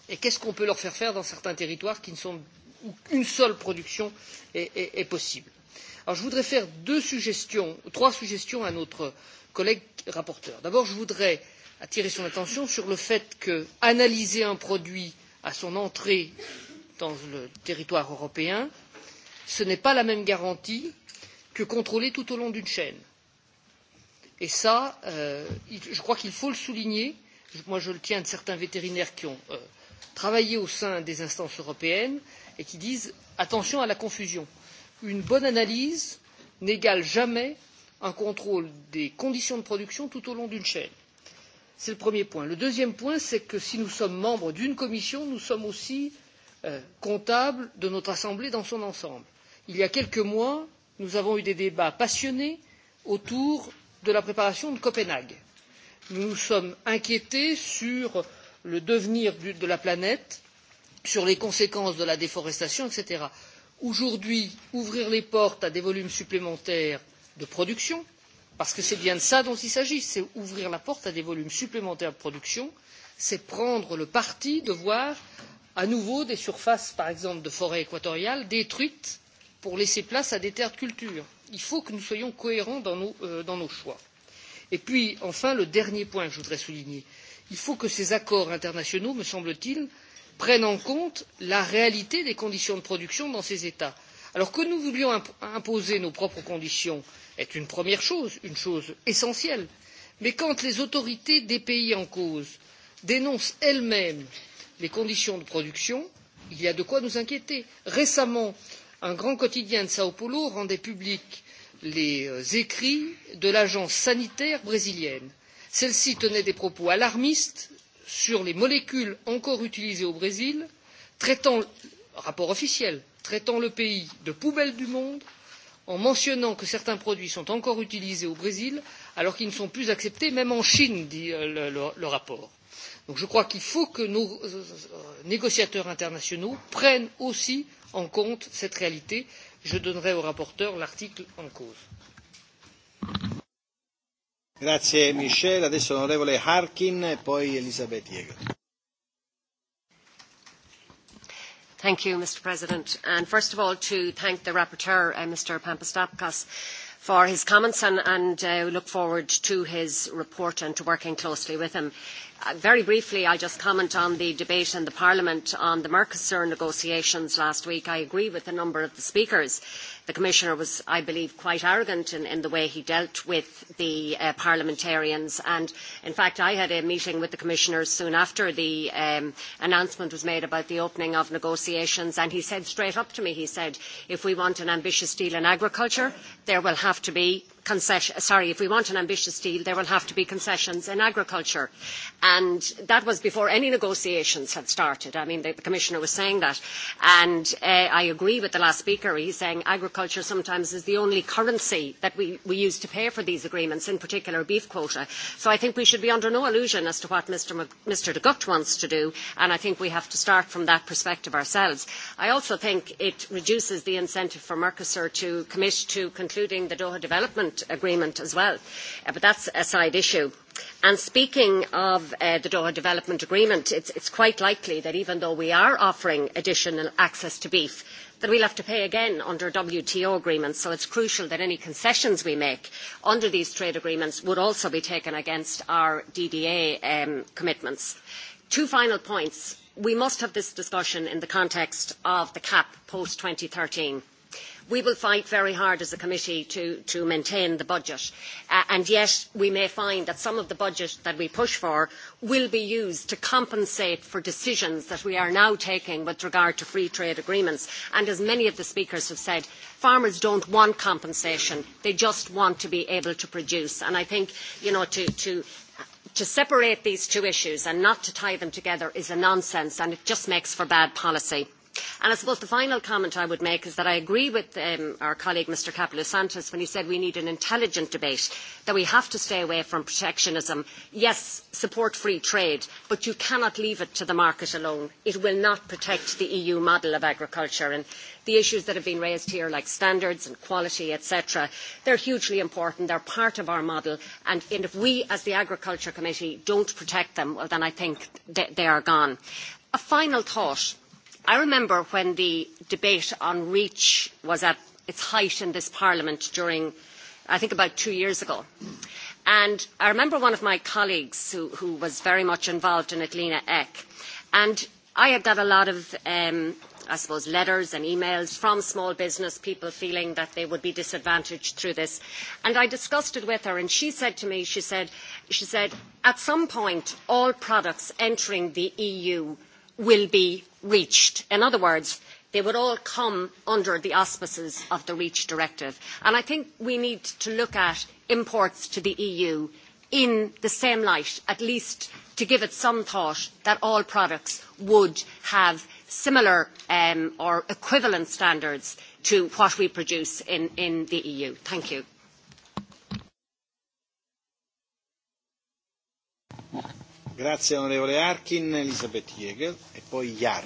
et qu'est ce qu'on peut leur faire faire dans certains territoires qui ne sont où une seule production est, est, est possible? Alors, je voudrais faire deux suggestions, trois suggestions à notre collègue rapporteur. D'abord, je voudrais attirer son attention sur le fait que analyser un produit à son entrée dans le territoire européen, ce n'est pas la même garantie que contrôler tout au long d'une chaîne. Et ça, euh, je crois qu'il faut le souligner. Moi, je le tiens de certains vétérinaires qui ont euh, travaillé au sein des instances européennes et qui disent attention à la confusion une bonne analyse n'égale jamais un contrôle des conditions de production tout au long d'une chaîne. c'est le premier point. le deuxième point c'est que si nous sommes membres d'une commission nous sommes aussi euh, comptables de notre assemblée dans son ensemble. il y a quelques mois nous avons eu des débats passionnés autour de la préparation de copenhague. nous nous sommes inquiétés sur le devenir de la planète sur les conséquences de la déforestation etc aujourd'hui ouvrir les portes à des volumes supplémentaires de production parce que c'est bien de cela dont il s'agit c'est ouvrir la porte à des volumes supplémentaires de production c'est prendre le parti de voir à nouveau des surfaces par exemple de forêt équatoriale détruites pour laisser place à des terres de culture. il faut que nous soyons cohérents dans nos, euh, dans nos choix. et puis enfin le dernier point que je voudrais souligner il faut que ces accords internationaux me semble t il prenne en compte la réalité des conditions de production dans ces États. Alors que nous voulions imp imposer nos propres conditions est une première chose, une chose essentielle, mais quand les autorités des pays en cause dénoncent elles mêmes les conditions de production, il y a de quoi nous inquiéter. Récemment, un grand quotidien de Sao Paulo rendait public les euh, écrits de l'agence sanitaire brésilienne. Celle ci tenait des propos alarmistes sur les molécules encore utilisées au Brésil, traitant rapport officiel traitant le pays de poubelle du monde en mentionnant que certains produits sont encore utilisés au Brésil alors qu'ils ne sont plus acceptés même en Chine, dit euh, le, le, le rapport. Donc je crois qu'il faut que nos euh, euh, négociateurs internationaux prennent aussi en compte cette réalité. Je donnerai au rapporteur l'article en cause. Grazie Michel, adesso onorevole Harkin e poi Elisabeth Jäger. Thank you, Mr. President. And first of all, to thank the rapporteur, uh, Mr. Pampastapkas, for his comments and, and uh, look forward to his report and to working closely with him. Uh, very briefly, I'll just comment on the debate in the Parliament on the Mercosur negotiations last week. I agree with a number of the speakers. The Commissioner was, I believe, quite arrogant in, in the way he dealt with the uh, parliamentarians. And in fact, I had a meeting with the Commissioner soon after the um, announcement was made about the opening of negotiations. And he said straight up to me, he said, if we want an ambitious deal in agriculture, there will have to be concession, sorry, if we want an ambitious deal, there will have to be concessions in agriculture. And that was before any negotiations had started. I mean, the, the Commissioner was saying that. And uh, I agree with the last speaker. He's saying agriculture sometimes is the only currency that we, we use to pay for these agreements, in particular beef quota. So I think we should be under no illusion as to what Mr. Mc, Mr. de Gucht wants to do. And I think we have to start from that perspective ourselves. I also think it reduces the incentive for Mercosur to commit to concluding the Doha Development investment agreement as well. Uh, but that's a side issue. And speaking of uh, the Doha Development Agreement, it's, it's quite likely that even though we are offering additional access to beef, that we'll have to pay again under WTO agreements. So it's crucial that any concessions we make under these trade agreements would also be taken against our DDA um, commitments. Two final points. We must have this discussion in the context of the CAP post 2013 we will fight very hard as a committee to, to maintain the budget. Uh, and yet we may find that some of the budget that we push for will be used to compensate for decisions that we are now taking with regard to free trade agreements. And as many of the speakers have said, farmers don't want compensation. They just want to be able to produce. And I think, you know, to, to to separate these two issues and not to tie them together is a nonsense and it just makes for bad policy. And I suppose the final comment I would make is that I agree with um, our colleague Mr Capoulas Santos when he said we need an intelligent debate, that we have to stay away from protectionism. Yes, support free trade, but you cannot leave it to the market alone. It will not protect the EU model of agriculture. And the issues that have been raised here, like standards and quality, etc., they're hugely important. They're part of our model. And, and if we, as the Agriculture Committee, don't protect them, well, then I think they, they are gone. A final thought I remember when the debate on REACH was at its height in this Parliament during, I think, about two years ago. And I remember one of my colleagues who, who was very much involved in it, Lena Eck. And I had got a lot of, um, I suppose, letters and emails from small business people feeling that they would be disadvantaged through this. And I discussed it with her, and she said to me, she said, she said, at some point, all products entering the EU will be reached. In other words, they would all come under the auspices of the REACH directive. And I think we need to look at imports to the EU in the same light, at least to give it some thought that all products would have similar um, or equivalent standards to what we produce in, in the EU. Thank you. Grazie onorevole Arkin, Elisabeth Jäger e poi Jan.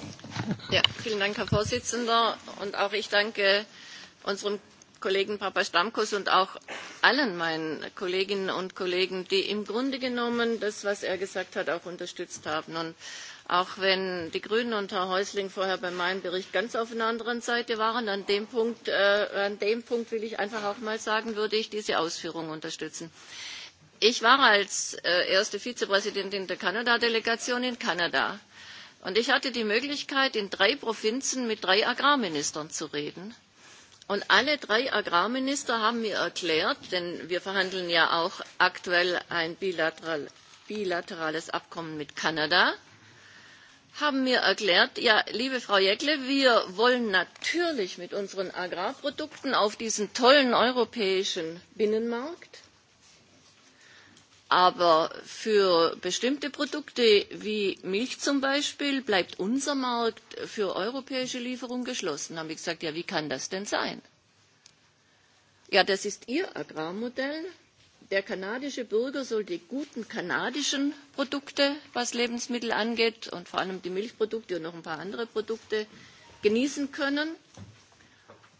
Ja, vielen Dank, Herr Vorsitzender. Und auch ich danke unserem Kollegen Papastamkos und auch allen meinen Kolleginnen und Kollegen, die im Grunde genommen das, was er gesagt hat, auch unterstützt haben. Und auch wenn die Grünen und Herr Häusling vorher bei meinem Bericht ganz auf einer anderen Seite waren, an dem Punkt, äh, an dem Punkt will ich einfach auch mal sagen, würde ich diese Ausführung unterstützen. Ich war als äh, erste Vizepräsidentin der Kanada-Delegation in Kanada. Und ich hatte die Möglichkeit, in drei Provinzen mit drei Agrarministern zu reden. Und alle drei Agrarminister haben mir erklärt, denn wir verhandeln ja auch aktuell ein bilateral, bilaterales Abkommen mit Kanada, haben mir erklärt, ja, liebe Frau Jekle, wir wollen natürlich mit unseren Agrarprodukten auf diesen tollen europäischen Binnenmarkt, Aber für bestimmte Produkte wie Milch zum Beispiel bleibt unser Markt für europäische Lieferung geschlossen. Da haben wir gesagt, ja, wie kann das denn sein? Ja, das ist Ihr Agrarmodell. Der kanadische Bürger soll die guten kanadischen Produkte, was Lebensmittel angeht, und vor allem die Milchprodukte und noch ein paar andere Produkte genießen können.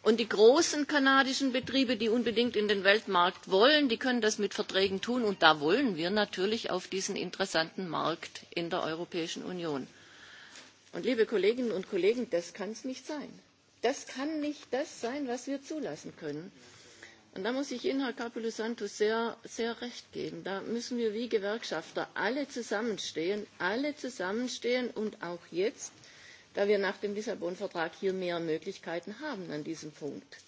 Und die großen kanadischen Betriebe, die unbedingt in den Weltmarkt wollen, die können das mit Verträgen tun. Und da wollen wir natürlich auf diesen interessanten Markt in der Europäischen Union. Und liebe Kolleginnen und Kollegen, das kann es nicht sein. Das kann nicht das sein, was wir zulassen können. Und da muss ich Ihnen, Herr Capoulas Santos, sehr, sehr recht geben. Da müssen wir wie Gewerkschafter alle zusammenstehen, alle zusammenstehen und auch jetzt – da wir nach dem lissabon vertrag hier mehr möglichkeiten haben an diesem punkt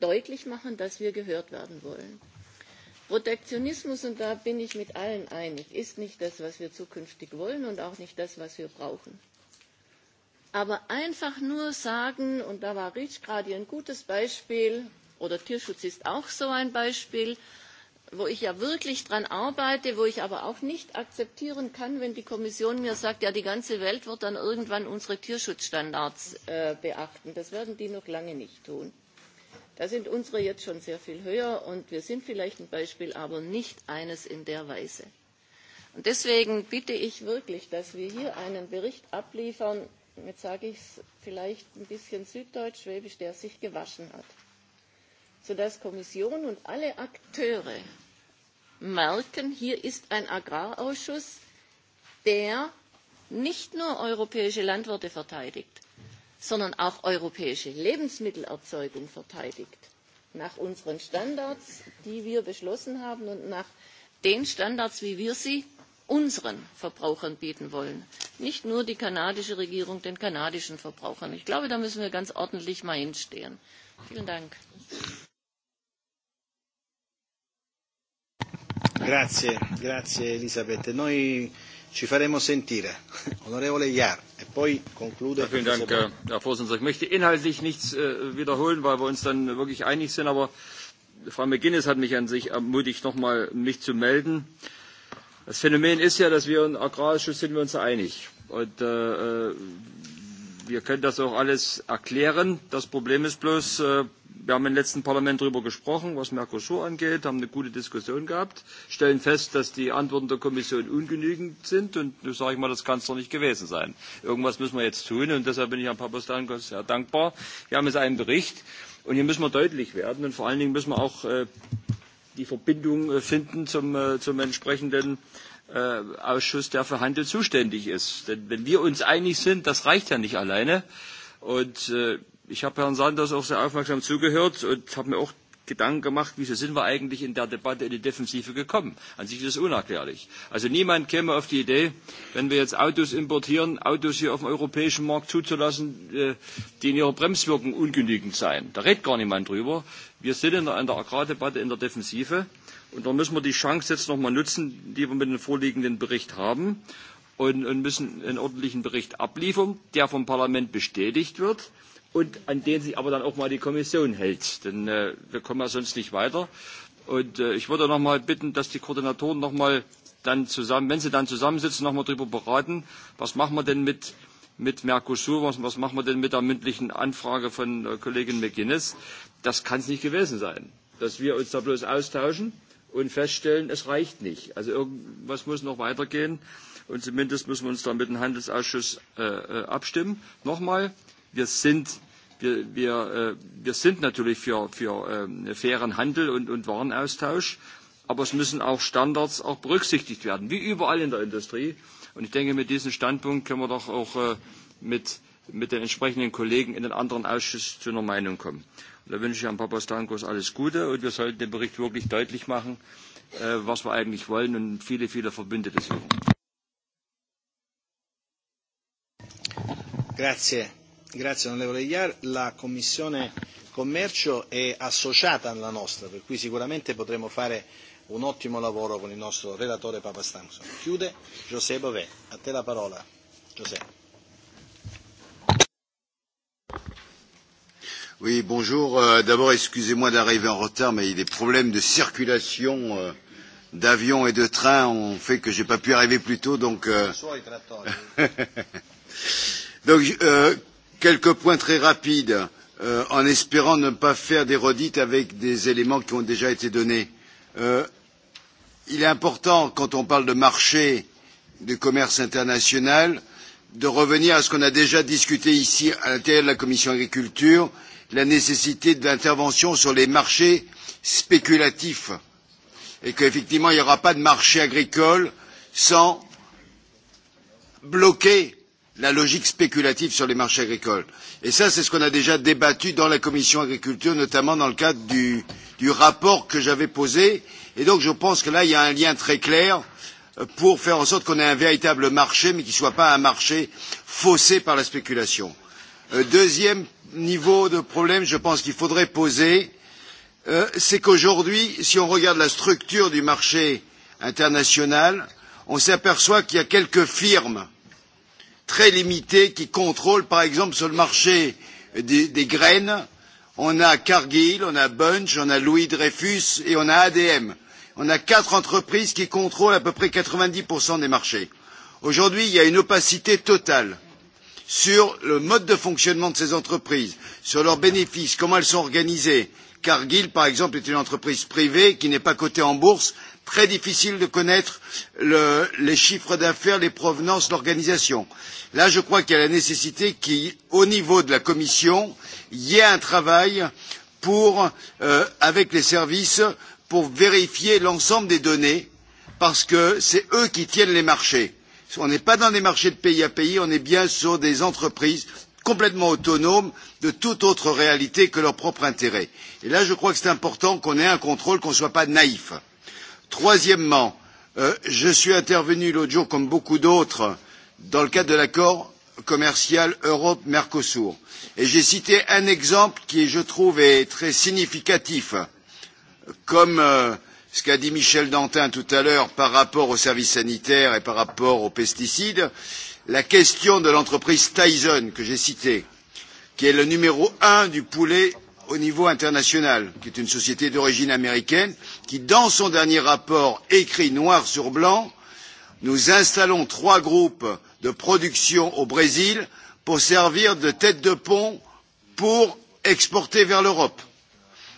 deutlich machen dass wir gehört werden wollen. protektionismus und da bin ich mit allen einig ist nicht das was wir zukünftig wollen und auch nicht das was wir brauchen. aber einfach nur sagen und da war reach gerade ein gutes beispiel oder tierschutz ist auch so ein beispiel wo ich ja wirklich daran arbeite, wo ich aber auch nicht akzeptieren kann, wenn die Kommission mir sagt, ja, die ganze Welt wird dann irgendwann unsere Tierschutzstandards äh, beachten. Das werden die noch lange nicht tun. Da sind unsere jetzt schon sehr viel höher und wir sind vielleicht ein Beispiel, aber nicht eines in der Weise. Und deswegen bitte ich wirklich, dass wir hier einen Bericht abliefern, jetzt sage ich es vielleicht ein bisschen süddeutsch-schwäbisch, der sich gewaschen hat sodass Kommission und alle Akteure merken, hier ist ein Agrarausschuss, der nicht nur europäische Landwirte verteidigt, sondern auch europäische Lebensmittelerzeugung verteidigt. Nach unseren Standards, die wir beschlossen haben und nach den Standards, wie wir sie unseren Verbrauchern bieten wollen. Nicht nur die kanadische Regierung den kanadischen Verbrauchern. Ich glaube, da müssen wir ganz ordentlich mal hinstehen. Vielen Dank. Grazie, grazie Elisabeth. E noi ci faremo sentire. Onorevole Jahr, e poi conclude. Ja, vielen Dank, Herr, Herr Vorsitzender. Ich möchte inhaltlich nichts äh, wiederholen, weil wir uns dann wirklich einig sind, aber Frau McGuinness hat mich an sich ermutigt, nochmal mich zu melden. Das Phänomen ist ja, dass wir im Agrarausschuss sind wir uns einig. Und äh, äh wir können das auch alles erklären. Das Problem ist bloß, äh, wir haben im letzten Parlament darüber gesprochen, was Mercosur angeht, haben eine gute Diskussion gehabt, stellen fest, dass die Antworten der Kommission ungenügend sind und sage ich mal, das kann es doch nicht gewesen sein. Irgendwas müssen wir jetzt tun und deshalb bin ich Herrn Papastankos sehr dankbar. Wir haben jetzt einen Bericht und hier müssen wir deutlich werden und vor allen Dingen müssen wir auch äh, die Verbindung äh, finden zum, äh, zum entsprechenden äh, Äh, Ausschuss, der für Handel zuständig ist. Denn wenn wir uns einig sind, das reicht ja nicht alleine. Und äh, ich habe Herrn Sanders auch sehr aufmerksam zugehört und habe mir auch Gedanken gemacht, wieso sind wir eigentlich in der Debatte in die Defensive gekommen. An sich ist das unerklärlich. Also niemand käme auf die Idee, wenn wir jetzt Autos importieren, Autos hier auf dem europäischen Markt zuzulassen, äh, die in ihrer Bremswirkung ungenügend seien. Da redet gar niemand drüber. Wir sind in der, in der Agrardebatte in der Defensive. Und da müssen wir die Chance jetzt nochmal nutzen, die wir mit dem vorliegenden Bericht haben und, und müssen einen ordentlichen Bericht abliefern, der vom Parlament bestätigt wird und an den sich aber dann auch mal die Kommission hält. Denn äh, wir kommen ja sonst nicht weiter. Und äh, ich würde nochmal bitten, dass die Koordinatoren nochmal dann zusammen, wenn sie dann zusammensitzen, nochmal darüber beraten, was machen wir denn mit, mit Mercosur, was, was machen wir denn mit der mündlichen Anfrage von äh, Kollegin McGuinness. Das kann es nicht gewesen sein, dass wir uns da bloß austauschen und feststellen, es reicht nicht. Also irgendwas muss noch weitergehen. Und zumindest müssen wir uns da mit dem Handelsausschuss äh, äh abstimmen. Nochmal, wir sind, wir, wir, äh, wir sind natürlich für, für äh, fairen Handel und, und Warenaustausch, aber es müssen auch Standards auch berücksichtigt werden, wie überall in der Industrie. Und ich denke, mit diesem Standpunkt können wir doch auch äh, mit, mit den entsprechenden Kollegen in den anderen Ausschüssen zu einer Meinung kommen. Da wünsche ich Herrn Papastankos alles Gute und wir sollten dem Bericht wirklich deutlich machen, äh, was wir eigentlich wollen und viele, viele Verbündete suchen. Grazie, grazie onorevole Iar. La Commissione Commercio è associata alla nostra, per cui sicuramente potremo fare un ottimo lavoro con il nostro relatore Papastanzo. Chiude José Bové. A te la parola, Giuseppe. Oui, bonjour. Euh, D'abord, excusez-moi d'arriver en retard, mais des problèmes de circulation euh, d'avions et de trains ont fait que j'ai pas pu arriver plus tôt. Donc, euh... donc euh, quelques points très rapides, euh, en espérant ne pas faire des redites avec des éléments qui ont déjà été donnés. Euh, il est important, quand on parle de marché du commerce international, de revenir à ce qu'on a déjà discuté ici à l'intérieur de la commission agriculture la nécessité de l'intervention sur les marchés spéculatifs et qu'effectivement il n'y aura pas de marché agricole sans bloquer la logique spéculative sur les marchés agricoles. Et ça, c'est ce qu'on a déjà débattu dans la commission agriculture, notamment dans le cadre du, du rapport que j'avais posé. Et donc, je pense que là, il y a un lien très clair euh, pour faire en sorte qu'on ait un véritable marché, mais qui ne soit pas un marché faussé par la spéculation. Euh, deuxième niveau de problème, je pense qu'il faudrait poser, euh, c'est qu'aujourd'hui, si on regarde la structure du marché international, on s'aperçoit qu'il y a quelques firmes très limitées qui contrôlent, par exemple, sur le marché des, des graines, on a Cargill, on a Bunch, on a Louis Dreyfus et on a ADM. On a quatre entreprises qui contrôlent à peu près 90% des marchés. Aujourd'hui, il y a une opacité totale sur le mode de fonctionnement de ces entreprises, sur leurs bénéfices, comment elles sont organisées. Cargill, par exemple, est une entreprise privée qui n'est pas cotée en bourse. Très difficile de connaître le, les chiffres d'affaires, les provenances, l'organisation. Là, je crois qu'il y a la nécessité qu'au niveau de la Commission, il y ait un travail pour, euh, avec les services pour vérifier l'ensemble des données, parce que c'est eux qui tiennent les marchés on n'est pas dans des marchés de pays à pays on est bien sur des entreprises complètement autonomes de toute autre réalité que leur propre intérêt. et là je crois que c'est important qu'on ait un contrôle qu'on ne soit pas naïf. troisièmement euh, je suis intervenu l'autre jour comme beaucoup d'autres dans le cadre de l'accord commercial europe mercosur et j'ai cité un exemple qui je trouve est très significatif comme euh, ce qu'a dit Michel Dantin tout à l'heure par rapport aux services sanitaires et par rapport aux pesticides, la question de l'entreprise Tyson que j'ai citée, qui est le numéro un du poulet au niveau international, qui est une société d'origine américaine, qui, dans son dernier rapport écrit noir sur blanc, nous installons trois groupes de production au Brésil pour servir de tête de pont pour exporter vers l'Europe.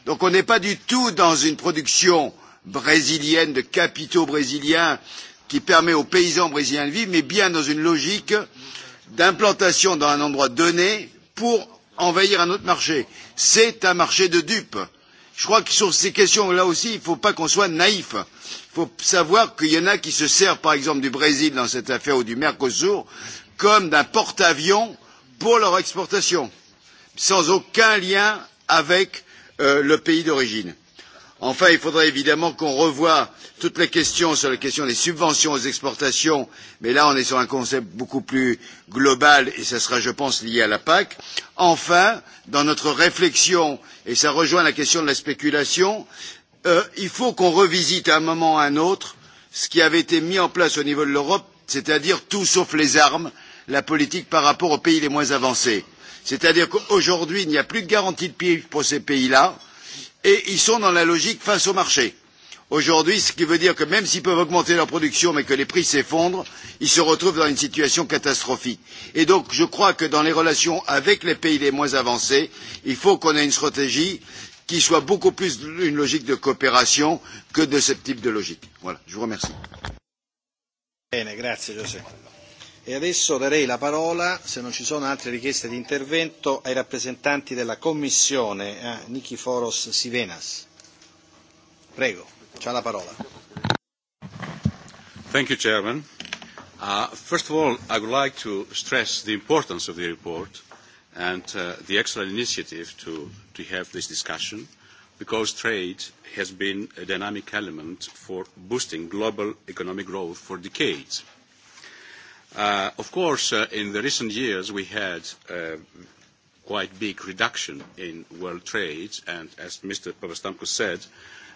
Donc on n'est pas du tout dans une production brésilienne, de capitaux brésiliens, qui permet aux paysans brésiliens de vivre, mais bien dans une logique d'implantation dans un endroit donné pour envahir un autre marché. C'est un marché de dupes. Je crois que sur ces questions-là aussi, il ne faut pas qu'on soit naïf. Il faut savoir qu'il y en a qui se servent, par exemple, du Brésil dans cette affaire ou du Mercosur comme d'un porte-avions pour leur exportation, sans aucun lien avec euh, le pays d'origine enfin il faudrait évidemment qu'on revoie toutes les questions sur la question des subventions aux exportations mais là on est sur un concept beaucoup plus global et ça sera je pense lié à la pac enfin dans notre réflexion et ça rejoint la question de la spéculation euh, il faut qu'on revisite à un moment ou à un autre ce qui avait été mis en place au niveau de l'europe c'est à dire tout sauf les armes la politique par rapport aux pays les moins avancés. c'est à dire qu'aujourd'hui il n'y a plus de garantie de prix pour ces pays là et ils sont dans la logique face au marché aujourd'hui ce qui veut dire que même s'ils peuvent augmenter leur production mais que les prix s'effondrent ils se retrouvent dans une situation catastrophique. et donc je crois que dans les relations avec les pays les moins avancés il faut qu'on ait une stratégie qui soit beaucoup plus une logique de coopération que de ce type de logique. voilà je vous remercie. Bene, grazie, José. E adesso darei la parola, se non ci sono altre richieste di intervento, ai rappresentanti della Commissione, a eh, Nikiforos Sivenas. Prego, c'ha la parola. Thank you, Chairman. Uh, first of all, I would like to stress the importance of the report and uh, the excellent initiative to, to have this discussion because trade has been a dynamic element for boosting global economic growth for decades. Uh, Uh, of course, uh, in the recent years, we had uh, quite big reduction in world trade, and as Mr. Papastamkos said,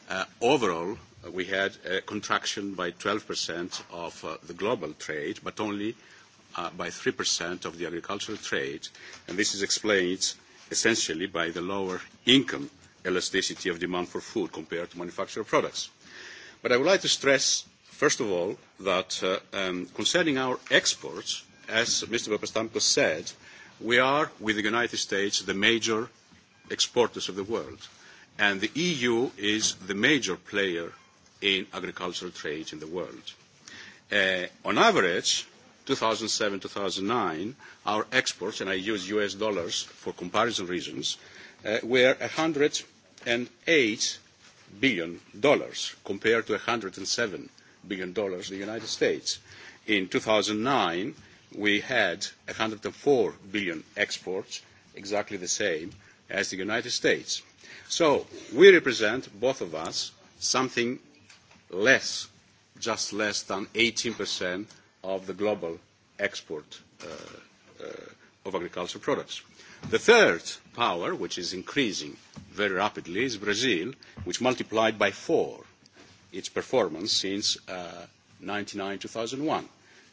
uh, overall, we had a contraction by 12% of uh, the global trade, but only uh, by 3% of the agricultural trade. And this is explained essentially by the lower income elasticity of demand for food compared to manufactured products. But I would like to stress First of all, that uh, um, concerning our exports, as Mr. Papastamkos said, we are, with the United States, the major exporters of the world. And the EU is the major player in agricultural trade in the world. Uh, on average, 2007, 2009, our exports, and I use US dollars for comparison reasons, uh, were $108 billion compared to $107 billion billion dollars the United States. In 2009, we had 104 billion exports, exactly the same as the United States. So we represent, both of us, something less, just less than 18% of the global export uh, uh, of agricultural products. The third power, which is increasing very rapidly, is Brazil, which multiplied by four its performance since 1999-2001, uh,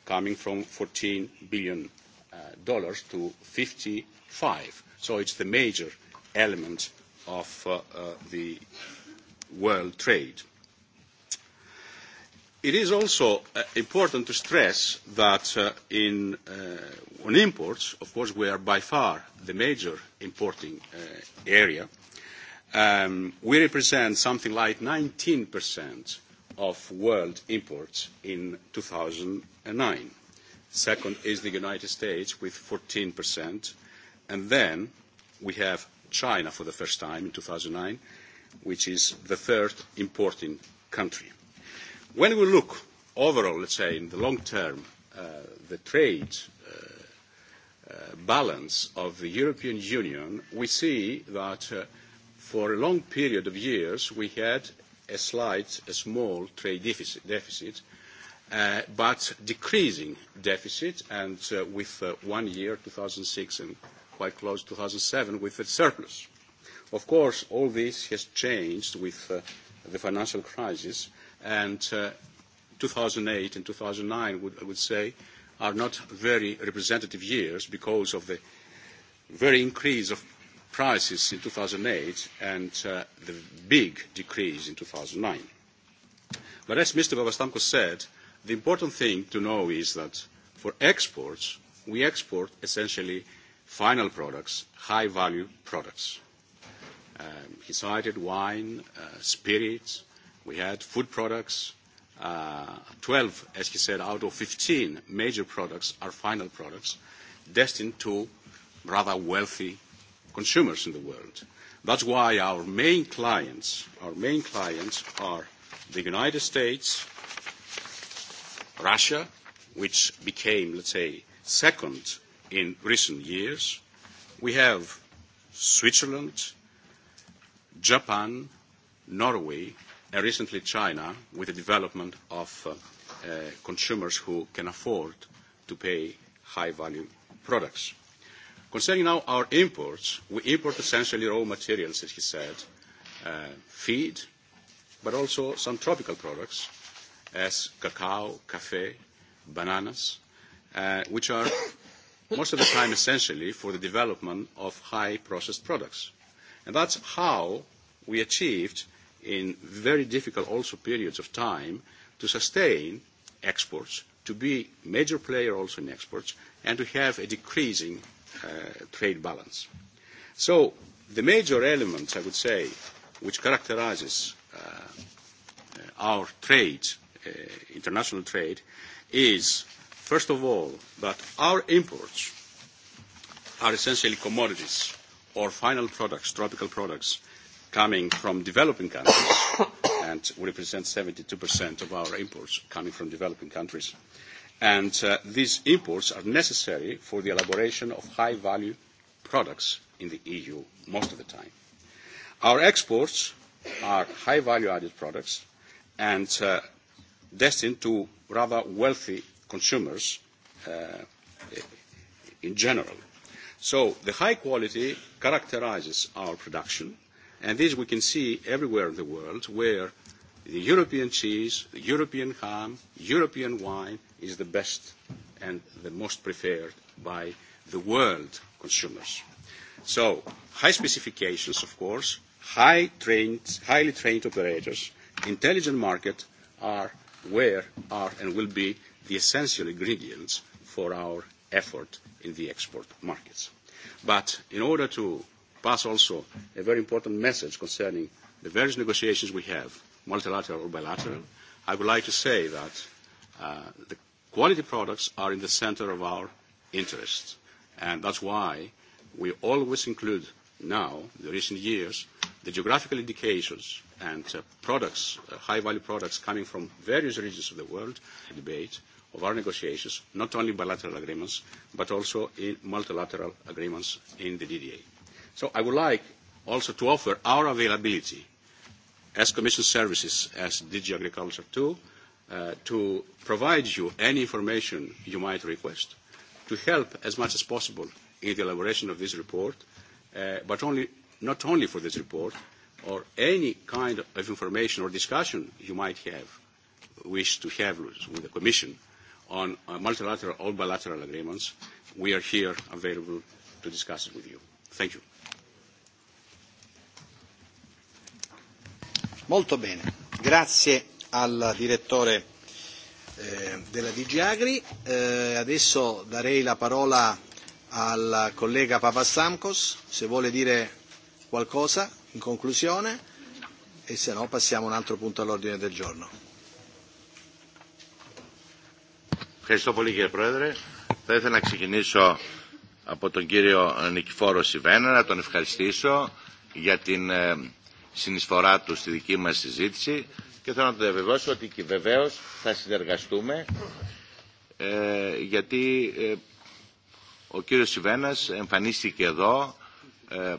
coming from $14 billion uh, dollars to 55. So it's the major element of uh, uh, the world trade. It is also uh, important to stress that uh, in, uh, on imports, of course, we are by far the major importing uh, area, Um, we represent something like 19% of world imports in 2009. Second is the United States with 14%. And then we have China for the first time in 2009, which is the third importing country. When we look overall, let's say, in the long term, uh, the trade uh, uh, balance of the European Union, we see that uh, for a long period of years, we had a slight, a small trade deficit, deficit uh, but decreasing deficit, and uh, with uh, one year, 2006, and quite close to 2007, with a surplus. Of course, all this has changed with uh, the financial crisis, and uh, 2008 and 2009, would, I would say, are not very representative years because of the very increase of prices in 2008 and uh, the big decrease in 2009. But as Mr. Papastamkos said, the important thing to know is that for exports, we export essentially final products, high-value products. Um, he cited wine, uh, spirits. We had food products. Uh, 12, as he said, out of 15 major products are final products destined to rather wealthy consumers in the world. That's why our main clients, our main clients are the United States, Russia, which became, let's say, second in recent years. We have Switzerland, Japan, Norway, and recently China, with the development of uh, uh, consumers who can afford to pay high-value products. Concerning now our imports, we import essentially raw materials, as he said, uh, feed, but also some tropical products as cacao, cafe, bananas, uh, which are most of the time essentially for the development of high processed products. And that's how we achieved in very difficult also periods of time to sustain exports, to be major player also in exports, and to have a decreasing uh, trade balance. So the major elements, I would say, which characterizes uh, our trade, uh, international trade, is, first of all, that our imports are essentially commodities or final products, tropical products, coming from developing countries, and represent 72% of our imports coming from developing countries. Uh, and uh, these imports are necessary for the elaboration of high-value products in the EU most of the time. Our exports are high-value-added products and uh, destined to rather wealthy consumers uh, in general. So the high quality characterizes our production, and this we can see everywhere in the world where the European cheese, the European ham, European wine is the best and the most preferred by the world consumers. So, high specifications, of course, high trained, highly trained operators, intelligent market are where are and will be the essential ingredients for our effort in the export markets. But in order to pass also a very important message concerning the various negotiations we have multilateral or bilateral, I would like to say that uh, the quality products are in the center of our interests. And that's why we always include now, the recent years, the geographical indications and uh, products, uh, high-value products coming from various regions of the world, debate of our negotiations, not only bilateral agreements, but also in multilateral agreements in the DDA. So I would like also to offer our availability as Commission Services, as DG Agriculture too, uh, to provide you any information you might request, to help as much as possible in the elaboration of this report, uh, but only, not only for this report, or any kind of information or discussion you might have, wish to have with the Commission on uh, multilateral or bilateral agreements, we are here available to discuss it with you. Thank you. Molto bene, grazie al direttore eh, della DG Agri. Eh, adesso darei la parola al collega Papastamkos se vuole dire qualcosa in conclusione e se no passiamo a un altro punto all'ordine del giorno. Ευχαριστώ πολύ κύριε Πρόεδρε. Θα ήθελα να ξεκινήσω από τον κύριο Νικηφόρο Σιβένα, να τον ευχαριστήσω για την συνεισφορά του στη δική μας συζήτηση και θέλω να το διαβεβαιώσω ότι και βεβαίως θα συνεργαστούμε ε, γιατί ε, ο κύριος Σιβένας εμφανίστηκε εδώ ε,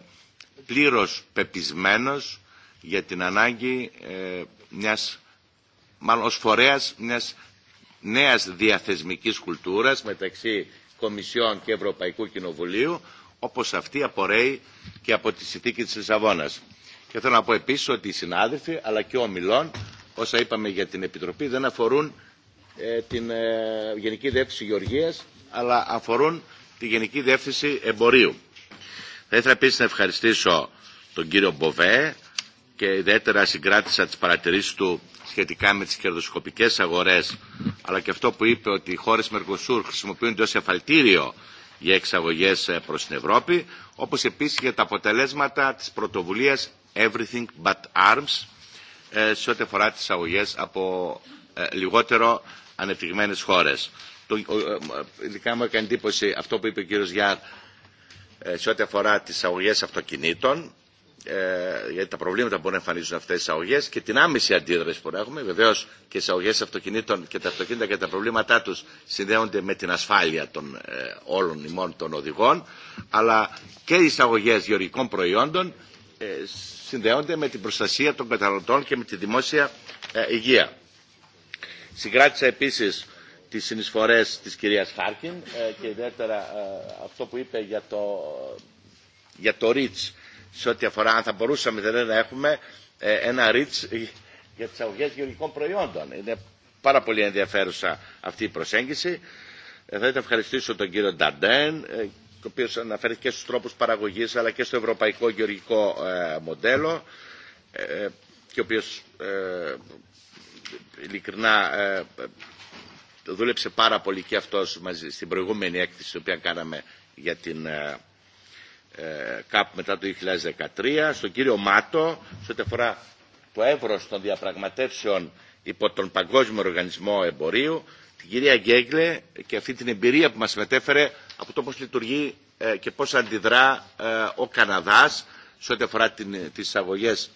πλήρως πεπισμένος για την ανάγκη ε, μιας, μάλλον ως φορέας μιας νέας διαθεσμικής κουλτούρας μεταξύ Κομισιόν και Ευρωπαϊκού Κοινοβουλίου, όπως αυτή απορρέει και από τη συνθήκη της Λισαβόνας. Και θέλω να πω επίσης ότι οι συνάδελφοι αλλά και ο Μιλών, όσα είπαμε για την Επιτροπή, δεν αφορούν ε, την ε, Γενική Διεύθυνση Γεωργίας, αλλά αφορούν τη Γενική Διεύθυνση Εμπορίου. Θα ήθελα επίσης να ευχαριστήσω τον κύριο Μποβέ και ιδιαίτερα συγκράτησα τις παρατηρήσεις του σχετικά με τις κερδοσκοπικές αγορές, αλλά και αυτό που είπε ότι οι χώρες Μερκοσούρ χρησιμοποιούνται ως εφαλτήριο για εξαγωγές προς την Ευρώπη, όπως επίσης για τα αποτελέσματα της πρωτοβουλίας everything but arms ε, eh, σε ό,τι αφορά τις αγωγές από ε, λιγότερο ανεπτυγμένες χώρες. Το, ε, ειδικά μου έκανε εντύπωση αυτό που είπε ο κύριος Γιάρ ε, σε ό,τι αφορά τις αγωγές αυτοκινήτων ε, γιατί τα προβλήματα που μπορούν να εμφανίζουν αυτές τις αγωγές και την άμεση αντίδραση που έχουμε. Βεβαίως και τις αγωγές αυτοκινήτων και τα αυτοκίνητα και τα προβλήματά τους συνδέονται με την ασφάλεια των ε, όλων ημών των οδηγών αλλά και οι εισαγωγές γεωργικών προϊόντων συνδέονται με την προστασία των καταναλωτών και με τη δημόσια υγεία. Συγκράτησα επίσης τις συνεισφορές της κυρίας Χάρκιν και ιδιαίτερα αυτό που είπε για το, για το REACH σε ό,τι αφορά αν θα μπορούσαμε δηλαδή, να έχουμε ένα REACH για τις αγωγές γεωργικών προϊόντων. Είναι πάρα πολύ ενδιαφέρουσα αυτή η προσέγγιση. Θα ήθελα να ευχαριστήσω τον κύριο Νταντέν το οποίο αναφέρθηκε και στους τρόπους παραγωγής αλλά και στο ευρωπαϊκό γεωργικό ε, μοντέλο ε, και ο οποίος ε, ειλικρινά ε, δούλεψε πάρα πολύ και αυτός μαζί στην προηγούμενη έκθεση την οποία κάναμε για την ε, ΚΑΠ μετά το 2013, στον κύριο Μάτο, σε ό,τι αφορά το εύρος των διαπραγματεύσεων υπό τον Παγκόσμιο Οργανισμό Εμπορίου, την κυρία Γκέγκλε και αυτή την εμπειρία που μας μετέφερε από το πώς λειτουργεί ε, και πώς αντιδρά ε, ο Καναδάς σε ό,τι αφορά την, τις εισαγωγές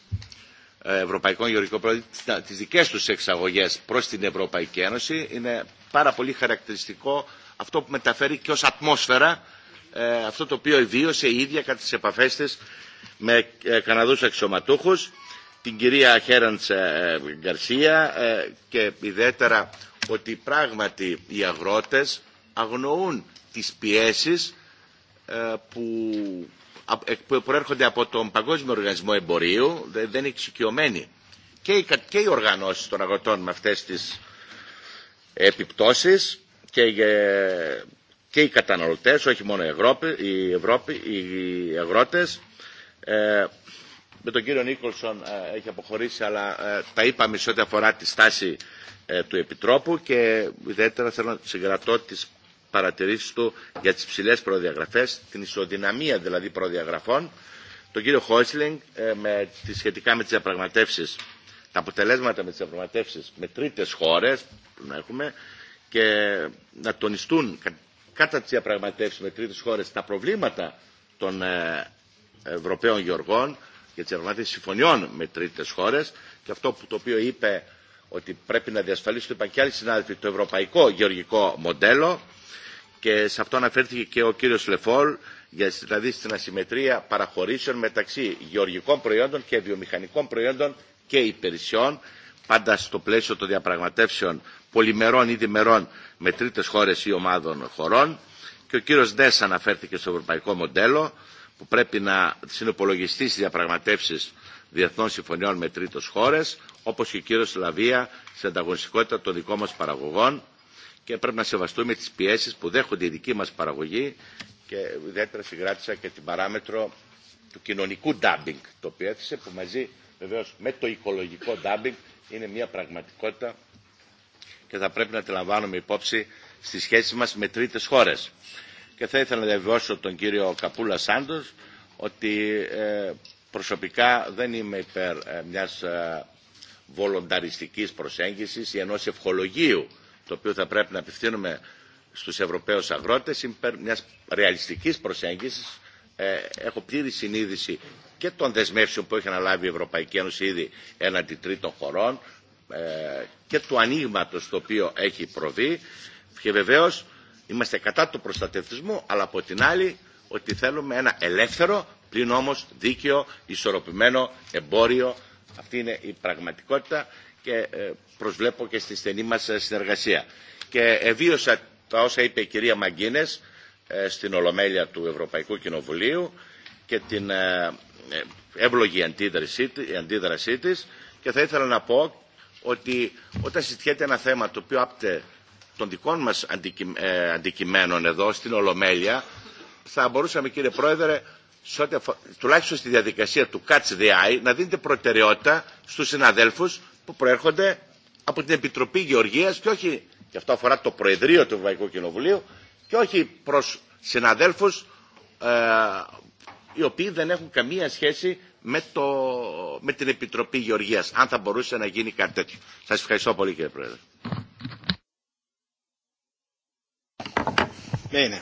ευρωπαϊκών γεωργικών προϊόντων, τις δικές τους εξαγωγές προς την Ευρωπαϊκή Ένωση. Είναι πάρα πολύ χαρακτηριστικό αυτό που μεταφέρει και ως ατμόσφαιρα ε, αυτό το οποίο βίωσε η ίδια κατά τις επαφές της με ε, Καναδούς αξιωματούχους, την κυρία Χέραντς ε, Γκαρσία ε, και ιδιαίτερα ότι πράγματι οι αγρότες αγνοούν τις πιέσεις που προέρχονται από τον Παγκόσμιο Οργανισμό Εμπορίου, δεν είναι εξοικειωμένοι. Και οι, και οι οργανώσεις των αγροτών με αυτές τις επιπτώσεις και, και οι καταναλωτές, όχι μόνο η Ευρώπη, η Ευρώπη οι αγρότες. Ε, με τον κύριο Νίκολσον ε, έχει αποχωρήσει, αλλά ε, τα είπαμε σε ό,τι αφορά τη στάση ε, του Επιτρόπου και ιδιαίτερα θέλω να συγκρατώ τις παρατηρήσεις του για τις ψηλές προδιαγραφές, την ισοδυναμία δηλαδή προδιαγραφών, τον κύριο Χόισλινγκ ε, με, σχετικά με τις διαπραγματεύσεις, τα αποτελέσματα με τις διαπραγματεύσεις με τρίτες χώρες που να έχουμε και να τονιστούν κατά τις διαπραγματεύσεις με τρίτες χώρες τα προβλήματα των ε, Ευρωπαίων Γεωργών για τις διαπραγματεύσεις συμφωνιών με τρίτες χώρες και αυτό που το οποίο είπε ότι πρέπει να διασφαλίσει, το είπαν και άλλοι συνάδελφοι, το ευρωπαϊκό γεωργικό μοντέλο και σε αυτό αναφέρθηκε και ο κύριος Λεφόρ, δηλαδή στην ασυμμετρία παραχωρήσεων μεταξύ γεωργικών προϊόντων και βιομηχανικών προϊόντων και υπηρεσιών, πάντα στο πλαίσιο των διαπραγματεύσεων πολυμερών ή διμερών με τρίτες χώρες ή ομάδων χωρών. Και ο κύριος Ντές αναφέρθηκε στο ευρωπαϊκό μοντέλο, που πρέπει να συνυπολογιστεί στις διαπραγματεύσεις διεθνών συμφωνιών με τρίτες χώρες, όπως και ο κύριος Λαβία στην ανταγωνιστικότητα των δικών μας παραγωγών, και πρέπει να σεβαστούμε τις πιέσεις που δέχονται η δική μας παραγωγή και ιδιαίτερα συγκράτησα και την παράμετρο του κοινωνικού ντάμπινγκ το οποίο έθεσε που μαζί βεβαίως με το οικολογικό ντάμπινγκ είναι μια πραγματικότητα και θα πρέπει να τη λαμβάνουμε υπόψη στη σχέση μας με τρίτες χώρες. Και θα ήθελα να διαβεβαιώσω τον κύριο Καπούλα Σάντος ότι ε, προσωπικά δεν είμαι υπέρ ε, μιας ε, βολονταριστικής προσέγγισης ή ενός ευχολογίου ε, το οποίο θα πρέπει να απευθύνουμε στους Ευρωπαίους αγρότες υπέρ μιας ρεαλιστικής προσέγγισης. Ε, έχω πλήρη συνείδηση και των δεσμεύσεων που έχει αναλάβει η Ευρωπαϊκή Ένωση ήδη έναντι τρίτων χωρών ε, και του ανοίγματο το οποίο έχει προβεί και βεβαίως είμαστε κατά του προστατευτισμού αλλά από την άλλη ότι θέλουμε ένα ελεύθερο πλην όμως δίκαιο ισορροπημένο εμπόριο αυτή είναι η πραγματικότητα και προσβλέπω και στη στενή μας συνεργασία. Και εβίωσα τα όσα είπε η κυρία Μαγκίνες στην Ολομέλεια του Ευρωπαϊκού Κοινοβουλίου και την εύλογη αντίδρασή της και θα ήθελα να πω ότι όταν συζητιέται ένα θέμα το οποίο άπτε των δικών μας αντικει, ε, αντικειμένων εδώ στην Ολομέλεια θα μπορούσαμε κύριε Πρόεδρε σε ό,τι αφορά, τουλάχιστον στη διαδικασία του catch the eye να δίνετε προτεραιότητα στους συναδέλφους που προέρχονται από την Επιτροπή Γεωργίας και όχι, και αυτό αφορά το Προεδρείο του Ευρωπαϊκού Κοινοβουλίου, και όχι προς συναδέλφους ε, οι οποίοι δεν έχουν καμία σχέση με, το, με την Επιτροπή Γεωργίας, αν θα μπορούσε να γίνει κάτι τέτοιο. Σας ευχαριστώ πολύ κύριε Πρόεδρε. Bene.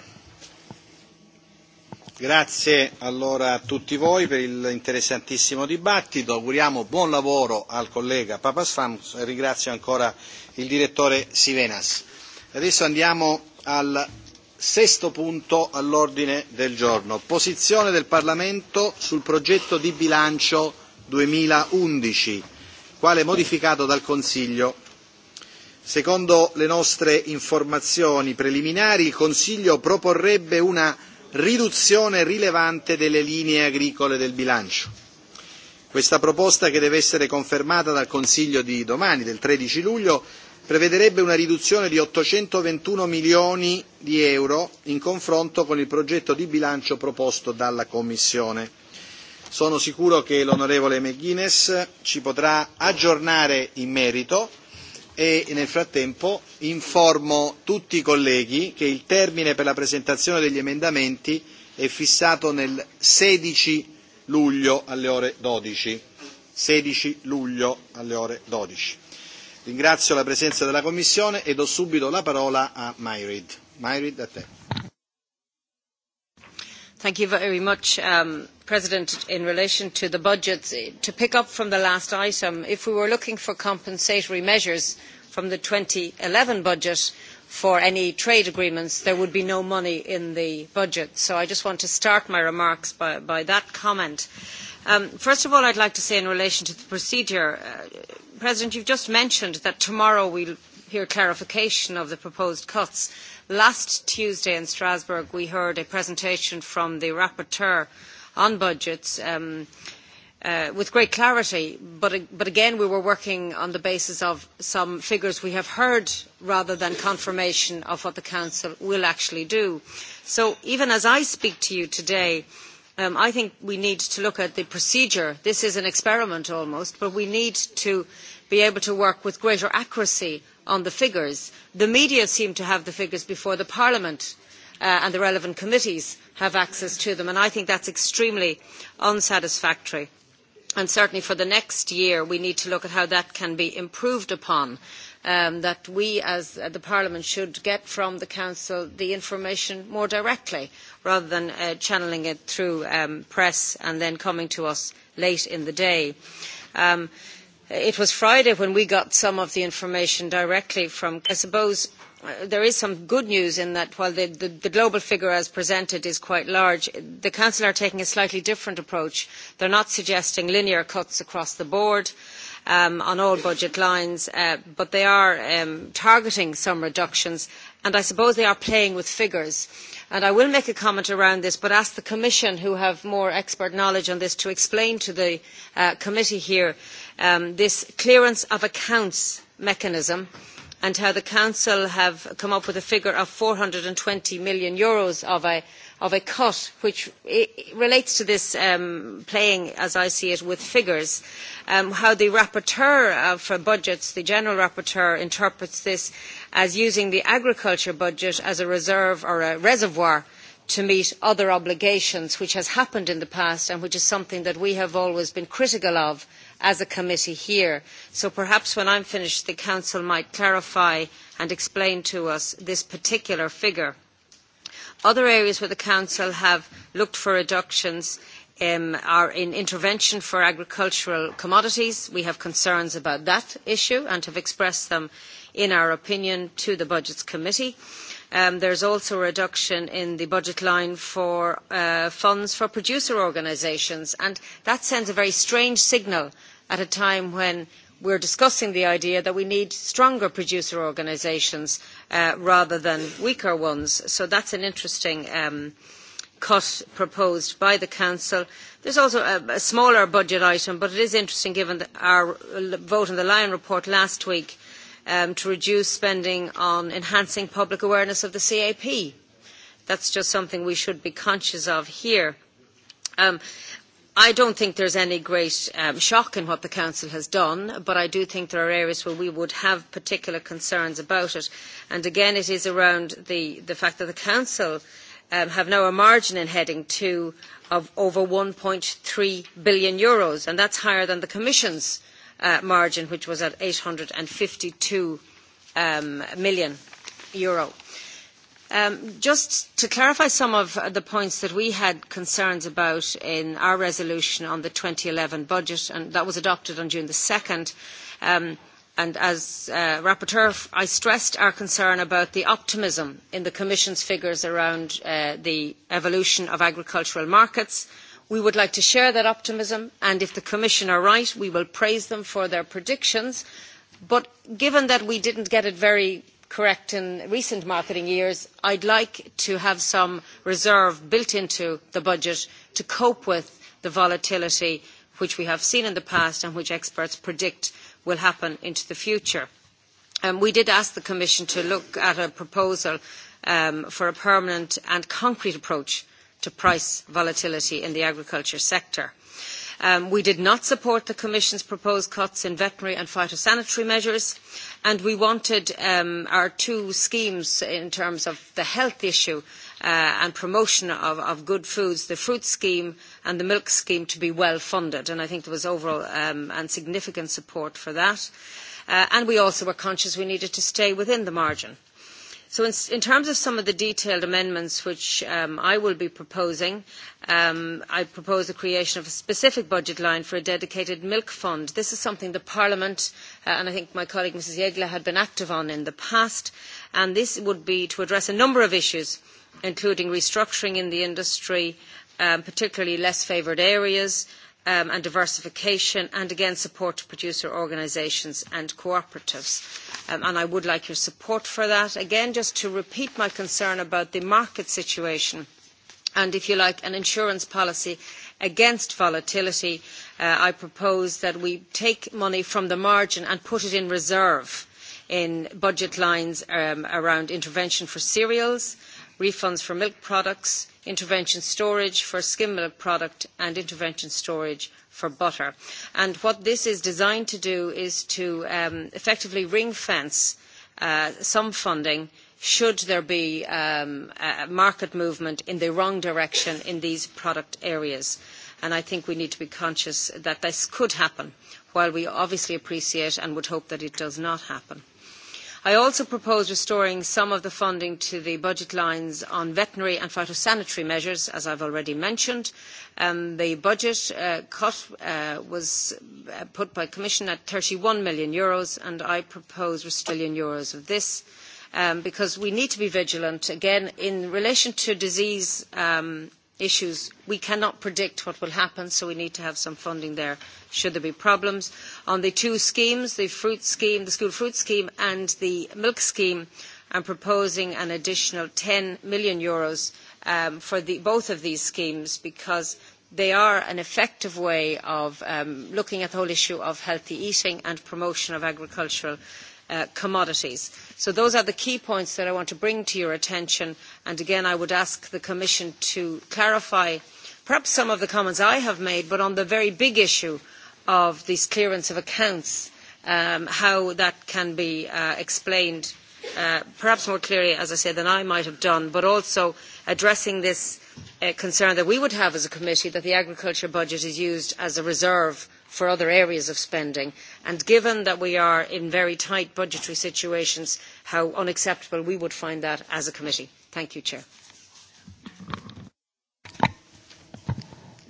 Grazie allora a tutti voi per il interessantissimo dibattito. Auguriamo buon lavoro al collega Papasfamos e ringrazio ancora il direttore Sivenas. Adesso andiamo al sesto punto all'ordine del giorno. Posizione del Parlamento sul progetto di bilancio 2011, quale modificato dal Consiglio Secondo le nostre informazioni preliminari, il Consiglio proporrebbe una riduzione rilevante delle linee agricole del bilancio. Questa proposta, che deve essere confermata dal Consiglio di domani, del 13 luglio, prevederebbe una riduzione di 821 milioni di euro in confronto con il progetto di bilancio proposto dalla Commissione. Sono sicuro che l'onorevole McGuinness ci potrà aggiornare in merito e nel frattempo informo tutti i colleghi che il termine per la presentazione degli emendamenti è fissato nel 16 luglio alle ore 12. 16 luglio alle ore 12. Ringrazio la presenza della Commissione e do subito la parola a Myrid. Myrid, a te madam um, president in relation to the budgets to pick up from the last item if we were looking for compensatory measures from the two thousand and eleven budget for any trade agreements there would be no money in the budget so i just want to start my remarks by that comment. Um, first of all i would like to say in relation to the procedure uh, president you have just mentioned that tomorrow we will hear clarification of the proposed cuts. Last Tuesday in Strasbourg, we heard a presentation from the rapporteur on budgets um, uh, with great clarity, but, but again, we were working on the basis of some figures we have heard rather than confirmation of what the Council will actually do. So even as I speak to you today, um, I think we need to look at the procedure. This is an experiment almost, but we need to be able to work with greater accuracy on the figures. The media seem to have the figures before the Parliament uh, and the relevant committees have access to them, and I think that's extremely unsatisfactory. And certainly for the next year, we need to look at how that can be improved upon, um, that we as uh, the Parliament should get from the Council the information more directly, rather than uh, channeling it through um, press and then coming to us late in the day. Um, uh, it was Friday when we got some of the information directly from, I suppose, uh, there is some good news in that while the, the, the global figure as presented is quite large, the Council are taking a slightly different approach. They're not suggesting linear cuts across the board um, on all budget lines, uh, but they are um, targeting some reductions, and I suppose they are playing with figures. And I will make a comment around this, but ask the Commission, who have more expert knowledge on this, to explain to the uh, committee here uh, um, this clearance of accounts mechanism and how the Council have come up with a figure of €420 million Euros of a, of a cut, which relates to this um, playing, as I see it, with figures. Um, how the rapporteur uh, for budgets, the general rapporteur, interprets this as using the agriculture budget as a reserve or a reservoir to meet other obligations, which has happened in the past and which is something that we have always been critical of as a committee here. So perhaps when I'm finished, the Council might clarify and explain to us this particular figure. Other areas where the Council have looked for reductions um, are in intervention for agricultural commodities. We have concerns about that issue and have expressed them in our opinion to the Budgets Committee. Uh, Um, there's also a reduction in the budget line for uh, funds for producer organisations, and that sends a very strange signal at a time when we're discussing the idea that we need stronger producer organisations uh, rather than weaker ones. So that's an interesting um, cut proposed by the Council. There's also a, a smaller budget item, but it is interesting given that our uh, vote on the Lyon report last week uh, um, to reduce spending on enhancing public awareness of the CAP. That's just something we should be conscious of here. Um, I don't think there's any great um, shock in what the Council has done, but I do think there are areas where we would have particular concerns about it. And again, it is around the, the fact that the Council um, have now a margin in heading 2 of over 1.3 billion euros, and that's higher than the Commission's uh, uh, margin, which was at 852 um, million euro. Um, just to clarify some of the points that we had concerns about in our resolution on the 2011 budget, and that was adopted on June the 2nd, um, and as uh, rapporteur, I stressed our concern about the optimism in the Commission's figures around uh, the evolution of agricultural markets, uh, We would like to share that optimism, and if the Commission are right, we will praise them for their predictions. But given that we didn't get it very correct in recent marketing years, I'd like to have some reserve built into the budget to cope with the volatility which we have seen in the past and which experts predict will happen into the future. Um, we did ask the Commission to look at a proposal um, for a permanent and concrete approach to price volatility in the agriculture sector. Um, we did not support the Commission's proposed cuts in veterinary and phytosanitary measures, and we wanted um, our two schemes in terms of the health issue uh, and promotion of, of good foods, the fruit scheme and the milk scheme, to be well funded. And I think there was overall um, and significant support for that. Uh, and we also were conscious we needed to stay within the margin. Uh, So in, in terms of some of the detailed amendments which um, I will be proposing, um, I propose the creation of a specific budget line for a dedicated milk fund. This is something the Parliament, uh, and I think my colleague Mrs Yegla had been active on in the past, and this would be to address a number of issues, including restructuring in the industry, um, particularly less favoured areas, uh, um, and diversification, and again support to producer organisations and cooperatives. Um, and I would like your support for that. Again, just to repeat my concern about the market situation and, if you like, an insurance policy against volatility, uh, I propose that we take money from the margin and put it in reserve in budget lines um, around intervention for cereals, uh, refunds for milk products, intervention storage for skim milk product and intervention storage for butter. And what this is designed to do is to um, effectively ring fence uh, some funding should there be um, a market movement in the wrong direction in these product areas. And I think we need to be conscious that this could happen, while we obviously appreciate and would hope that it does not happen. I also propose restoring some of the funding to the budget lines on veterinary and phytosanitary measures, as I've already mentioned. Um, the budget uh, cut uh, was uh, put by Commission at 31 million euros, and I propose restoring euros of this um, because we need to be vigilant, again, in relation to disease um, issues. We cannot predict what will happen, so we need to have some funding there should there be problems. On the two schemes, the fruit scheme, the school fruit scheme and the milk scheme, I'm proposing an additional 10 million euros um, for the, both of these schemes because they are an effective way of um, looking at the whole issue of healthy eating and promotion of agricultural uh, commodities. So those are the key points that I want to bring to your attention. And again, I would ask the Commission to clarify perhaps some of the comments I have made, but on the very big issue of this clearance of accounts, um, how that can be uh, explained uh, perhaps more clearly, as I say, than I might have done, but also addressing this uh, concern that we would have as a committee that the agriculture budget is used as a reserve for other areas of spending. And given that we are in very tight budgetary situations, how unacceptable we would find that as a committee. Thank you, Chair.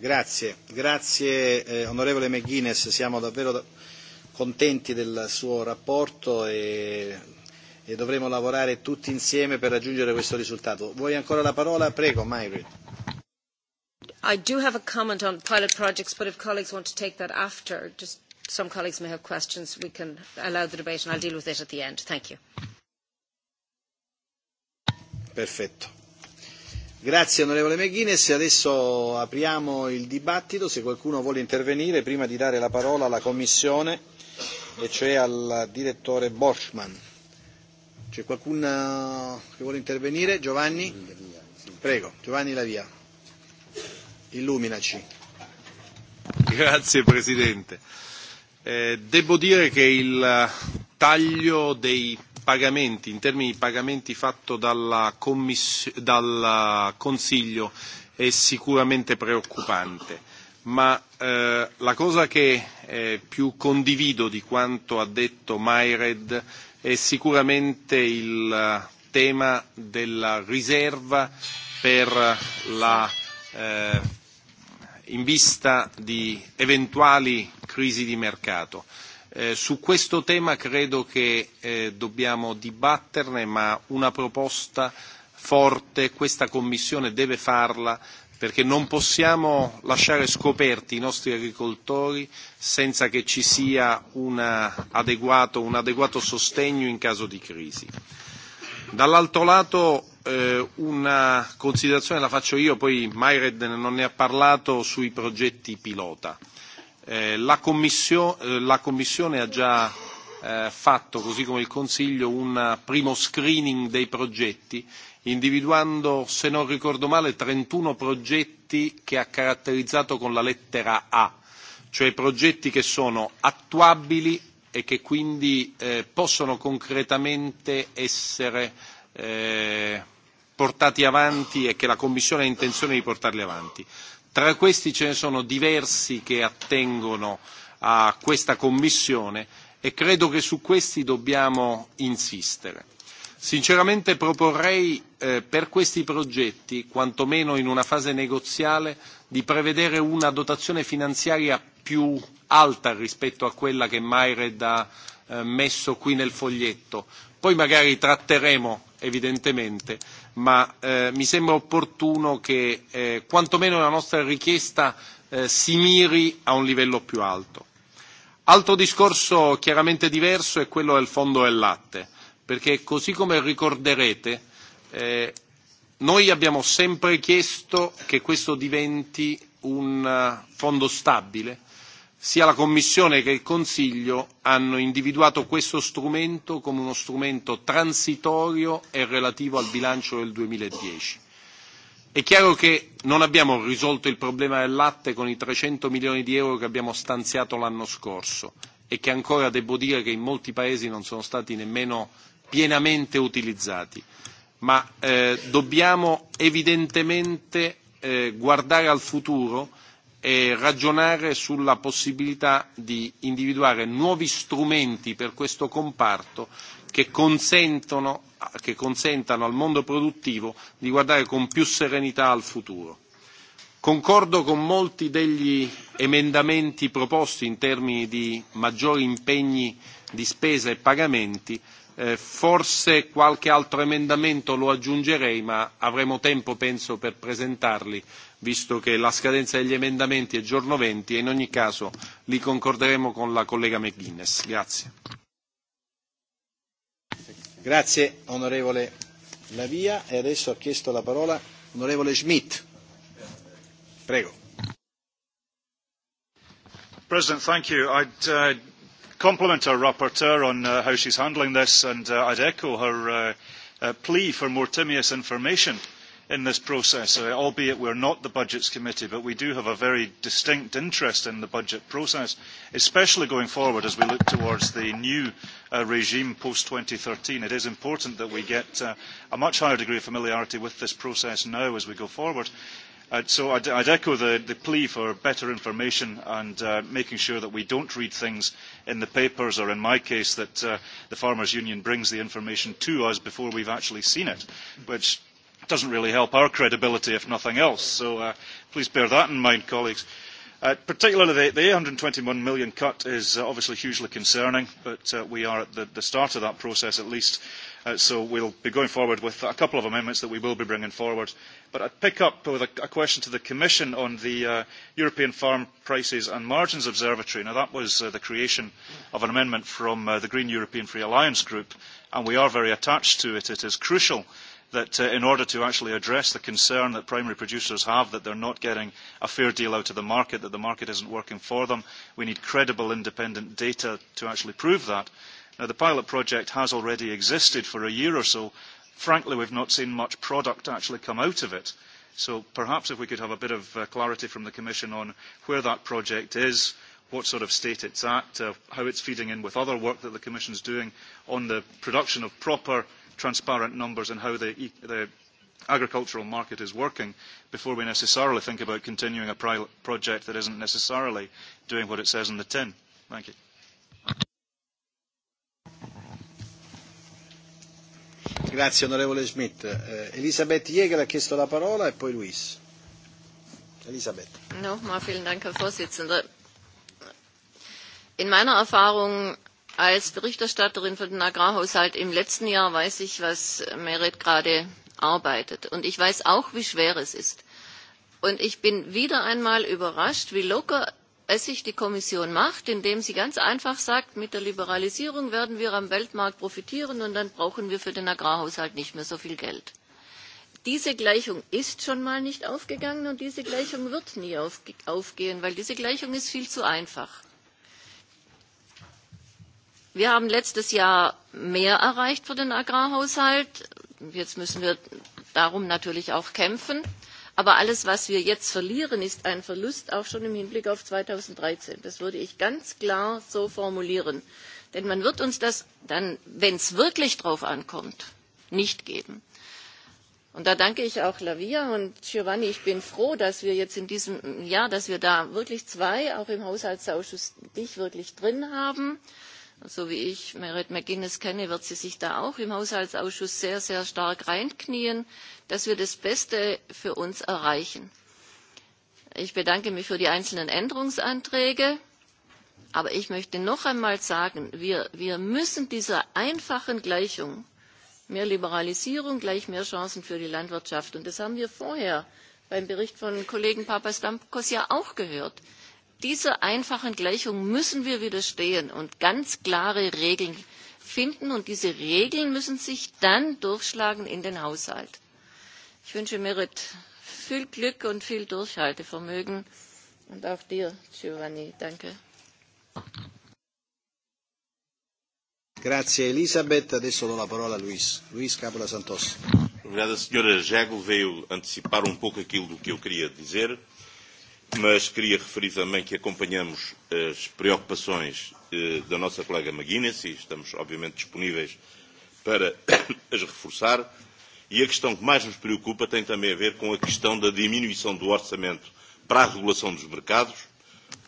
Grazie, grazie eh, onorevole McGuinness, siamo davvero da- contenti del suo rapporto e, e dovremo lavorare tutti insieme per raggiungere questo risultato. Vuoi ancora la parola? Prego, Myri. I do have a comment on pilot projects, but if colleagues want to take that after, just some colleagues may have questions, we can allow the debate and I'll deal with it at the end. Thank you. Perfetto. Grazie onorevole McGuinness, adesso apriamo il dibattito, se qualcuno vuole intervenire prima di dare la parola alla Commissione e cioè al direttore Borschman. C'è qualcuno eh, che vuole intervenire? Giovanni? Prego, Giovanni Lavia illuminaci. Grazie Presidente. Eh, devo dire che il taglio dei pagamenti, in termini di pagamenti fatto dalla commiss- dal Consiglio, è sicuramente preoccupante, ma eh, la cosa che eh, più condivido di quanto ha detto Myred è sicuramente il tema della riserva per la eh, in vista di eventuali crisi di mercato. Eh, su questo tema credo che eh, dobbiamo dibatterne, ma una proposta forte questa Commissione deve farla perché non possiamo lasciare scoperti i nostri agricoltori senza che ci sia un adeguato, un adeguato sostegno in caso di crisi. Dall'altro lato eh, una considerazione la faccio io, poi Mayred non ne ha parlato sui progetti pilota. Eh, la, commission, eh, la Commissione ha già eh, fatto, così come il Consiglio, un primo screening dei progetti, individuando, se non ricordo male, 31 progetti che ha caratterizzato con la lettera A, cioè progetti che sono attuabili e che quindi eh, possono concretamente essere eh, portati avanti e che la Commissione ha intenzione di portarli avanti. Tra questi ce ne sono diversi che attengono a questa Commissione e credo che su questi dobbiamo insistere. Sinceramente proporrei eh, per questi progetti, quantomeno in una fase negoziale, di prevedere una dotazione finanziaria più alta rispetto a quella che Myred ha eh, messo qui nel foglietto. Poi magari tratteremo evidentemente, ma eh, mi sembra opportuno che eh, quantomeno la nostra richiesta eh, si miri a un livello più alto. Altro discorso chiaramente diverso è quello del fondo del latte, perché così come ricorderete eh, noi abbiamo sempre chiesto che questo diventi un uh, fondo stabile sia la Commissione che il Consiglio hanno individuato questo strumento come uno strumento transitorio e relativo al bilancio del 2010. È chiaro che non abbiamo risolto il problema del latte con i 300 milioni di euro che abbiamo stanziato l'anno scorso e che ancora devo dire che in molti Paesi non sono stati nemmeno pienamente utilizzati, ma eh, dobbiamo evidentemente eh, guardare al futuro e ragionare sulla possibilità di individuare nuovi strumenti per questo comparto che, consentono, che consentano al mondo produttivo di guardare con più serenità al futuro. Concordo con molti degli emendamenti proposti in termini di maggiori impegni di spesa e pagamenti, Eh, forse qualche altro emendamento lo aggiungerei, ma avremo tempo, penso, per presentarli, visto che la scadenza degli emendamenti è giorno 20 e in ogni caso li concorderemo con la collega McGuinness. Grazie. Grazie onorevole Lavia e adesso ha chiesto la parola onorevole Schmidt. Prego. President, thank you. I'd, uh, compliment our rapporteur on uh, how she's handling this, and uh, I'd echo her uh, uh, plea for more Timaeus information in this process, uh, albeit we're not the Budgets Committee, but we do have a very distinct interest in the budget process, especially going forward as we look towards the new uh, regime post-2013. It is important that we get uh, a much higher degree of familiarity with this process now as we go forward. Uh, so I'd, I'd echo the, the plea for better information and uh, making sure that we don't read things in the papers or in my case that uh, the Farmers Union brings the information to us before we've actually seen it, which doesn't really help our credibility if nothing else. So uh, please bear that in mind, colleagues. Uh, Uh, particularly, the, the 821 million cut is uh, obviously hugely concerning, but uh, we are at the, the start of that process at least. Uh, so we'll be going forward with a couple of amendments that we will be bringing forward. But I'd pick up with a, a question to the Commission on the uh, European Farm Prices and Margins Observatory. Now, that was uh, the creation of an amendment from uh, the Green European Free Alliance Group, and we are very attached to it. It is crucial that uh, in order to actually address the concern that primary producers have that they're not getting a fair deal out of the market, that the market isn't working for them, we need credible independent data to actually prove that. Now, the pilot project has already existed for a year or so. Frankly, we've not seen much product actually come out of it. So perhaps if we could have a bit of uh, clarity from the Commission on where that project is, what sort of state it's at, uh, how it's feeding in with other work that the Commission's doing on the production of proper transparent numbers on how the, e, the agricultural market is working before we necessarily think about continuing a pri- project that isn't necessarily doing what it says in the tin. Thank you. Grazie onorevole Schmidt. Eh, Elisabeth Jäger ha chiesto la parola e poi Luis. Elisabeth. Nochmal vielen Dank, Herr Vorsitzender. In meiner Erfahrung als berichterstatterin für den agrarhaushalt im letzten jahr weiß ich was meret gerade arbeitet und ich weiß auch wie schwer es ist. und ich bin wieder einmal überrascht wie locker es sich die kommission macht indem sie ganz einfach sagt mit der liberalisierung werden wir am weltmarkt profitieren und dann brauchen wir für den agrarhaushalt nicht mehr so viel geld. diese gleichung ist schon mal nicht aufgegangen und diese gleichung wird nie aufgehen weil diese gleichung ist viel zu einfach Wir haben letztes Jahr mehr erreicht für den Agrarhaushalt. Jetzt müssen wir darum natürlich auch kämpfen. Aber alles, was wir jetzt verlieren, ist ein Verlust auch schon im Hinblick auf 2013. Das würde ich ganz klar so formulieren. Denn man wird uns das dann, wenn es wirklich drauf ankommt, nicht geben. Und da danke ich auch Lavia und Giovanni. Ich bin froh, dass wir jetzt in diesem Jahr, dass wir da wirklich zwei, auch im Haushaltsausschuss, dich wirklich drin haben. Äh, so wie ich Merit McGuinness kenne, wird sie sich da auch im Haushaltsausschuss sehr, sehr stark reinknien, dass wir das Beste für uns erreichen. Ich bedanke mich für die einzelnen Änderungsanträge. Aber ich möchte noch einmal sagen, wir, wir müssen dieser einfachen Gleichung mehr Liberalisierung gleich mehr Chancen für die Landwirtschaft. Und das haben wir vorher beim Bericht von Kollegen Papastamkos ja auch gehört dieser einfachen Gleichung müssen wir widerstehen und ganz klare Regeln finden. Und diese Regeln müssen sich dann durchschlagen in den Haushalt. Ich wünsche Merit viel Glück und viel Durchhaltevermögen. Und auch dir, Giovanni. Danke. Grazie Elisabeth. Adesso do la parola a Luis. Luis Capola Santos. Obrigado, Sra. Jego. Veio antecipar um pouco aquilo do que eu queria dizer. Uh, mas queria referir também que acompanhamos eh, as preocupações eh, da nossa colega McGuinness e estamos, obviamente, disponíveis para as reforçar. E a questão que mais nos preocupa tem também a ver com a questão da diminuição do orçamento para a regulação dos mercados,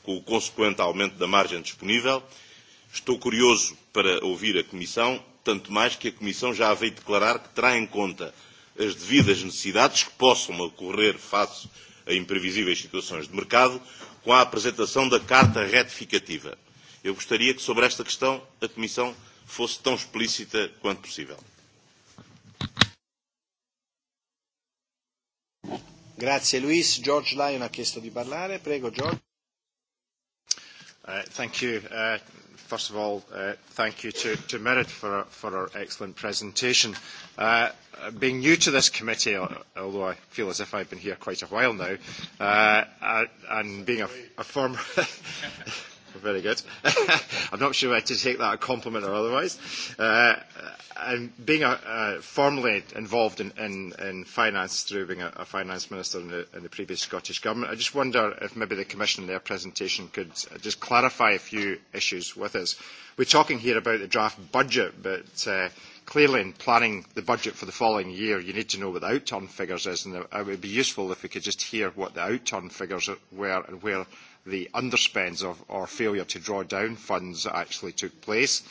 com o consequente aumento da margem disponível. Estou curioso para ouvir a Comissão, tanto mais que a Comissão já veio declarar que terá em conta as devidas necessidades que possam ocorrer face a imprevisíveis situações de mercado, com a apresentação da carta retificativa. Eu gostaria que sobre esta questão a Comissão fosse tão explícita quanto possível. Grazie Luis. George Lyon ha chiesto di parlare. Prego George. Uh, thank you. Uh, first of all, uh, thank you to, to Merit for, for her excellent presentation. Uh, being new to this committee, although I feel as if I've been here quite a while now, uh, and being a, a former... Very good. I'm not sure whether to take that a compliment or otherwise. Uh, and being a, uh, uh, formally involved in, in, in finance through being a, a finance minister in the, in the previous Scottish Government, I just wonder if maybe the Commission in their presentation could uh, just clarify a few issues with us. We're talking here about the draft budget, but uh, clearly in planning the budget for the following year, you need to know what the outturn figures is, and it would be useful if we could just hear what the outturn figures were and where the underspends of, or failure to draw down funds actually took place,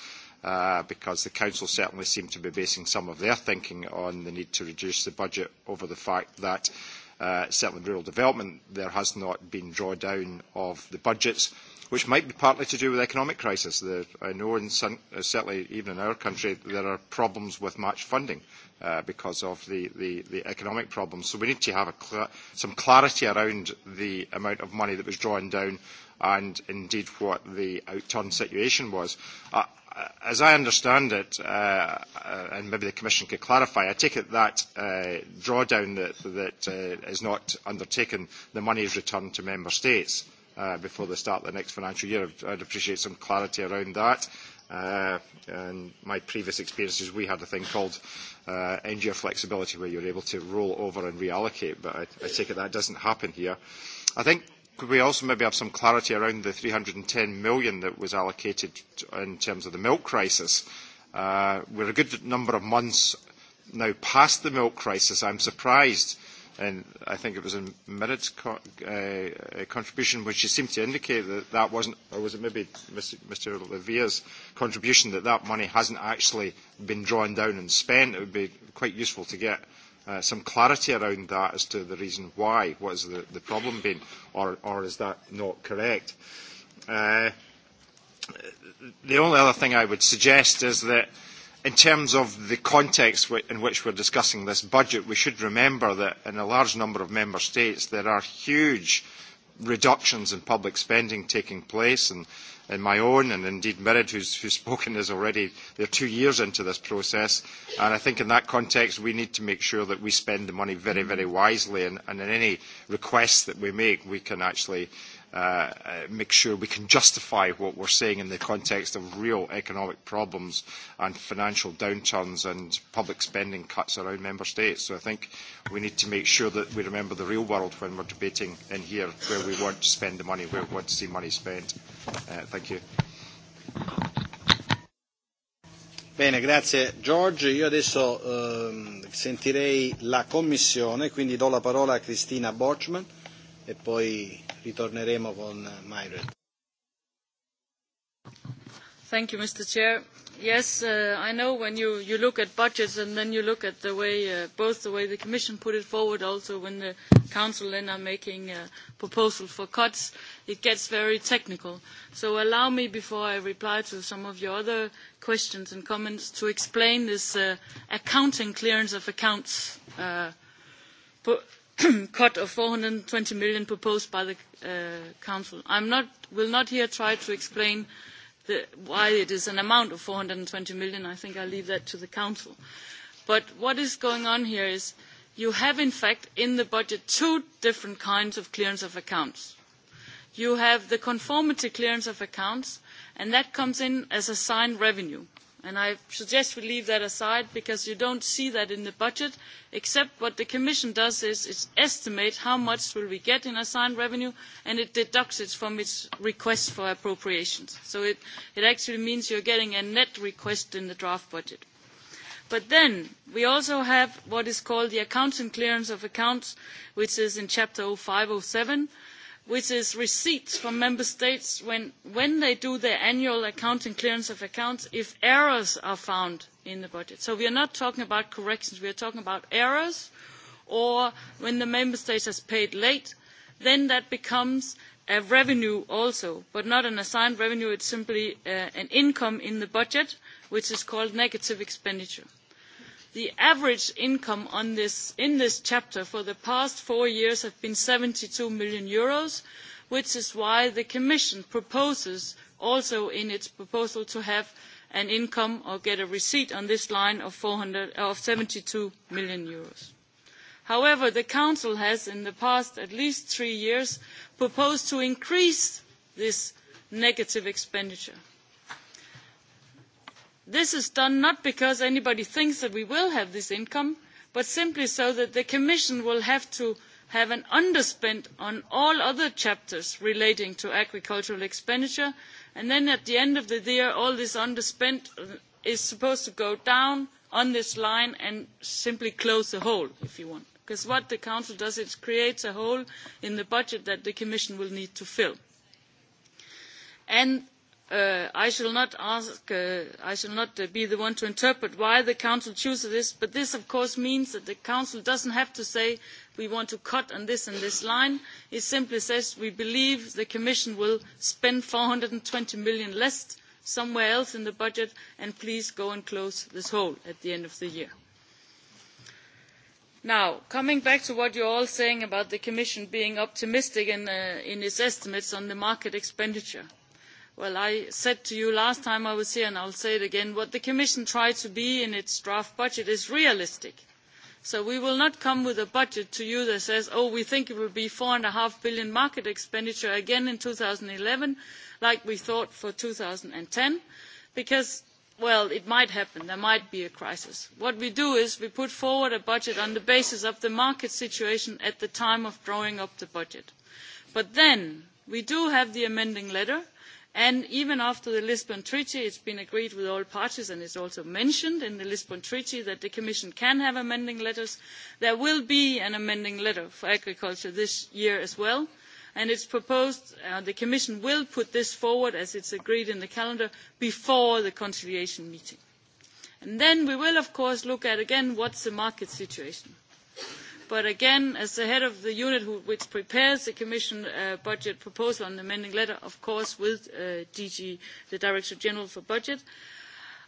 uh, because the Council certainly seemed to be basing some of their thinking on the need to reduce the budget over the fact that uh, certainly in rural development there has not been drawdown of the budgets, which might be partly to do with the economic crisis. There, I know in some, uh, certainly even in our country there are problems with match funding. Uh, uh, because of the, the, the economic problems. So we need to have a cl- some clarity around the amount of money that was drawn down and indeed what the outturn situation was. Uh, uh as I understand it, uh, uh, and maybe the Commission could clarify, I take it that uh, drawdown that, that uh, is not undertaken, the money is returned to Member States uh, before the start of the next financial year. I'd appreciate some clarity around that. Uh, Uh, and my previous experiences, we had a thing called uh, NGO flexibility where you're able to roll over and reallocate, but I, I take it that doesn't happen here. I think could we also maybe have some clarity around the 310 million that was allocated in terms of the milk crisis? Uh, we're a good number of months now past the milk crisis. I'm surprised and I think it was in Merit's co- uh, contribution, which she seemed to indicate that that wasn't, or was it maybe Mr. Levia's contribution, that that money hasn't actually been drawn down and spent. It would be quite useful to get uh, some clarity around that as to the reason why, what has the, the problem been, or, or is that not correct? Uh, the only other thing I would suggest is that uh, in terms of the context in which we're discussing this budget, we should remember that in a large number of member states there are huge reductions in public spending taking place, and in my own, and indeed Mirrid, who's, who's spoken, is already they're two years into this process, and I think in that context we need to make sure that we spend the money very, very wisely, and, and in any requests that we make, we can actually uh, Uh, uh, make sure we can justify what we're saying in the context of real economic problems and financial downturns and public spending cuts around member states. So I think we need to make sure that we remember the real world when we're debating in here where we want to spend the money, where we want to see money spent. Uh, thank you. Bene, grazie George. Io adesso ehm, sentirei la Commissione, quindi do la parola a Cristina Bochman e poi ritorneremo con Myred. Thank you, Mr. Chair. Yes, uh, I know when you, you look at budgets and then you look at the way, uh, both the way the Commission put it forward, also when the Council then are making a proposal for cuts, it gets very technical. So allow me, before I reply to some of your other questions and comments, to explain this uh, accounting clearance of accounts. Uh, cut of 420 million proposed by the uh, council. I will not here try to explain the, why it is an amount of 420 million. I think I'll leave that to the council. But what is going on here is you have, in fact, in the budget two different kinds of clearance of accounts. You have the conformity clearance of accounts, and that comes in as assigned revenue and i suggest we leave that aside because you do not see that in the budget except what the commission does is it estimates how much will we get in assigned revenue and it deducts it from its request for appropriations so it, it actually means you are getting a net request in the draft budget. but then we also have what is called the accounts and clearance of accounts which is in chapter oh five hundred oh and seven which is receipts from member states when, when they do their annual accounting clearance of accounts if errors are found in the budget. So we are not talking about corrections, we are talking about errors or when the member state has paid late, then that becomes a revenue also, but not an assigned revenue, it's simply uh, an income in the budget, which is called negative expenditure the average income this, in this chapter for the past four years has been eur seventy two million Euros, which is why the commission proposes also in its proposal to have an income or get a receipt on this line of eur seventy two million Euros. however the council has in the past at least three years proposed to increase this negative expenditure this is done not because anybody thinks that we will have this income but simply so that the commission will have to have an underspend on all other chapters relating to agricultural expenditure and then at the end of the year all this underspend is supposed to go down on this line and simply close the hole if you want because what the council does is creates a hole in the budget that the commission will need to fill. And Uh, I shall not ask, uh, I shall not uh, be the one to interpret why the Council chooses this, but this of course means that the Council doesn't have to say we want to cut on this and this line. It simply says we believe the Commission will spend 420 million less somewhere else in the budget and please go and close this hole at the end of the year. Now, coming back to what you're all saying about the Commission being optimistic in, uh, in its estimates on the market expenditure. Uh, well i said to you last time i was here and i'll say it again what the commission tried to be in its draft budget is realistic so we will not come with a budget to you that says oh we think it will be four and a half billion market expenditure again in two thousand and eleven like we thought for two thousand and ten because well it might happen there might be a crisis. what we do is we put forward a budget on the basis of the market situation at the time of drawing up the budget but then we do have the amending letter and even after the lisbon treaty it has been agreed with all parties and it is also mentioned in the lisbon treaty that the commission can have amending letters. there will be an amending letter for agriculture this year as well and it is proposed that uh, the commission will put this forward as is agreed in the calendar before the conciliation meeting. And then we will of course look at again what the market situation is but again as the head of the unit who, which prepares the commission uh, budget proposal on the amending letter of course with uh, dg the director general for budget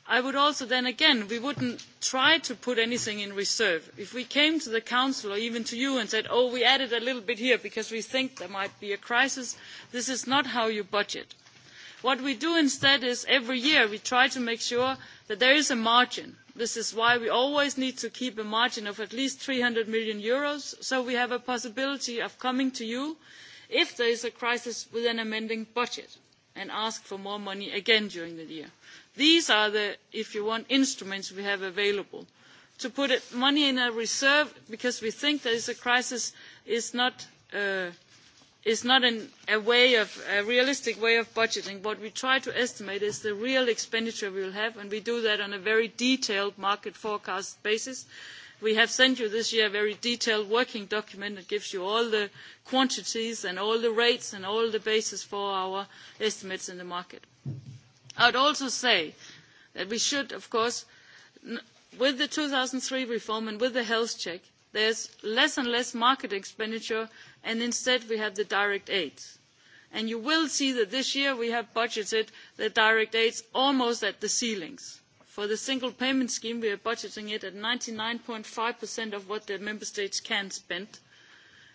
i would also then again we wouldn't try to put anything in reserve if we came to the council or even to you and said oh we added a little bit here because we think there might be a crisis this is not how you budget What we do instead is every year we try to make sure that there is a margin. This is why we always need to keep a margin of at least 300 million euros, so we have a possibility of coming to you if there is a crisis with an amending budget and ask for more money again during the year. These are the, if you want, instruments we have available. To put it, money in a reserve because we think there is a crisis is not uh, is not an, a way of a realistic way of budgeting. What we try to estimate is the real expenditure we will have, and we do that on a very detailed market forecast basis. We have sent you this year a very detailed working document that gives you all the quantities and all the rates and all the basis for our estimates in the market. I would also say that we should, of course, with the 2003 reform and with the health check, uh, there is less and less market expenditure and instead we have the direct aid. And you will see that this year we have budgeted the direct aids almost at the ceilings. For the single payment scheme, we are budgeting it at 99.5% of what the member states can spend.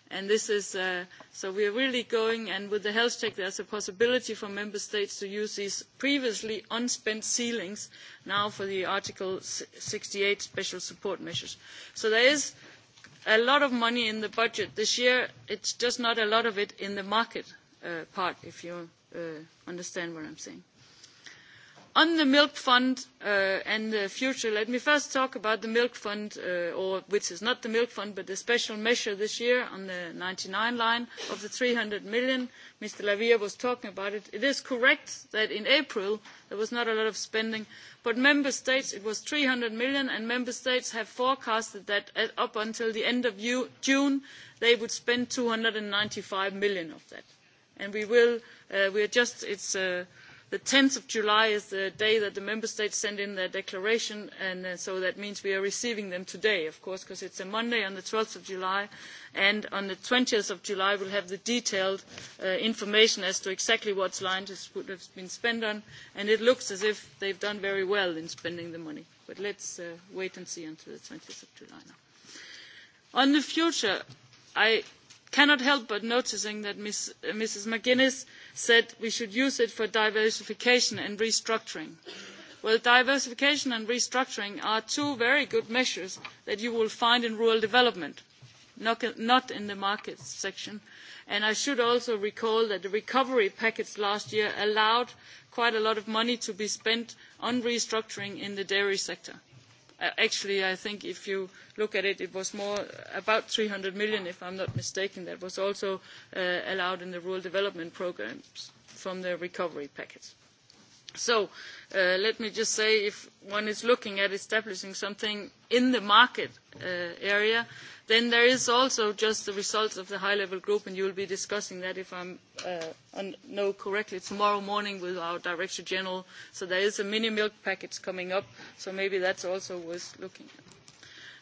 And this is, uh, so we are really going, and with the health check, there's a possibility for member states to use these previously unspent ceilings now for the Article 68 special support measures. So there is a lot of money in the budget this year. It's just not a lot of it in the market uh, part, if you uh, understand what I'm saying on the milk fund uh, and the future let me first talk about the milk fund uh, or which is not the milk fund but the special measure this year on the ninety nine line of the eur three hundred million mr la via was talking about it. it is correct that in april there was not a lot of spending but member states it was eur three hundred million and member states have forecasted that up until the end of june they would spend eur two hundred and ninety five million of that and we will uh, we are just it's uh, the 10th of July is the day that the member states send in their declaration, and uh, so that means we are receiving them today, of course, because it's a Monday on the 12th of July, and on the 20th of July we'll have the detailed uh, information as to exactly what line has been spent on, and it looks as if they've done very well in spending the money. But let's uh, wait and see until the 20th of July now. On the future, I cannot help but noticing that Ms, uh, Mrs McGuinness said we should use it for diversification and restructuring. Well, diversification and restructuring are two very good measures that you will find in rural development, not, not in the markets section. And I should also recall that the recovery package last year allowed quite a lot of money to be spent on restructuring in the dairy sector. Uh, actually, I think if you look at it, it was more about 300 million, if I'm not mistaken, that was also uh, allowed in the rural development programs from the recovery package. So uh, let me just say, if one is looking at establishing something in the market uh, area, then there is also just the results of the high-level group, and you will be discussing that, if I uh, know correctly, tomorrow morning with our Director General. So there is a mini milk package coming up, so maybe that's also worth looking at.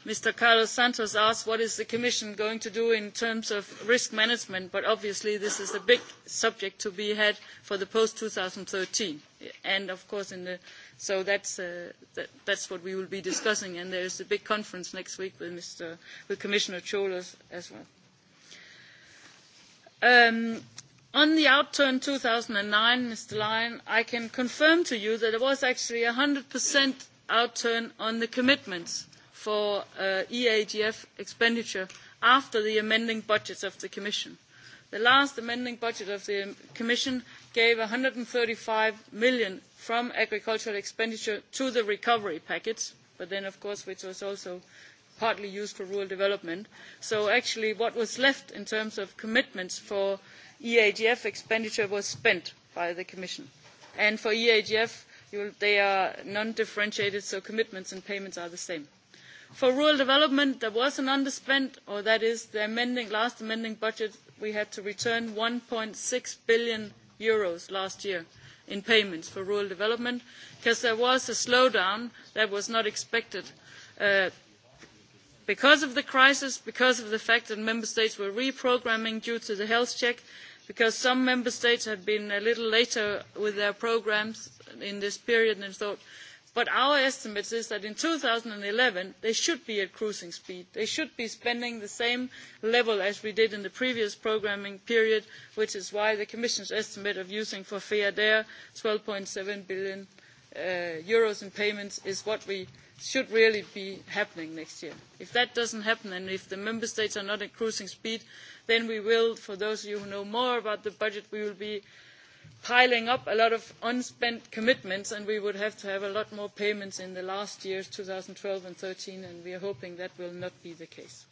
Mr. Carlos Santos asked what is the Commission going to do in terms of risk management, but obviously this is a big subject to be had for the post-2013. And of course, in the, so that's, uh, that, that's what we will be discussing, and there is a big conference next week with, Mr., with Commissioner Cholos as well. Um, on the outturn 2009, Mr. Lyon, I can confirm to you that it was actually 100% outturn on the commitments for uh, EADF expenditure after the amending budgets of the Commission. The last amending budget of the Commission gave 135 million from agricultural expenditure to the recovery package, but then, of course, which was also partly used for rural development. So actually, what was left in terms of commitments for EADF expenditure was spent by the Commission. And for EADF, you, they are non-differentiated, so commitments and payments are the same. For rural development, there was an underspend, or that is the amending, last amending budget, we had to return 1.6 billion euros last year in payments for rural development because there was a slowdown that was not expected. Uh, because of the crisis, because of the fact that member states were reprogramming due to the health check, because some member states had been a little later with their programs in this period and thought, but our estimate is that in two thousand and eleven they should be at cruising speed they should be spending the same level as we did in the previous programming period which is why the commission's estimate of using for feader eur. twelve seven billion uh, in payments is what we should really be happening next year. if that does not happen and if the member states are not at cruising speed then we will for those of you who know more about the budget we will be piling up a lot of unspent commitments, and we would have to have a lot more payments in the last years, 2012 and 2013, and we are hoping that will not be the case.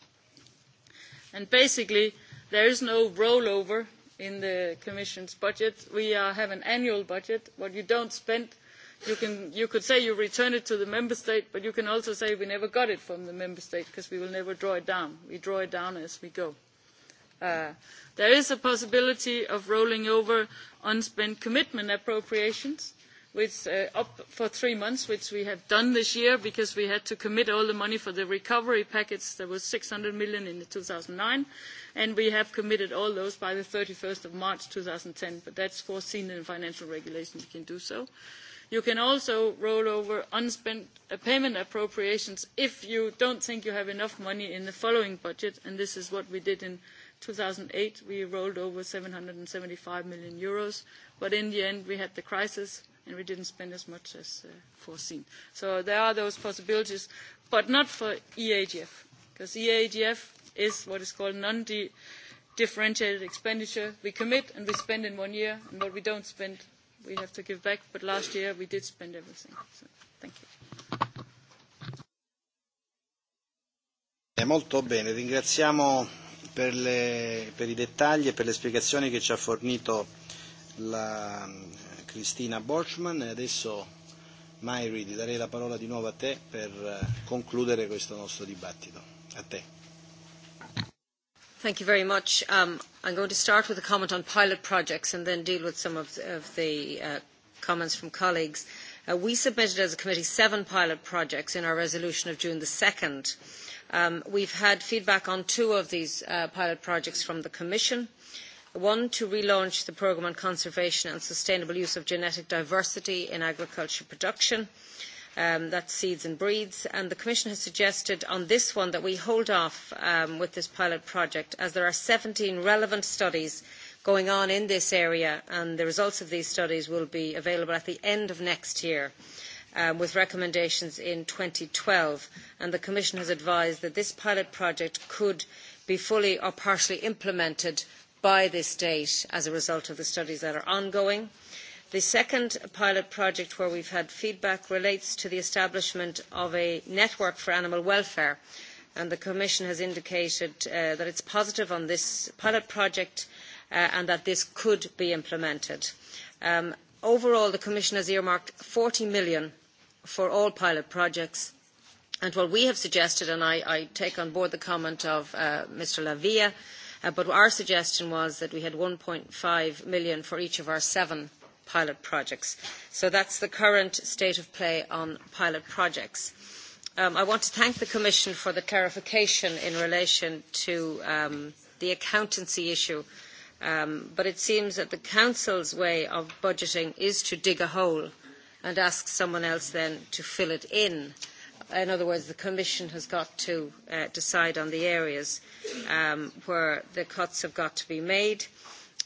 And basically, there is no rollover in the Commission's budget. We are, have an annual budget. What you don't spend, you, can, you could say you return it to the member state, but you can also say we never got it from the member state because we will never draw it down. We draw it down as we go. Uh, there is a possibility of rolling over unspent commitment appropriations which, uh, up for three months, which we have done this year because we had to commit all the money for the recovery package. There was 600 million in 2009, and we have committed all those by the 31st of March 2010, but that's foreseen in financial regulation. You can do so. You can also roll over unspent uh, payment appropriations if you don't think you have enough money in the following budget, and this is what we did in 2009 2008, we rolled over 775 million euros, but in the end, we had the crisis, and we didn't spend as much as uh, foreseen. So there are those possibilities, but not for EAGF, because EAGF is what is called non-differentiated expenditure. We commit, and we spend in one year, and what we don't spend, we have to give back. But last year, we did spend everything. So thank you. Molto bene, ringraziamo per, le, per i dettagli e per le spiegazioni che ci ha fornito la Cristina Borchman e adesso Mairi ti darei la parola di nuovo a te per eh, concludere questo nostro dibattito. A te. Thank you very much. Um, I'm going to start with a comment on pilot projects and then deal with some of, of the uh, comments from colleagues. Uh, Uh, we submitted as a committee seven pilot projects in our resolution of June the 2nd. Um, we've had feedback on two of these uh, pilot projects from the Commission. One, to relaunch the programme on conservation and sustainable use of genetic diversity in agriculture production. Um, that's seeds and breeds. And the Commission has suggested on this one that we hold off um, with this pilot project as there are 17 relevant studies uh, going on in this area, and the results of these studies will be available at the end of next year. Um, with recommendations in 2012, and the Commission has advised that this pilot project could be fully or partially implemented by this date as a result of the studies that are ongoing. The second pilot project where we've had feedback relates to the establishment of a network for animal welfare and the Commission has indicated uh, that it's positive on this pilot project uh, and that this could be implemented. Um, overall, the Commission has earmarked 40 million for all pilot projects And what we have suggested, and I, I take on board the comment of uh, Mr. Lavia, uh, but our suggestion was that we had 1.5 million for each of our seven pilot projects. So that's the current state of play on pilot projects. Um, I want to thank the Commission for the clarification in relation to um, the accountancy issue uh, Um, but it seems that the council's way of budgeting is to dig a hole and ask someone else then to fill it in. In other words, the Commission has got to uh, decide on the areas um, where the cuts have got to be made.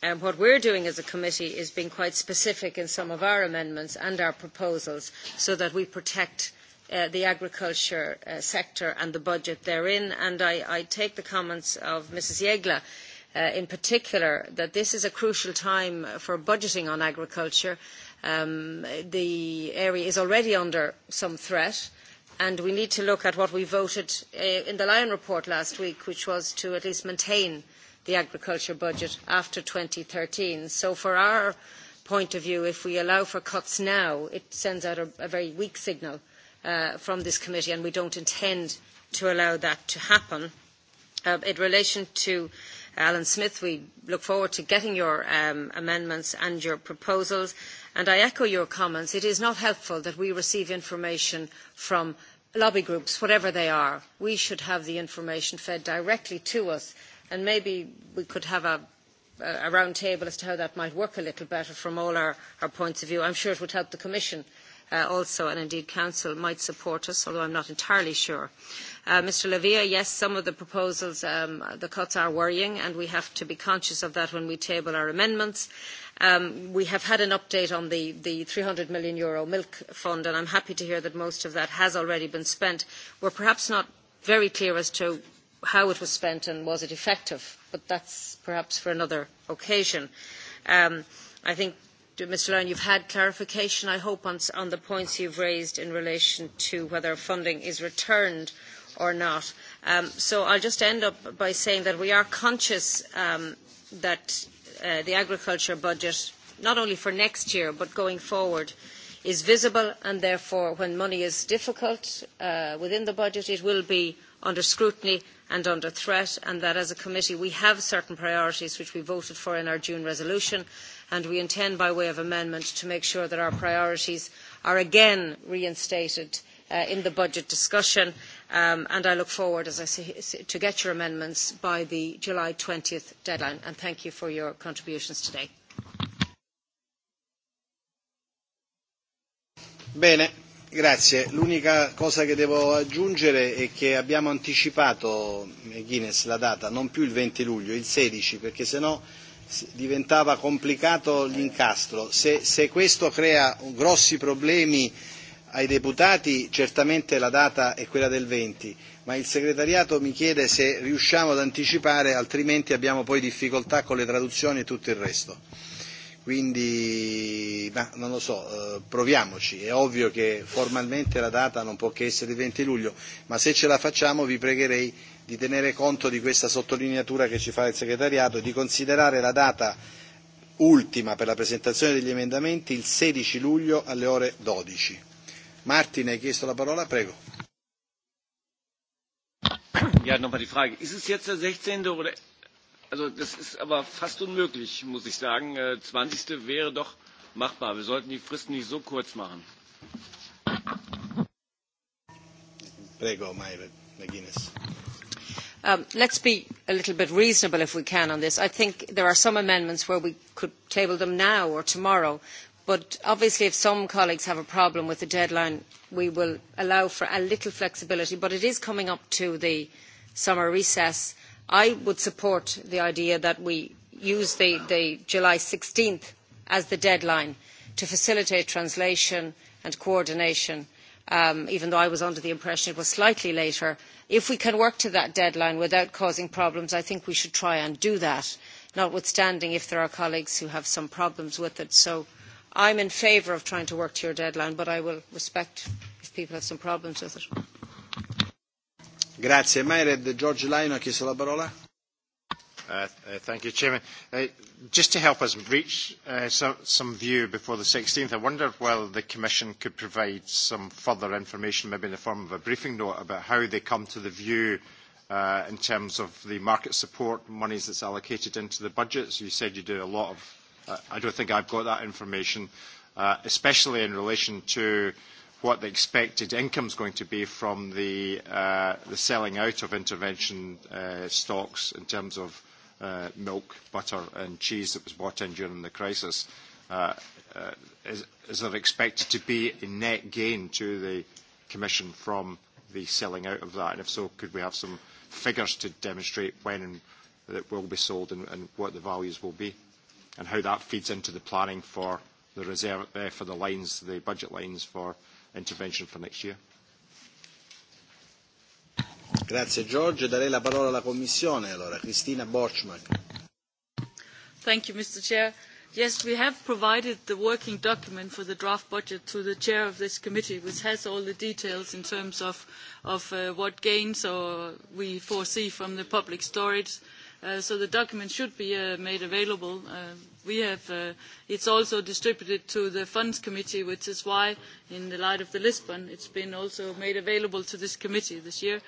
And what we're doing as a committee is being quite specific in some of our amendments and our proposals so that we protect uh, the agriculture uh, sector and the budget therein. And I, I take the comments of Mrs. Yegla uh, uh, in particular that this is a crucial time for budgeting on agriculture. Um, the area is already under some threat and we need to look at what we voted uh, in the Lyon report last week, which was to at least maintain the agriculture budget after 2013. So for our point of view, if we allow for cuts now, it sends out a, a very weak signal uh, from this committee, and we don't intend to allow that to happen. Uh, in relation to uh, Alan Smith, we look forward to getting your um, amendments and your proposals. And I echo your comments. It is not helpful that we receive information from lobby groups, whatever they are. We should have the information fed directly to us. And maybe we could have a, a round table as to how that might work a little better from all our, our points of view. I'm sure it would help the Commission uh, uh, also, and indeed Council might support us, although I'm not entirely sure. Uh, Mr. Lavia, yes, some of the proposals, um, the cuts are worrying, and we have to be conscious of that when we table our amendments. Um, we have had an update on the, the 300 million euro milk fund, and I'm happy to hear that most of that has already been spent. We're perhaps not very clear as to how it was spent and was it effective, but that's perhaps for another occasion. Um, I think Mr. Lyon, you've had clarification, I hope, on, on the points you've raised in relation to whether funding is returned or not. Um, so I'll just end up by saying that we are conscious um, that uh, the agriculture budget, not only for next year but going forward, is visible and therefore when money is difficult uh, within the budget it will be under scrutiny and under threat and that as a committee we have certain priorities which we voted for in our June resolution and we intend by way of amendment to make sure that our priorities are again reinstated uh, in the budget discussion um, and I look forward as I say, to get your amendments by the July 20th deadline and thank you for your contributions today. Bene, Grazie. L'unica cosa che devo aggiungere è che abbiamo anticipato, Guinness, la data, non più il 20 luglio, il 16, perché sennò diventava complicato l'incastro. Se, se questo crea grossi problemi ai deputati, certamente la data è quella del 20, ma il segretariato mi chiede se riusciamo ad anticipare, altrimenti abbiamo poi difficoltà con le traduzioni e tutto il resto. Quindi, ma non lo so, eh, proviamoci. È ovvio che formalmente la data non può che essere il 20 luglio, ma se ce la facciamo vi pregherei di tenere conto di questa sottolineatura che ci fa il segretariato e di considerare la data ultima per la presentazione degli emendamenti il 16 luglio alle ore 12. Martin, hai chiesto la parola? Prego. Ja, nochmal die Frage. Ist es jetzt der 16. oder Also das ist aber fast unmöglich, muss ich sagen. Äh, zwanzigste wäre doch machbar. Wir sollten die Fristen nicht so kurz machen. Prego, Maire, McGuinness. Um, let's be a little bit reasonable if we can on this. I think there are some amendments where we could table them now or tomorrow, but obviously if some colleagues have a problem with the deadline, we will allow for a little flexibility, but it is coming up to the summer recess I would support the idea that we use the, the July 16th as the deadline to facilitate translation and coordination, um, even though I was under the impression it was slightly later. If we can work to that deadline without causing problems, I think we should try and do that, notwithstanding if there are colleagues who have some problems with it. So I'm in favour of trying to work to your deadline, but I will respect if people have some problems with it. Grazie. Myred, George Lyon ha chiesto la parola. Uh, uh, thank you, Chairman. Uh, just to help us reach uh, so, some view before the 16th, I wonder whether the Commission could provide some further information, maybe in the form of a briefing note, about how they come to the view uh, in terms of the market support monies that's allocated into the budget. So you said you do a lot of... Uh, I don't think I've got that information, uh, especially in relation to uh, what the expected income is going to be from the, uh, the selling out of intervention uh, stocks in terms of uh, milk, butter and cheese that was bought in during the crisis. Uh, uh, is, is there expected to be a net gain to the Commission from the selling out of that? And if so, could we have some figures to demonstrate when and that will be sold and, and what the values will be and how that feeds into the planning for the reserve, uh, for the lines, the budget lines for uh, intervention for next year. Grazie George. Darei la parola alla Commissione allora, Cristina Borchmann. Thank you, Mr. Chair. Yes, we have provided the working document for the draft budget to the chair of this committee, which has all the details in terms of, of uh, what gains or we foresee from the public storage, uh, Uh, so the document should be uh, made available. Uh, we have, uh, it's also distributed to the funds committee, which is why, in the light of the Lisbon, it's been also made available to this committee this year.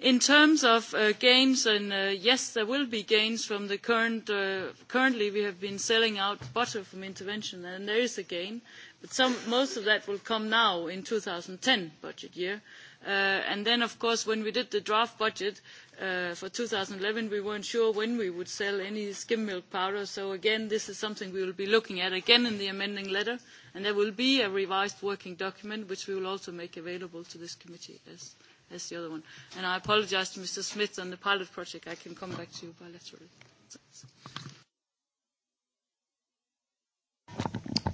In terms of uh, gains, and uh, yes, there will be gains from the current. Uh, currently, we have been selling out butter from intervention, and there is a gain, but some, most of that will come now in 2010 budget year. Uh, and then, of course, when we did the draft budget, Uh, for 2011, we weren't sure when we would sell any skim milk powder. So again, this is something we will be looking at again in the amending letter, and there will be a revised working document, which we will also make available to this committee as, as the other one. And I apologize to Mr. Smith on the pilot project. I can come back to you bilaterally. Thanks.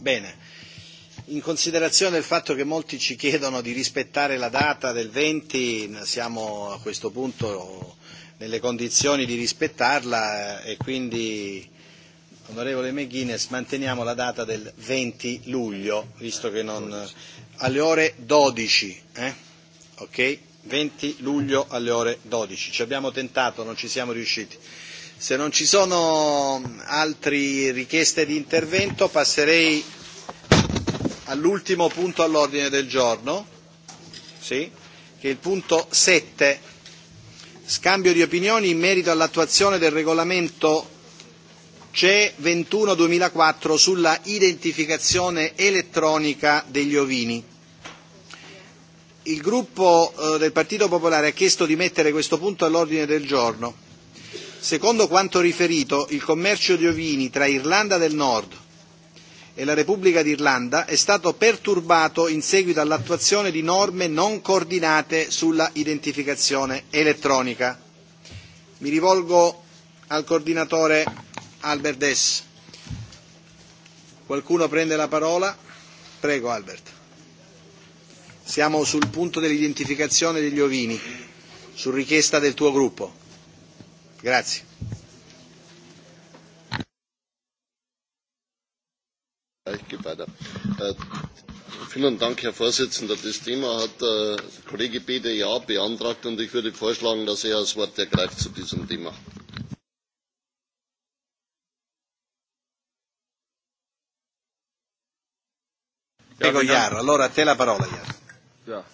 Bene in considerazione del fatto che molti ci chiedono di rispettare la data del 20, siamo a questo punto nelle condizioni di rispettarla eh, e quindi, onorevole McGuinness, manteniamo la data del 20 luglio, visto che non... alle ore 12, eh? ok? 20 luglio alle ore 12. Ci abbiamo tentato, non ci siamo riusciti. Se non ci sono altre richieste di intervento passerei all'ultimo punto all'ordine del giorno, sì, che è il punto 7, scambio di opinioni in merito all'attuazione del regolamento CE 21-2004 sulla identificazione elettronica degli ovini. Il gruppo eh, del Partito Popolare ha chiesto di mettere questo punto all'ordine del giorno. Secondo quanto riferito, il commercio di ovini tra Irlanda del Nord, e la Repubblica d'Irlanda è stato perturbato in seguito all'attuazione di norme non coordinate sulla identificazione elettronica. Mi rivolgo al coordinatore Albert Dess. Qualcuno prende la parola? Prego Albert. Siamo sul punto dell'identificazione degli ovini, su richiesta del tuo gruppo. Grazie. Ich gebe weiter. Äh, vielen Dank, Herr Vorsitzender. Das Thema hat äh, Kollege Bede ja beantragt und ich würde vorschlagen, dass er das Wort ergreift zu diesem Thema. Ja, Ego Jahr, allora te la parola, Jahr. Ja.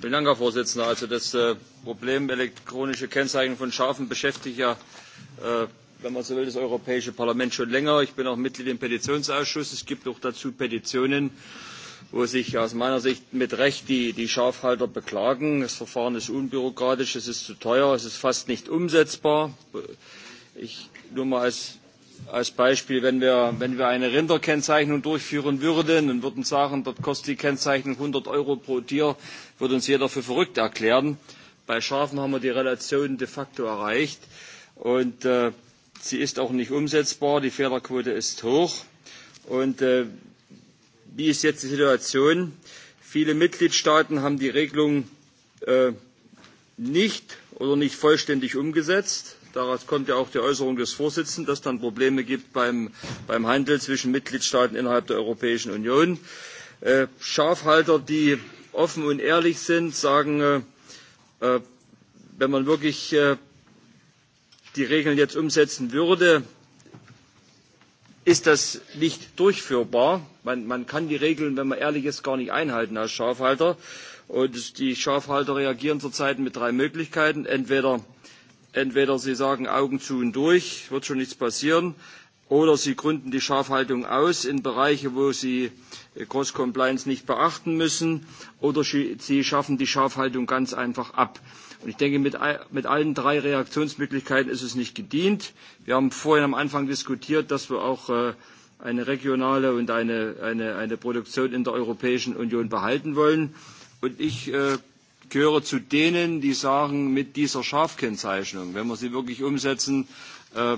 Vielen Dank, Herr Vorsitzender. Also das äh, Problem elektronische Kennzeichnung von Schafen beschäftigt ja äh, wenn man so will, das Europäische Parlament schon länger. Ich bin auch Mitglied im Petitionsausschuss. Es gibt auch dazu Petitionen, wo sich aus meiner Sicht mit Recht die, die Schafhalter beklagen. Das Verfahren ist unbürokratisch, es ist zu teuer, es ist fast nicht umsetzbar. Ich nur mal als als Beispiel, wenn wir, wenn wir eine Rinderkennzeichnung durchführen würden und würden sagen, dort kostet die Kennzeichnung 100 Euro pro Tier, würde uns jeder für verrückt erklären. Bei Schafen haben wir die Relation de facto erreicht. Und äh, Sie ist auch nicht umsetzbar. Die Fehlerquote ist hoch. Und äh, wie ist jetzt die Situation? Viele Mitgliedstaaten haben die Regelung äh, nicht oder nicht vollständig umgesetzt. Daraus kommt ja auch die Äußerung des Vorsitzenden, dass es dann Probleme gibt beim, beim Handel zwischen Mitgliedstaaten innerhalb der Europäischen Union. Äh, Schafhalter, die offen und ehrlich sind, sagen, äh, äh wenn man wirklich äh, die Regeln jetzt umsetzen würde, ist das nicht durchführbar. Man, man kann die Regeln, wenn man ehrlich ist, gar nicht einhalten als Schafhalter. Und die Schafhalter reagieren zurzeit mit drei Möglichkeiten. Entweder, entweder sie sagen Augen zu und durch, wird schon nichts passieren. Oder sie gründen die Schafhaltung aus in Bereiche, wo sie äh, Cross-Compliance nicht beachten müssen. Oder sie schaffen die Schafhaltung ganz einfach ab. Und ich denke, mit, mit allen drei Reaktionsmöglichkeiten ist es nicht gedient. Wir haben vorhin am Anfang diskutiert, dass wir auch äh, eine regionale und eine, eine, eine Produktion in der Europäischen Union behalten wollen. Und ich äh, gehöre zu denen, die sagen, mit dieser Schafkennzeichnung, wenn wir sie wirklich umsetzen, äh,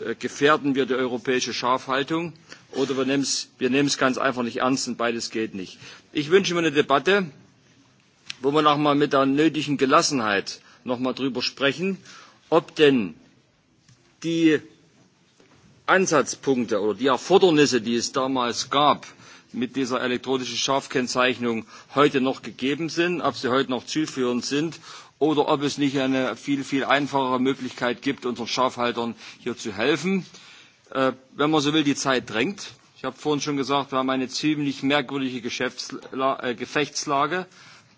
Äh, gefährden wir die europäische Schafhaltung oder wir nehmen es wir nehmen's ganz einfach nicht ernst und beides geht nicht. Ich wünsche mir eine Debatte, wo wir noch mal mit der nötigen Gelassenheit noch mal drüber sprechen, ob denn die Ansatzpunkte oder die Erfordernisse, die es damals gab, mit dieser elektronischen Schafkennzeichnung heute noch gegeben sind, ob sie heute noch zielführend sind oder ob es nicht eine viel, viel einfachere Möglichkeit gibt, unseren Schafhaltern hier zu helfen. Äh, wenn man so will, die Zeit drängt. Ich habe vorhin schon gesagt, wir haben eine ziemlich merkwürdige Geschäftsla äh, Gefechtslage.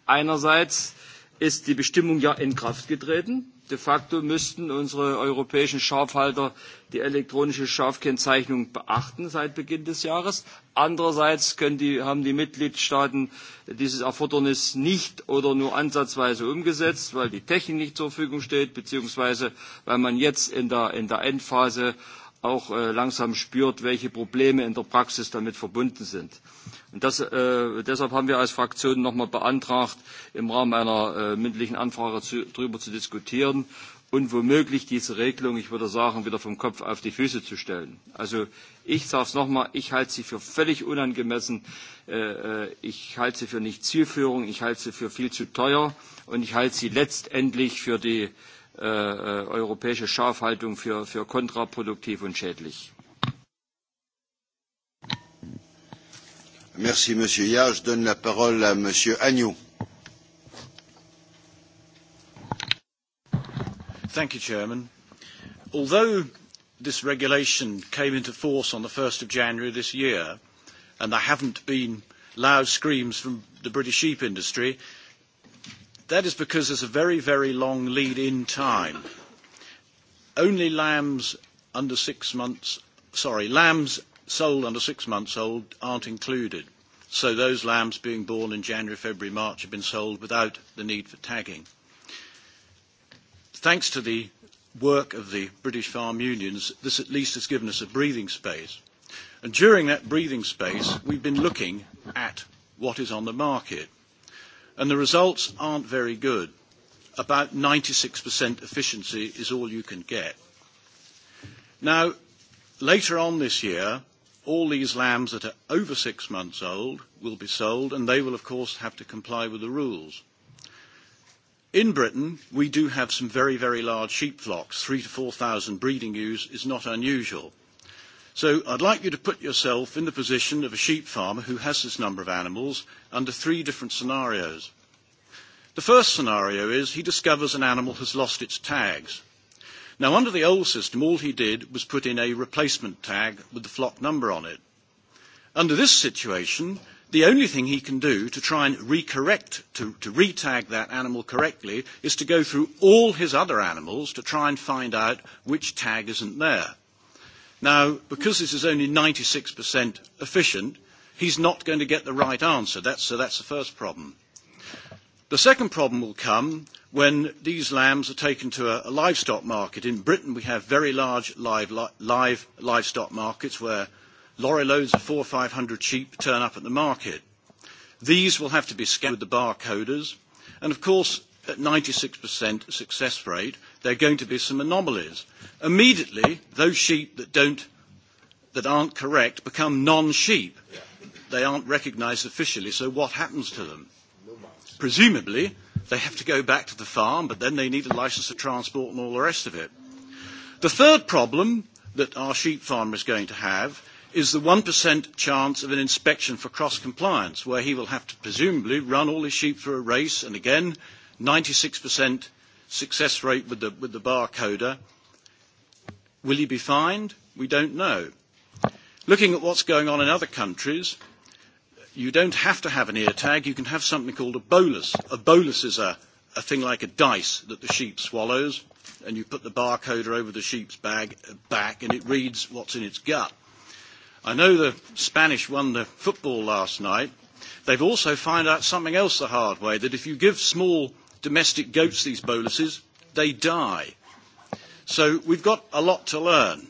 Einerseits ist die Bestimmung ja in Kraft getreten de facto müssten unsere europäischen Schafhalter die elektronische Schafkennzeichnung beachten seit Beginn des Jahres. Andererseits können die, haben die Mitgliedstaaten dieses Erfordernis nicht oder nur ansatzweise umgesetzt, weil die Technik nicht zur Verfügung steht, beziehungsweise weil man jetzt in der, in der Endphase auch äh, langsam spürt, welche Probleme in der Praxis damit verbunden sind. Und das, äh, deshalb haben wir als Fraktion nochmal beantragt, im Rahmen einer äh, mündlichen Anfrage zu, darüber zu diskutieren und womöglich diese Regelung, ich würde sagen, wieder vom Kopf auf die Füße zu stellen. Also ich sage es nochmal, ich halte sie für völlig unangemessen, äh, äh, ich halte sie für nicht zielführend, ich halte sie für viel zu teuer und ich halte sie letztendlich für die äh, Äh, äh, europäische Schafhaltung für, für kontraproduktiv und schädlich. Merci, Monsieur Yard. Je donne la parole à Monsieur Agnew. Thank you, Chairman. Although this regulation came into force on the 1st of January this year, and there haven't been loud screams from the British sheep industry, That is because there's a very, very long lead in time. Only lambs under six months, sorry, lambs sold under six months old aren't included. So those lambs being born in January, February, March have been sold without the need for tagging. Thanks to the work of the British farm unions, this at least has given us a breathing space. And during that breathing space, we've been looking at what is on the market and the results aren't very good. About 96% efficiency is all you can get. Now, later on this year, all these lambs that are over six months old will be sold, and they will, of course, have to comply with the rules. In Britain, we do have some very, very large sheep flocks. 3,000 to 4,000 breeding ewes is not unusual. So I'd like you to put yourself in the position of a sheep farmer who has this number of animals under three different scenarios. The first scenario is he discovers an animal has lost its tags. Now, under the old system, all he did was put in a replacement tag with the flock number on it. Under this situation, the only thing he can do to try and recorrect, to, to retag that animal correctly, is to go through all his other animals to try and find out which tag isn't there. Now, because this is only 96% efficient, he's not going to get the right answer. That's, so that's the first problem. The second problem will come when these lambs are taken to a, a livestock market. In Britain, we have very large live, li- live livestock markets where lorry loads of four or five hundred sheep turn up at the market. These will have to be scanned with the barcoders. And of course, at 96% success rate, there are going to be some anomalies. Immediately, those sheep that, don't, that aren't correct become non-sheep. They aren't recognised officially, so what happens to them? Presumably, they have to go back to the farm, but then they need a license to transport and all the rest of it. The third problem that our sheep farmer is going to have is the 1% chance of an inspection for cross compliance, where he will have to presumably run all his sheep through a race and again 96% success rate with the, with the barcoder. Will he be fined? We don't know. Looking at what's going on in other countries, you don't have to have an ear tag. You can have something called a bolus. A bolus is a, a thing like a dice that the sheep swallows, and you put the barcoder over the sheep's bag, back, and it reads what's in its gut. I know the Spanish won the football last night. They've also found out something else the hard way, that if you give small domestic goats these boluses. They die. So we've got a lot to learn.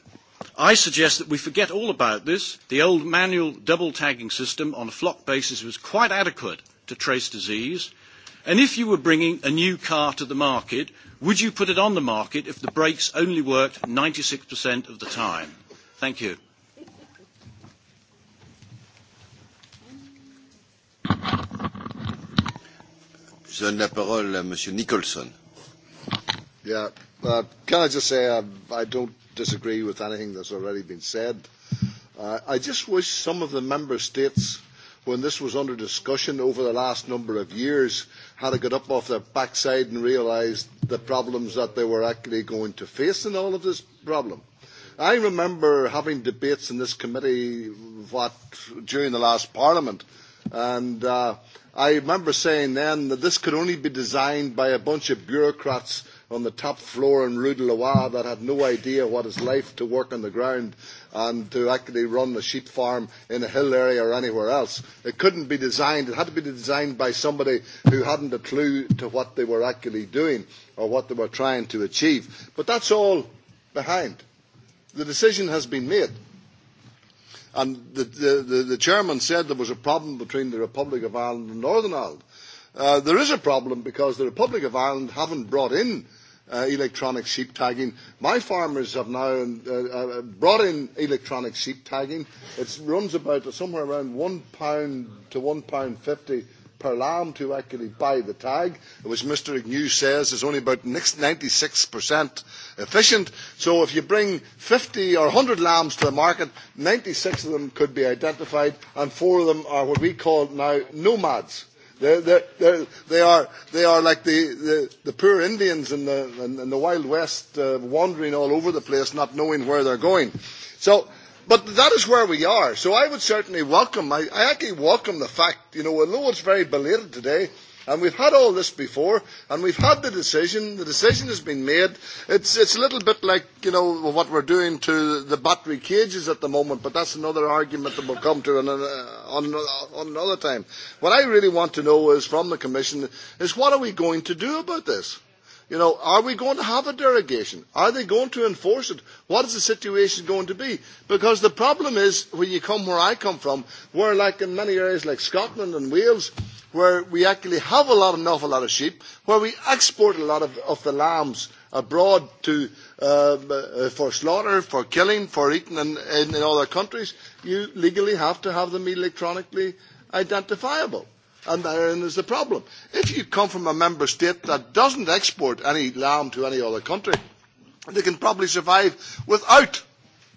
I suggest that we forget all about this. The old manual double tagging system on a flock basis was quite adequate to trace disease. And if you were bringing a new car to the market, would you put it on the market if the brakes only worked 96% of the time? Thank you. Je donne la parole à Monsieur Nicholson. Yeah. Uh, can I just say um, I don't disagree with anything that's already been said. Uh, I just wish some of the member states, when this was under discussion over the last number of years, had got up off their backside and realised the problems that they were actually going to face in all of this problem. I remember having debates in this committee what, during the last Parliament uh, And uh, I remember saying then that this could only be designed by a bunch of bureaucrats on the top floor in Rue de Loire that had no idea what it's like to work on the ground and to actually run the sheep farm in a hill area or anywhere else. It couldn't be designed. It had to be designed by somebody who hadn't a clue to what they were actually doing or what they were trying to achieve. But that's all behind. The decision has been made. And the, the, the, the chairman said there was a problem between the Republic of Ireland and Northern Ireland. Uh, there is a problem because the Republic of Ireland haven't brought in uh, electronic sheep tagging. My farmers have now uh, uh, brought in electronic sheep tagging. It runs about somewhere around one pound to one pound fifty per lamb to actually buy the tag, which Mr Agnew says is only about 96% efficient. So if you bring 50 or 100 lambs to the market, 96 of them could be identified, and four of them are what we call now nomads. They're, they're, they're, they, are, they are like the, the, the poor Indians in the, in, in the Wild West uh, wandering all over the place, not knowing where they're going. So But that is where we are. So I would certainly welcome, I, I actually welcome the fact, you know, although it's very belated today, and we've had all this before, and we've had the decision, the decision has been made. It's, it's a little bit like, you know, what we're doing to the battery cages at the moment, but that's another argument that we'll come to uh, on, on, uh, on another time. What I really want to know is from the Commission is what are we going to do about this? You know, are we going to have a derogation? Are they going to enforce it? What is the situation going to be? Because the problem is, when you come where I come from, where like in many areas like Scotland and Wales, where we actually have a lot, an awful lot of sheep, where we export a lot of, of the lambs abroad to, uh, uh, for slaughter, for killing, for eating in, in, in other countries, you legally have to have them electronically identifiable and uh, therein is the problem. If you come from a member state that doesn't export any lamb to any other country, they can probably survive without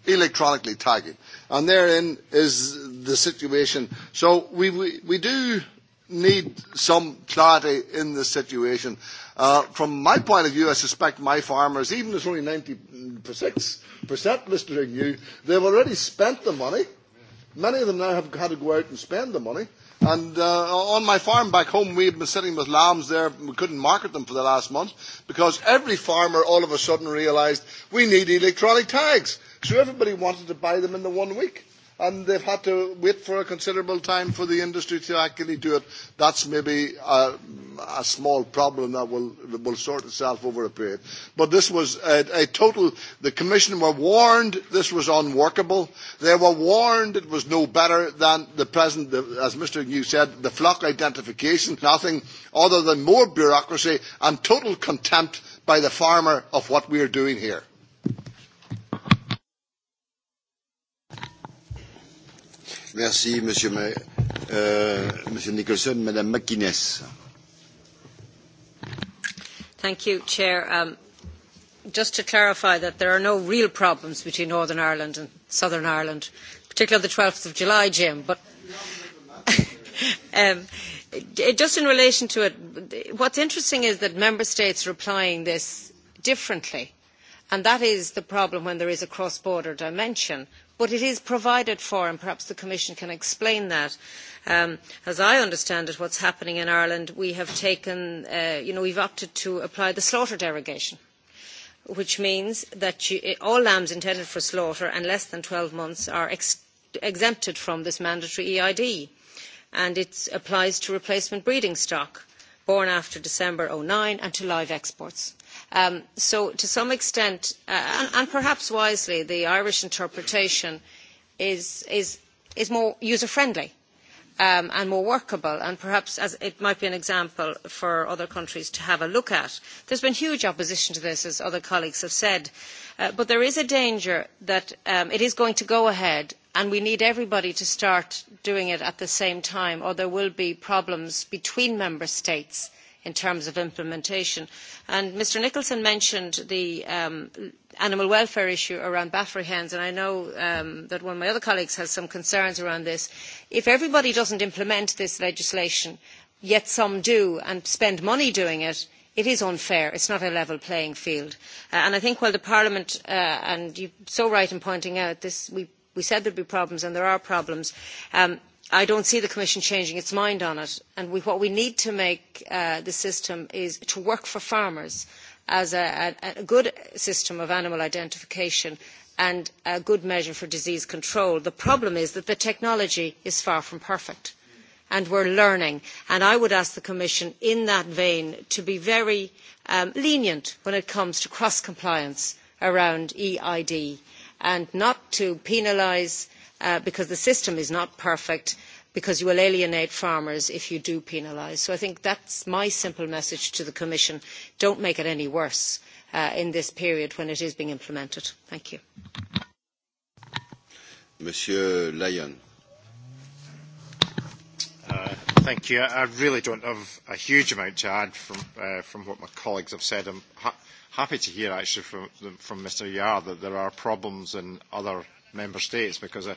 electronically tagging. And therein is the situation. So we, we, we do need some clarity in the situation. Uh, from my point of view, I suspect my farmers, even if it's only 96%, Mr. Agnew, they've already spent the money. Many of them now have had to go out and spend the money. And uh, on my farm back home, we've been sitting with lambs there. We couldn't market them for the last month because every farmer all of a sudden realised we need electronic tags. So everybody wanted to buy them in the one week and they've had to wait for a considerable time for the industry to actually do it. That's maybe a, a small problem that will, will sort itself over a period. But this was a, a total, the Commission were warned this was unworkable. They were warned it was no better than the present, the, as Mr. New said, the flock identification, nothing other than more bureaucracy and total contempt by the farmer of what we are doing here. Merci, Monsieur, euh, Monsieur Nicholson. Madame McInnes. Thank you, Chair. Um, just to clarify that there are no real problems between Northern Ireland and Southern Ireland, particularly the 12th of July, Jim. But um, just in relation to it, what's interesting is that member states are applying this differently. And that is the problem when there is a cross-border dimension but it is provided for and perhaps the commission can explain that. Um, as i understand it what is happening in ireland we have taken uh, you know we have opted to apply the slaughter derogation which means that you, all lambs intended for slaughter and less than 12 months are ex- exempted from this mandatory eid and it applies to replacement breeding stock born after december 09 and to live exports Um, so to some extent, uh, and, and perhaps wisely, the Irish interpretation is, is, is more user-friendly um, and more workable, and perhaps as it might be an example for other countries to have a look at. There's been huge opposition to this, as other colleagues have said, uh, but there is a danger that um, it is going to go ahead, and we need everybody to start doing it at the same time, or there will be problems between member states in terms of implementation. And Mr Nicholson mentioned the um, animal welfare issue around Baffery hens, and I know um, that one of my other colleagues has some concerns around this. If everybody doesn't implement this legislation, yet some do and spend money doing it, it is unfair. It's not a level playing field. Uh, and I think while the Parliament, uh, and you're so right in pointing out this, we, we said there'd be problems and there are problems, um, I don't see the Commission changing its mind on it. And we, what we need to make uh, the system is to work for farmers as a, a, a good system of animal identification and a good measure for disease control. The problem is that the technology is far from perfect and we're learning. And I would ask the Commission in that vein to be very um, lenient when it comes to cross-compliance around EID and not to penalise uh, uh, because the system is not perfect because you will alienate farmers if you do penalise. So I think that's my simple message to the Commission. Don't make it any worse uh, in this period when it is being implemented. Thank you. Monsieur Lyon. Uh, thank you. I really don't have a huge amount to add from, uh, from what my colleagues have said. I'm ha- happy to hear actually from, from Mr Yar that there are problems in other member states because I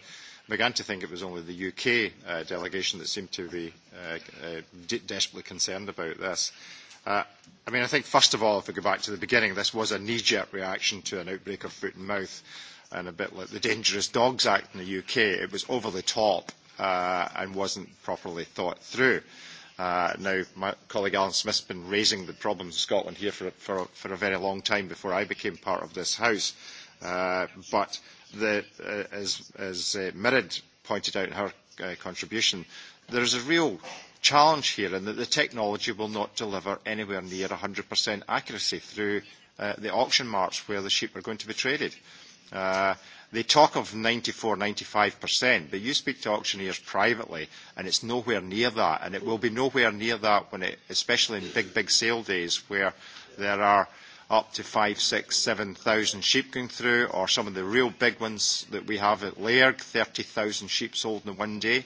began to think it was only the UK uh, delegation that seemed to be uh, uh, de- desperately concerned about this. Uh, I mean, I think first of all, if we go back to the beginning, this was a knee-jerk reaction to an outbreak of foot and mouth, and a bit like the Dangerous Dogs Act in the UK. It was over the top uh, and wasn't properly thought through. Uh, now, my colleague Alan Smith's been raising the problems in Scotland here for, for, for a very long time before I became part of this House. Uh, but the, uh, as, as uh, Mirid pointed out in her uh, contribution, there is a real challenge here in that the technology will not deliver anywhere near 100% accuracy through uh, the auction marts where the sheep are going to be traded. Uh, they talk of 94, 95%, but you speak to auctioneers privately, and it's nowhere near that, and it will be nowhere near that when it, especially in big, big sale days where there are uh, up to five, six, seven thousand sheep going through, or some of the real big ones that we have at Lairg, 30,000 sheep sold in one day.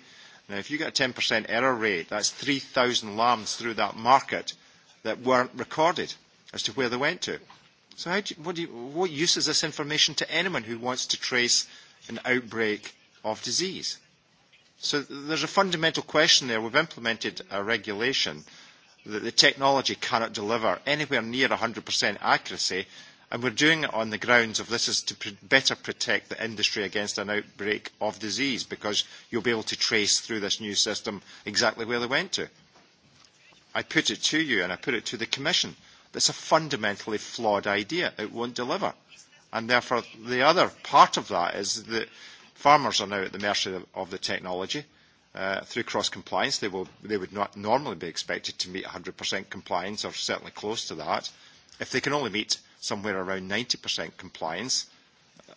Now, if you get a 10% error rate, that's 3,000 lambs through that market that weren't recorded as to where they went to. So how do you, what, do you, what use is this information to anyone who wants to trace an outbreak of disease? So there's a fundamental question there. We've implemented a regulation uh, that the technology cannot deliver anywhere near 100% accuracy, and we're doing it on the grounds of this is to pr- better protect the industry against an outbreak of disease because you'll be able to trace through this new system exactly where they went to. I put it to you and I put it to the Commission. That's a fundamentally flawed idea. It won't deliver. And therefore, the other part of that is that farmers are now at the mercy of the technology uh, through cross-compliance. They, will, they would not normally be expected to meet 100% compliance or certainly close to that. If they can only meet somewhere around 90% compliance,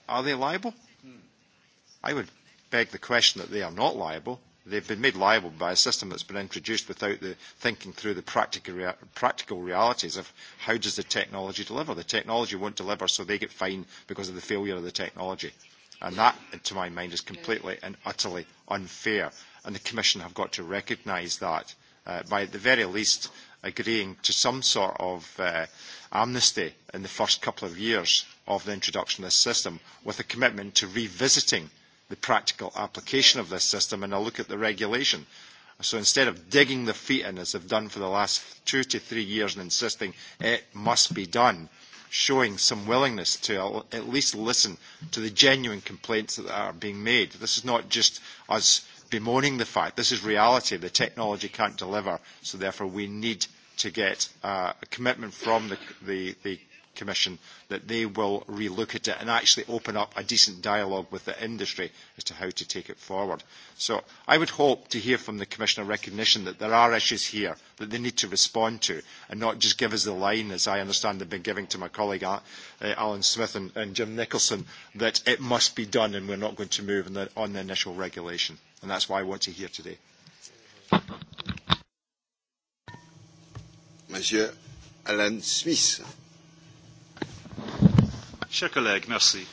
are they liable? Hmm. I would beg the question that they are not liable. They've been made liable by a system that's been introduced without the thinking through the practical, rea- practical realities of how does the technology deliver. The technology won't deliver, so they get fined because of the failure of the technology. And that, to my mind, is completely and utterly unfair and the Commission have got to recognise that uh, by at the very least agreeing to some sort of uh, amnesty in the first couple of years of the introduction of this system with a commitment to revisiting the practical application of this system and a look at the regulation. So instead of digging their feet in, as they've done for the last two to three years and insisting it must be done, showing some willingness to at least listen to the genuine complaints that are being made. This is not just us bemoaning the fact this is reality, the technology can't deliver, so therefore we need to get uh, a commitment from the, the, the Commission that they will relook at it and actually open up a decent dialogue with the industry as to how to take it forward. So I would hope to hear from the Commissioner recognition that there are issues here that they need to respond to and not just give us the line, as I understand they've been giving to my colleague uh, Alan Smith and, and Jim Nicholson, that it must be done and we're not going to move on the, on the initial regulation and that's why I want you here today. Monsieur Alan Smith. Chers collègues, merci.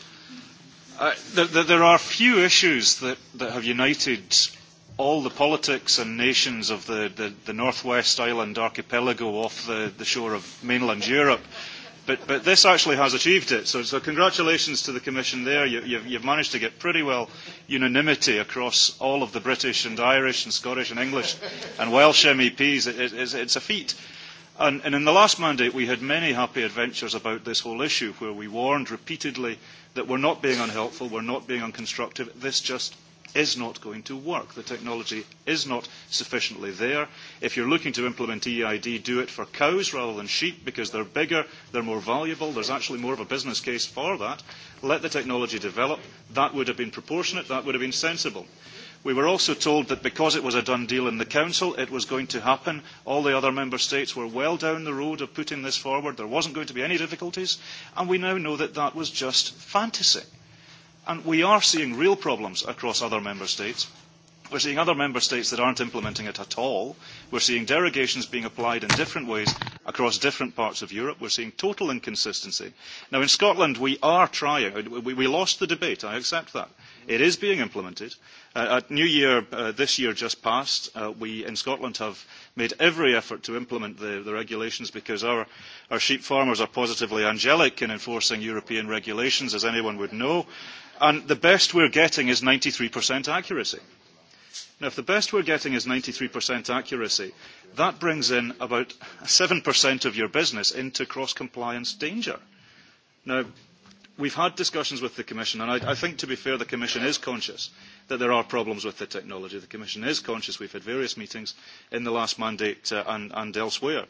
Uh, there, there, there are few issues that, that have united all the politics and nations of the, the, the Northwest Island archipelago off the, the shore of mainland Europe. Uh, But, but this actually has achieved it. So, so congratulations to the Commission there. You, you've, you've managed to get pretty well unanimity across all of the British and Irish and Scottish and English and Welsh MEPs. It, it, it's, it's a feat. And, and in the last mandate, we had many happy adventures about this whole issue where we warned repeatedly that we're not being unhelpful, we're not being unconstructive. This just is not going to work. The technology is not sufficiently there. If you're looking to implement EID, do it for cows rather than sheep because they're bigger, they're more valuable, there's actually more of a business case for that. Let the technology develop. That would have been proportionate, that would have been sensible. We were also told that because it was a done deal in the Council, it was going to happen. All the other Member States were well down the road of putting this forward. There wasn't going to be any difficulties. And we now know that that was just fantasy. And we are seeing real problems across other member states. We're seeing other member states that aren't implementing it at all. We're seeing derogations being applied in different ways across different parts of Europe. We're seeing total inconsistency. Now, in Scotland, we are trying. We, we lost the debate. I accept that. It is being implemented. Uh, at New Year, uh, this year just passed, uh, we in Scotland have made every effort to implement the, the regulations because our, our sheep farmers are positively angelic in enforcing European regulations, as anyone would know. And the best we're getting is 93% accuracy. Now, if the best we're getting is 93% accuracy, that brings in about 7% of your business into cross-compliance danger. Now, we've had discussions with the Commission, and I, I think, to be fair, the Commission is conscious that there are problems with the technology. The Commission is conscious. We've had various meetings in the last mandate uh, and, and elsewhere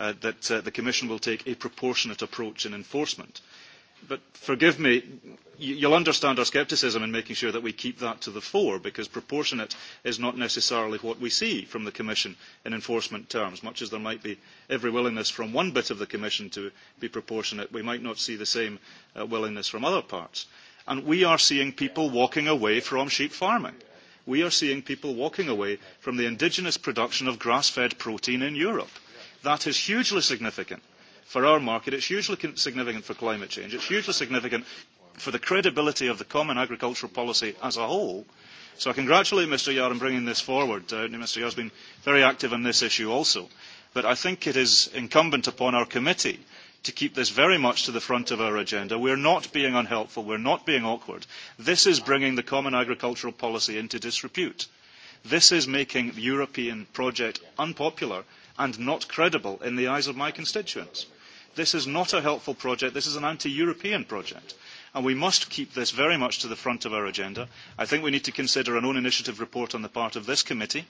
uh, that uh, the Commission will take a proportionate approach in enforcement. Uh, but forgive me, you'll understand our scepticism in making sure that we keep that to the fore, because proportionate is not necessarily what we see from the Commission in enforcement terms. Much as there might be every willingness from one bit of the Commission to be proportionate, we might not see the same uh, willingness from other parts. And we are seeing people walking away from sheep farming. We are seeing people walking away from the indigenous production of grass-fed protein in Europe. That is hugely significant for our market. It's hugely significant for climate change. It's hugely significant for the credibility of the common agricultural policy as a whole. So I congratulate Mr Yar on bringing this forward. Uh, Mr Yar has been very active on this issue also. But I think it is incumbent upon our committee to keep this very much to the front of our agenda. We're not being unhelpful. We're not being awkward. This is bringing the common agricultural policy into disrepute. This is making the European project unpopular and not credible in the eyes of my constituents. Yeah This is not a helpful project. This is an anti-European project. And we must keep this very much to the front of our agenda. I think we need to consider an own initiative report on the part of this committee.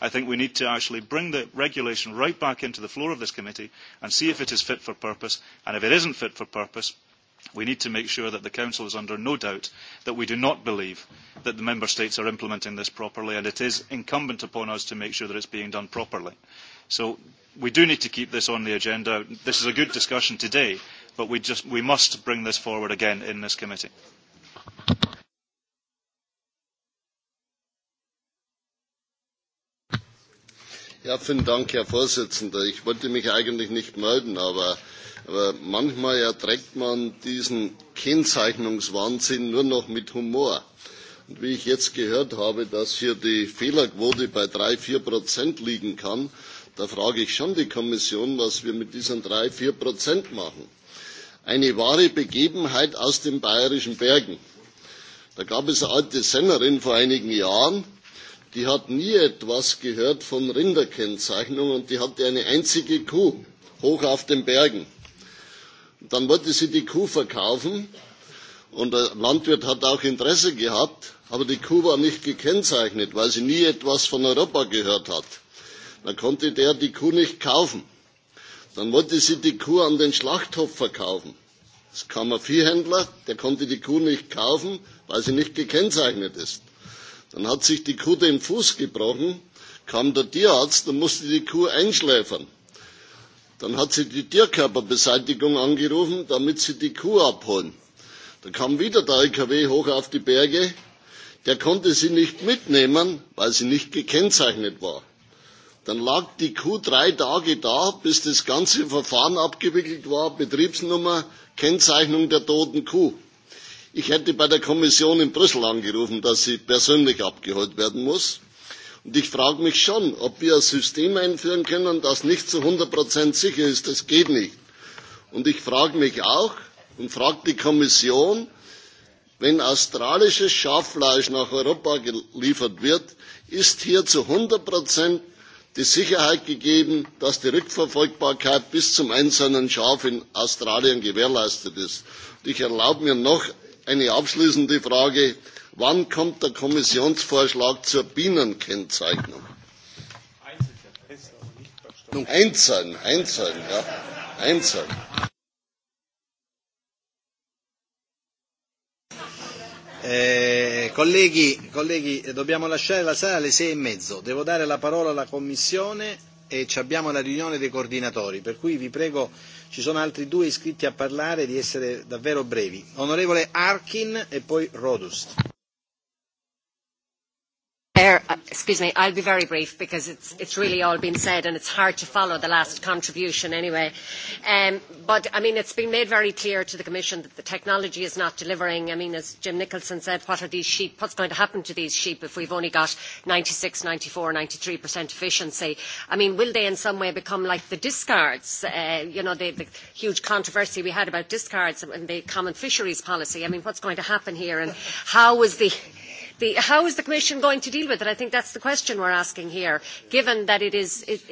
I think we need to actually bring the regulation right back into the floor of this committee and see if it is fit for purpose. And if it isn't fit for purpose, we need to make sure that the Council is under no doubt that we do not believe that the Member States are implementing this properly, and it is incumbent upon us to make sure that it's being done properly. So we do need to keep this on the agenda. This is a good discussion today, but we, just, we must bring this forward again in this committee. Ja, vielen Dank, Herr Vorsitzender. Ich wollte mich eigentlich nicht melden, aber, aber manchmal erträgt man diesen Kennzeichnungswahnsinn nur noch mit Humor. Und wie ich jetzt gehört habe, dass hier die Fehlerquote bei drei, vier Prozent liegen kann, Da frage ich schon die Kommission, was wir mit diesen drei, vier Prozent machen. Eine wahre Begebenheit aus den bayerischen Bergen. Da gab es eine alte Sennerin vor einigen Jahren, die hat nie etwas gehört von Rinderkennzeichnung und die hatte eine einzige Kuh hoch auf den Bergen. Und dann wollte sie die Kuh verkaufen und der Landwirt hat auch Interesse gehabt, aber die Kuh war nicht gekennzeichnet, weil sie nie etwas von Europa gehört hat. Dann konnte der die Kuh nicht kaufen. Dann wollte sie die Kuh an den Schlachthof verkaufen. Es kam ein Viehhändler, der konnte die Kuh nicht kaufen, weil sie nicht gekennzeichnet ist. Dann hat sich die Kuh den Fuß gebrochen, kam der Tierarzt und musste die Kuh einschläfern. Dann hat sie die Tierkörperbeseitigung angerufen, damit sie die Kuh abholen. Da kam wieder der LKW hoch auf die Berge. Der konnte sie nicht mitnehmen, weil sie nicht gekennzeichnet war. Dann lag die Kuh drei Tage da, bis das ganze Verfahren abgewickelt war, Betriebsnummer, Kennzeichnung der toten Kuh. Ich hätte bei der Kommission in Brüssel angerufen, dass sie persönlich abgeholt werden muss. Und ich frage mich schon, ob wir ein System einführen können, das nicht zu 100% sicher ist. Das geht nicht. Und ich frage mich auch und frage die Kommission, wenn australisches Schaffleisch nach Europa geliefert wird, ist hier zu 100% die sicherheit gegeben dass die rückverfolgbarkeit bis zum einzelnen schaf in australien gewährleistet ist. ich erlaube mir noch eine abschließende frage wann kommt der kommissionsvorschlag zur bienenkennzeichnung? einzeln einzeln ja einzeln. Eh, colleghi, colleghi, dobbiamo lasciare la sala alle sei e mezzo. Devo dare la parola alla Commissione e abbiamo la riunione dei coordinatori, per cui vi prego, ci sono altri due iscritti a parlare, di essere davvero brevi. Onorevole Arkin e poi Rodust. Chair, uh, excuse me, I'll be very brief because it's, it's really all been said and it's hard to follow the last contribution anyway. Um, but I mean, it's been made very clear to the Commission that the technology is not delivering. I mean, as Jim Nicholson said, what are these sheep? What's going to happen to these sheep if we've only got 96, 94, 93% efficiency? I mean, will they in some way become like the discards? Uh, you know, the, the huge controversy we had about discards and the common fisheries policy. I mean, what's going to happen here and how is the the, how is the Commission going to deal with it? I think that's the question we're asking here, given that it is, it,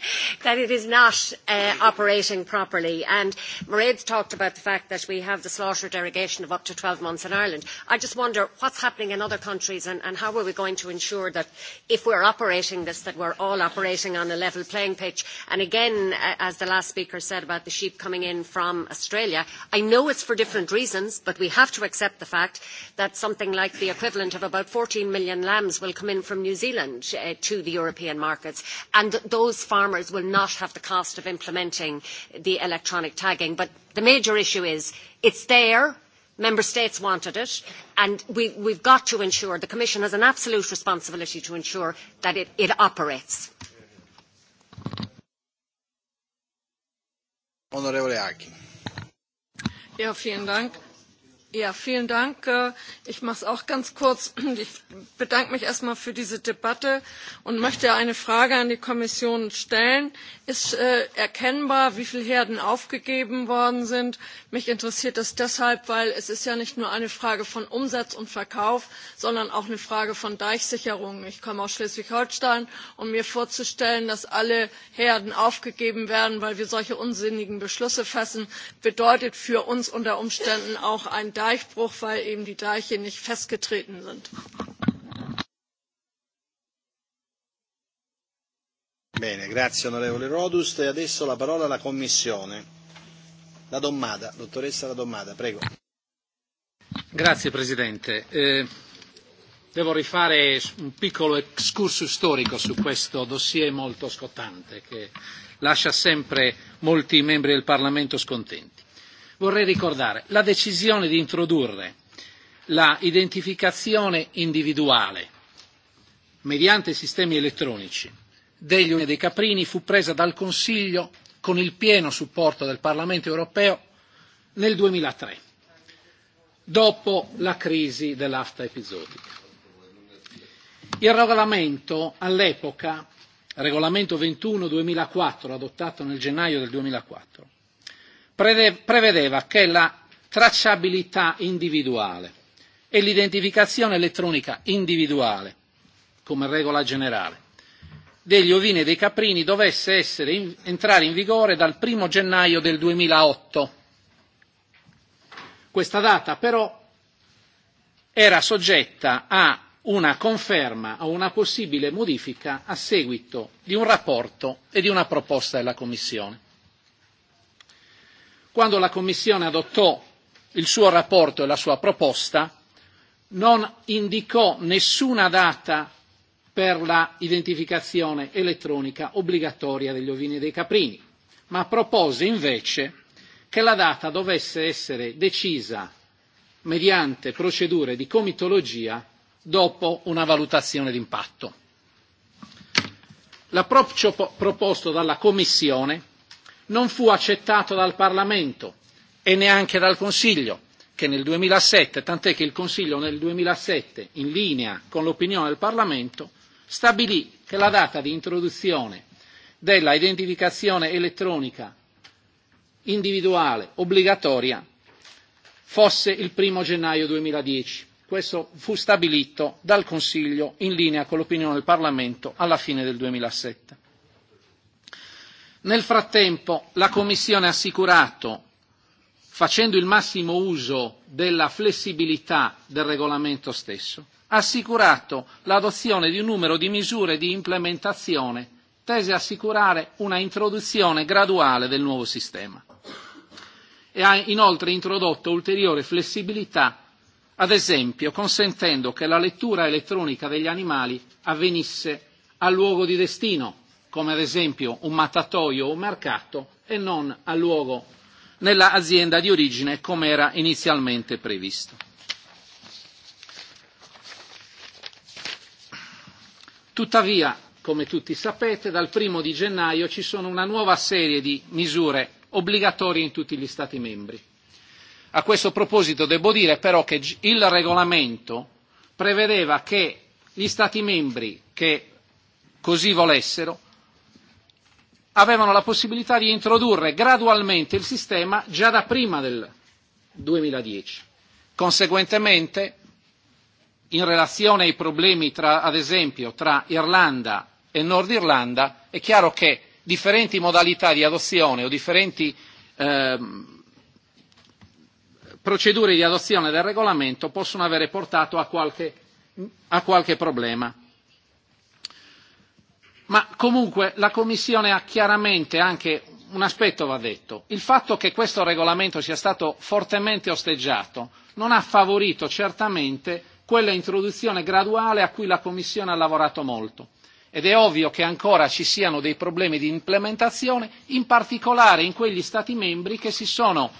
that it is not uh, operating properly. And Mairead's talked about the fact that we have the slaughter derogation of up to 12 months in Ireland. I just wonder what's happening in other countries and, and how are we going to ensure that if we're operating this, that we're all operating on a level playing pitch. And again, as the last speaker said about the sheep coming in from Australia, I know it's for different reasons, but we have to accept the fact that something like like the equivalent of about 14 million lambs will come in from New Zealand uh, to the European markets, and th- those farmers will not have the cost of implementing the electronic tagging. But the major issue is it's there. Member States wanted it, and we, we've got to ensure the Commission has an absolute responsibility to ensure that it, it operates. Honorable Aki. Ja, vielen Dank Ja, vielen Dank. Äh, ich mache es auch ganz kurz. Ich bedanke mich erstmal für diese Debatte und möchte eine Frage an die Kommission stellen. Ist äh, erkennbar, wie viele Herden aufgegeben worden sind? Mich interessiert das deshalb, weil es ist ja nicht nur eine Frage von Umsatz und Verkauf, sondern auch eine Frage von Deichsicherung. Ich komme aus Schleswig-Holstein, um mir vorzustellen, dass alle Herden aufgegeben werden, weil wir solche unsinnigen Beschlüsse fassen, bedeutet für uns unter Umständen auch ein Deichbruch, weil eben die Deiche nicht festgetreten sind. Bene, grazie onorevole Rodust. E adesso la parola alla Commissione. La Dommada, dottoressa La Dommada, prego. Grazie Presidente. Eh, devo rifare un piccolo excursus storico su questo dossier molto scottante che lascia sempre molti membri del Parlamento scontenti vorrei ricordare la decisione di introdurre la identificazione individuale mediante sistemi elettronici degli e dei caprini fu presa dal Consiglio con il pieno supporto del Parlamento europeo nel 2003, dopo la crisi dell'afta episodica. Il regolamento all'epoca, regolamento 21-2004 adottato nel gennaio del 2004, prevedeva che la tracciabilità individuale e l'identificazione elettronica individuale, come regola generale, degli ovini e dei caprini dovesse essere in, entrare in vigore dal 1 gennaio del 2008. Questa data però era soggetta a una conferma o una possibile modifica a seguito di un rapporto e di una proposta della Commissione quando la Commissione adottò il suo rapporto e la sua proposta, non indicò nessuna data per la identificazione elettronica obbligatoria degli ovini e dei caprini, ma propose invece che la data dovesse essere decisa mediante procedure di comitologia dopo una valutazione d'impatto. L'approccio proposto dalla Commissione non fu accettato dal Parlamento e neanche dal Consiglio, che nel 2007, tant'è che il Consiglio nel 2007, in linea con l'opinione del Parlamento, stabilì che la data di introduzione della identificazione elettronica individuale obbligatoria fosse il primo gennaio 2010. Questo fu stabilito dal Consiglio in linea con l'opinione del Parlamento alla fine del 2007. Nel frattempo la Commissione ha assicurato, facendo il massimo uso della flessibilità del regolamento stesso, ha assicurato l'adozione di un numero di misure di implementazione tese a assicurare una introduzione graduale del nuovo sistema e ha inoltre introdotto ulteriore flessibilità, ad esempio consentendo che la lettura elettronica degli animali avvenisse al luogo di destino come ad esempio un mattatoio o un mercato, e non al luogo nell'azienda di origine come era inizialmente previsto. Tuttavia, come tutti sapete, dal primo di gennaio ci sono una nuova serie di misure obbligatorie in tutti gli Stati membri. A questo proposito devo dire però che il regolamento prevedeva che gli Stati membri che così volessero avevano la possibilità di introdurre gradualmente il sistema già da prima del 2010. Conseguentemente, in relazione ai problemi tra, ad esempio tra Irlanda e Nord Irlanda, è chiaro che differenti modalità di adozione o differenti eh, procedure di adozione del regolamento possono avere portato a qualche, a qualche problema. Ma comunque la Commissione ha chiaramente anche un aspetto va detto. Il fatto che questo regolamento sia stato fortemente osteggiato non ha favorito certamente quella introduzione graduale a cui la Commissione ha lavorato molto ed è ovvio che ancora ci siano dei problemi di implementazione, in particolare in quegli Stati membri che si sono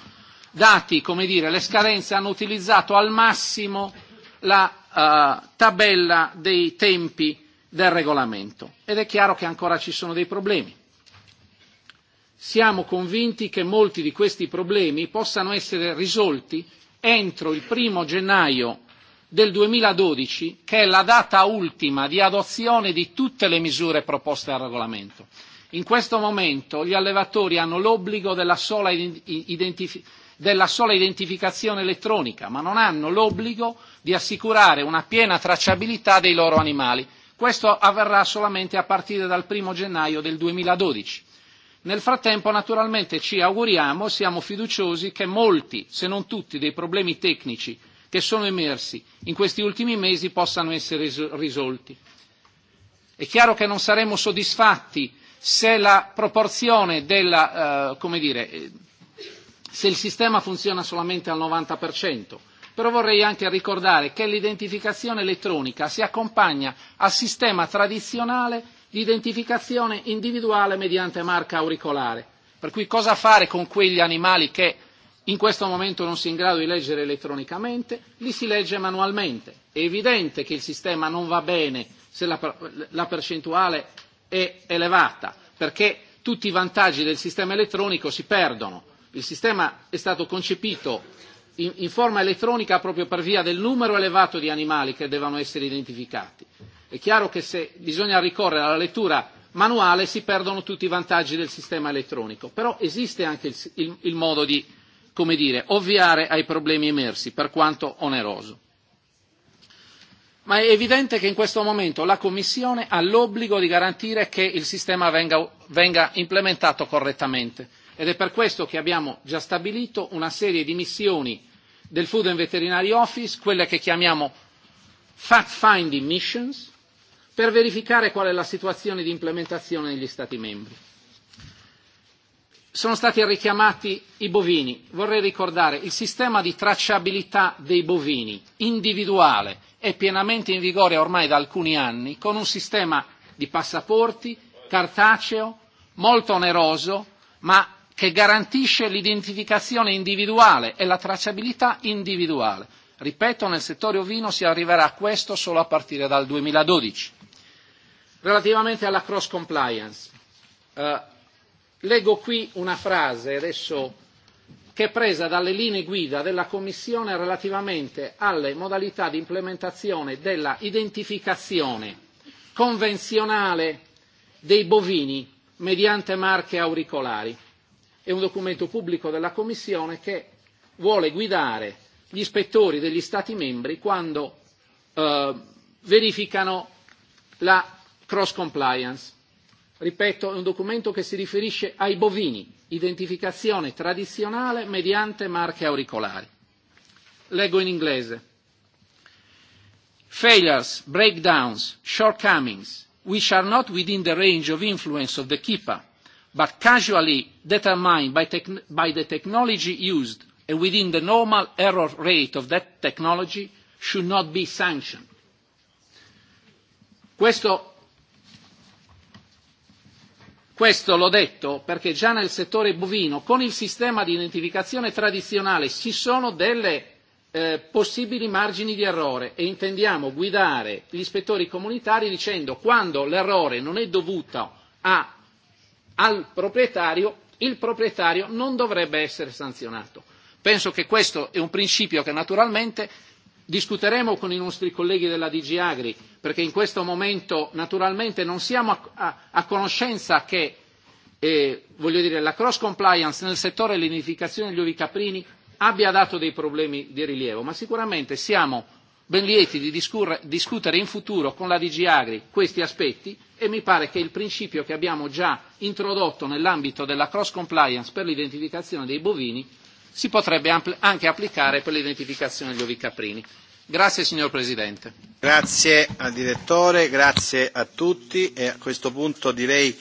dati come dire, le scadenze, hanno utilizzato al massimo la eh, tabella dei tempi del regolamento ed è chiaro che ancora ci sono dei problemi. Siamo convinti che molti di questi problemi possano essere risolti entro il primo gennaio del 2012, che è la data ultima di adozione di tutte le misure proposte dal regolamento. In questo momento gli allevatori hanno l'obbligo della sola, identif- della sola identificazione elettronica, ma non hanno l'obbligo di assicurare una piena tracciabilità dei loro animali Questo avverrà solamente a partire dal 1 gennaio del 2012. Nel frattempo naturalmente ci auguriamo, siamo fiduciosi che molti, se non tutti, dei problemi tecnici che sono emersi in questi ultimi mesi possano essere risolti. È chiaro che non saremo soddisfatti se la proporzione della, eh, come dire, eh, se il sistema funziona solamente al 90% però vorrei anche ricordare che l'identificazione elettronica si accompagna al sistema tradizionale di identificazione individuale mediante marca auricolare. Per cui cosa fare con quegli animali che in questo momento non si è in grado di leggere elettronicamente, li si legge manualmente. È evidente che il sistema non va bene se la, la percentuale è elevata, perché tutti i vantaggi del sistema elettronico si perdono. Il sistema è stato concepito in, in forma elettronica proprio per via del numero elevato di animali che devono essere identificati. È chiaro che se bisogna ricorrere alla lettura manuale si perdono tutti i vantaggi del sistema elettronico, però esiste anche il, il, il modo di come dire, ovviare ai problemi emersi, per quanto oneroso. Ma è evidente che in questo momento la Commissione ha l'obbligo di garantire che il sistema venga, venga implementato correttamente ed è per questo che abbiamo già stabilito una serie di missioni del Food and Veterinary Office, quelle che chiamiamo fact finding missions, per verificare qual è la situazione di implementazione negli Stati membri. Sono stati richiamati i bovini. Vorrei ricordare il sistema di tracciabilità dei bovini individuale è pienamente in vigore ormai da alcuni anni con un sistema di passaporti cartaceo molto oneroso ma che garantisce l'identificazione individuale e la tracciabilità individuale. Ripeto, nel settore ovino si arriverà a questo solo a partire dal 2012. Relativamente alla cross compliance, eh, leggo qui una frase adesso che è presa dalle linee guida della Commissione relativamente alle modalità di implementazione della identificazione convenzionale dei bovini mediante marche auricolari è un documento pubblico della Commissione che vuole guidare gli ispettori degli Stati membri quando eh, verificano la cross compliance. Ripeto, è un documento che si riferisce ai bovini, identificazione tradizionale mediante marche auricolari. Leggo in inglese. Failures, breakdowns, shortcomings, which are not within the range of influence of the KIPA but casually determined by, tech by the technology used and within the normal error rate of that technology should not be sanctioned. Questo, questo l'ho detto perché già nel settore bovino con il sistema di identificazione tradizionale ci sono delle eh, possibili margini di errore e intendiamo guidare gli ispettori comunitari dicendo quando l'errore non è dovuto a al proprietario, il proprietario non dovrebbe essere sanzionato. Penso che questo è un principio che naturalmente discuteremo con i nostri colleghi della DG Agri, perché in questo momento naturalmente non siamo a, a, a conoscenza che eh, voglio dire, la cross compliance nel settore dell'inificazione degli ovicaprini abbia dato dei problemi di rilievo, ma sicuramente siamo ben lieti di discutere in futuro con la DG Agri questi aspetti e mi pare che il principio che abbiamo già introdotto nell'ambito della cross compliance per l'identificazione dei bovini si potrebbe anche applicare per l'identificazione degli ovicaprini. Grazie signor Presidente. Grazie al direttore, grazie a tutti e a questo punto direi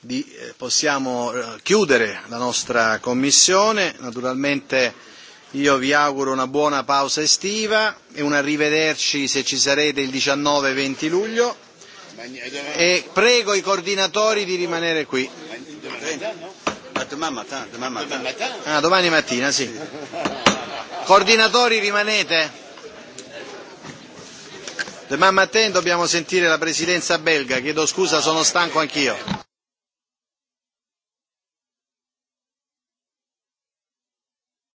di, eh, possiamo eh, chiudere la nostra commissione. Naturalmente io vi auguro una buona pausa estiva e un arrivederci se ci sarete il 19-20 luglio Et prego i coordinatori di rimanere qui. Ma demain matin, demain matin. Ah, domani mattina, sì. Coordinatori rimanete. Demain matin dobbiamo sentire la presidenza belga, chiedo scusa, sono stanco anch'io.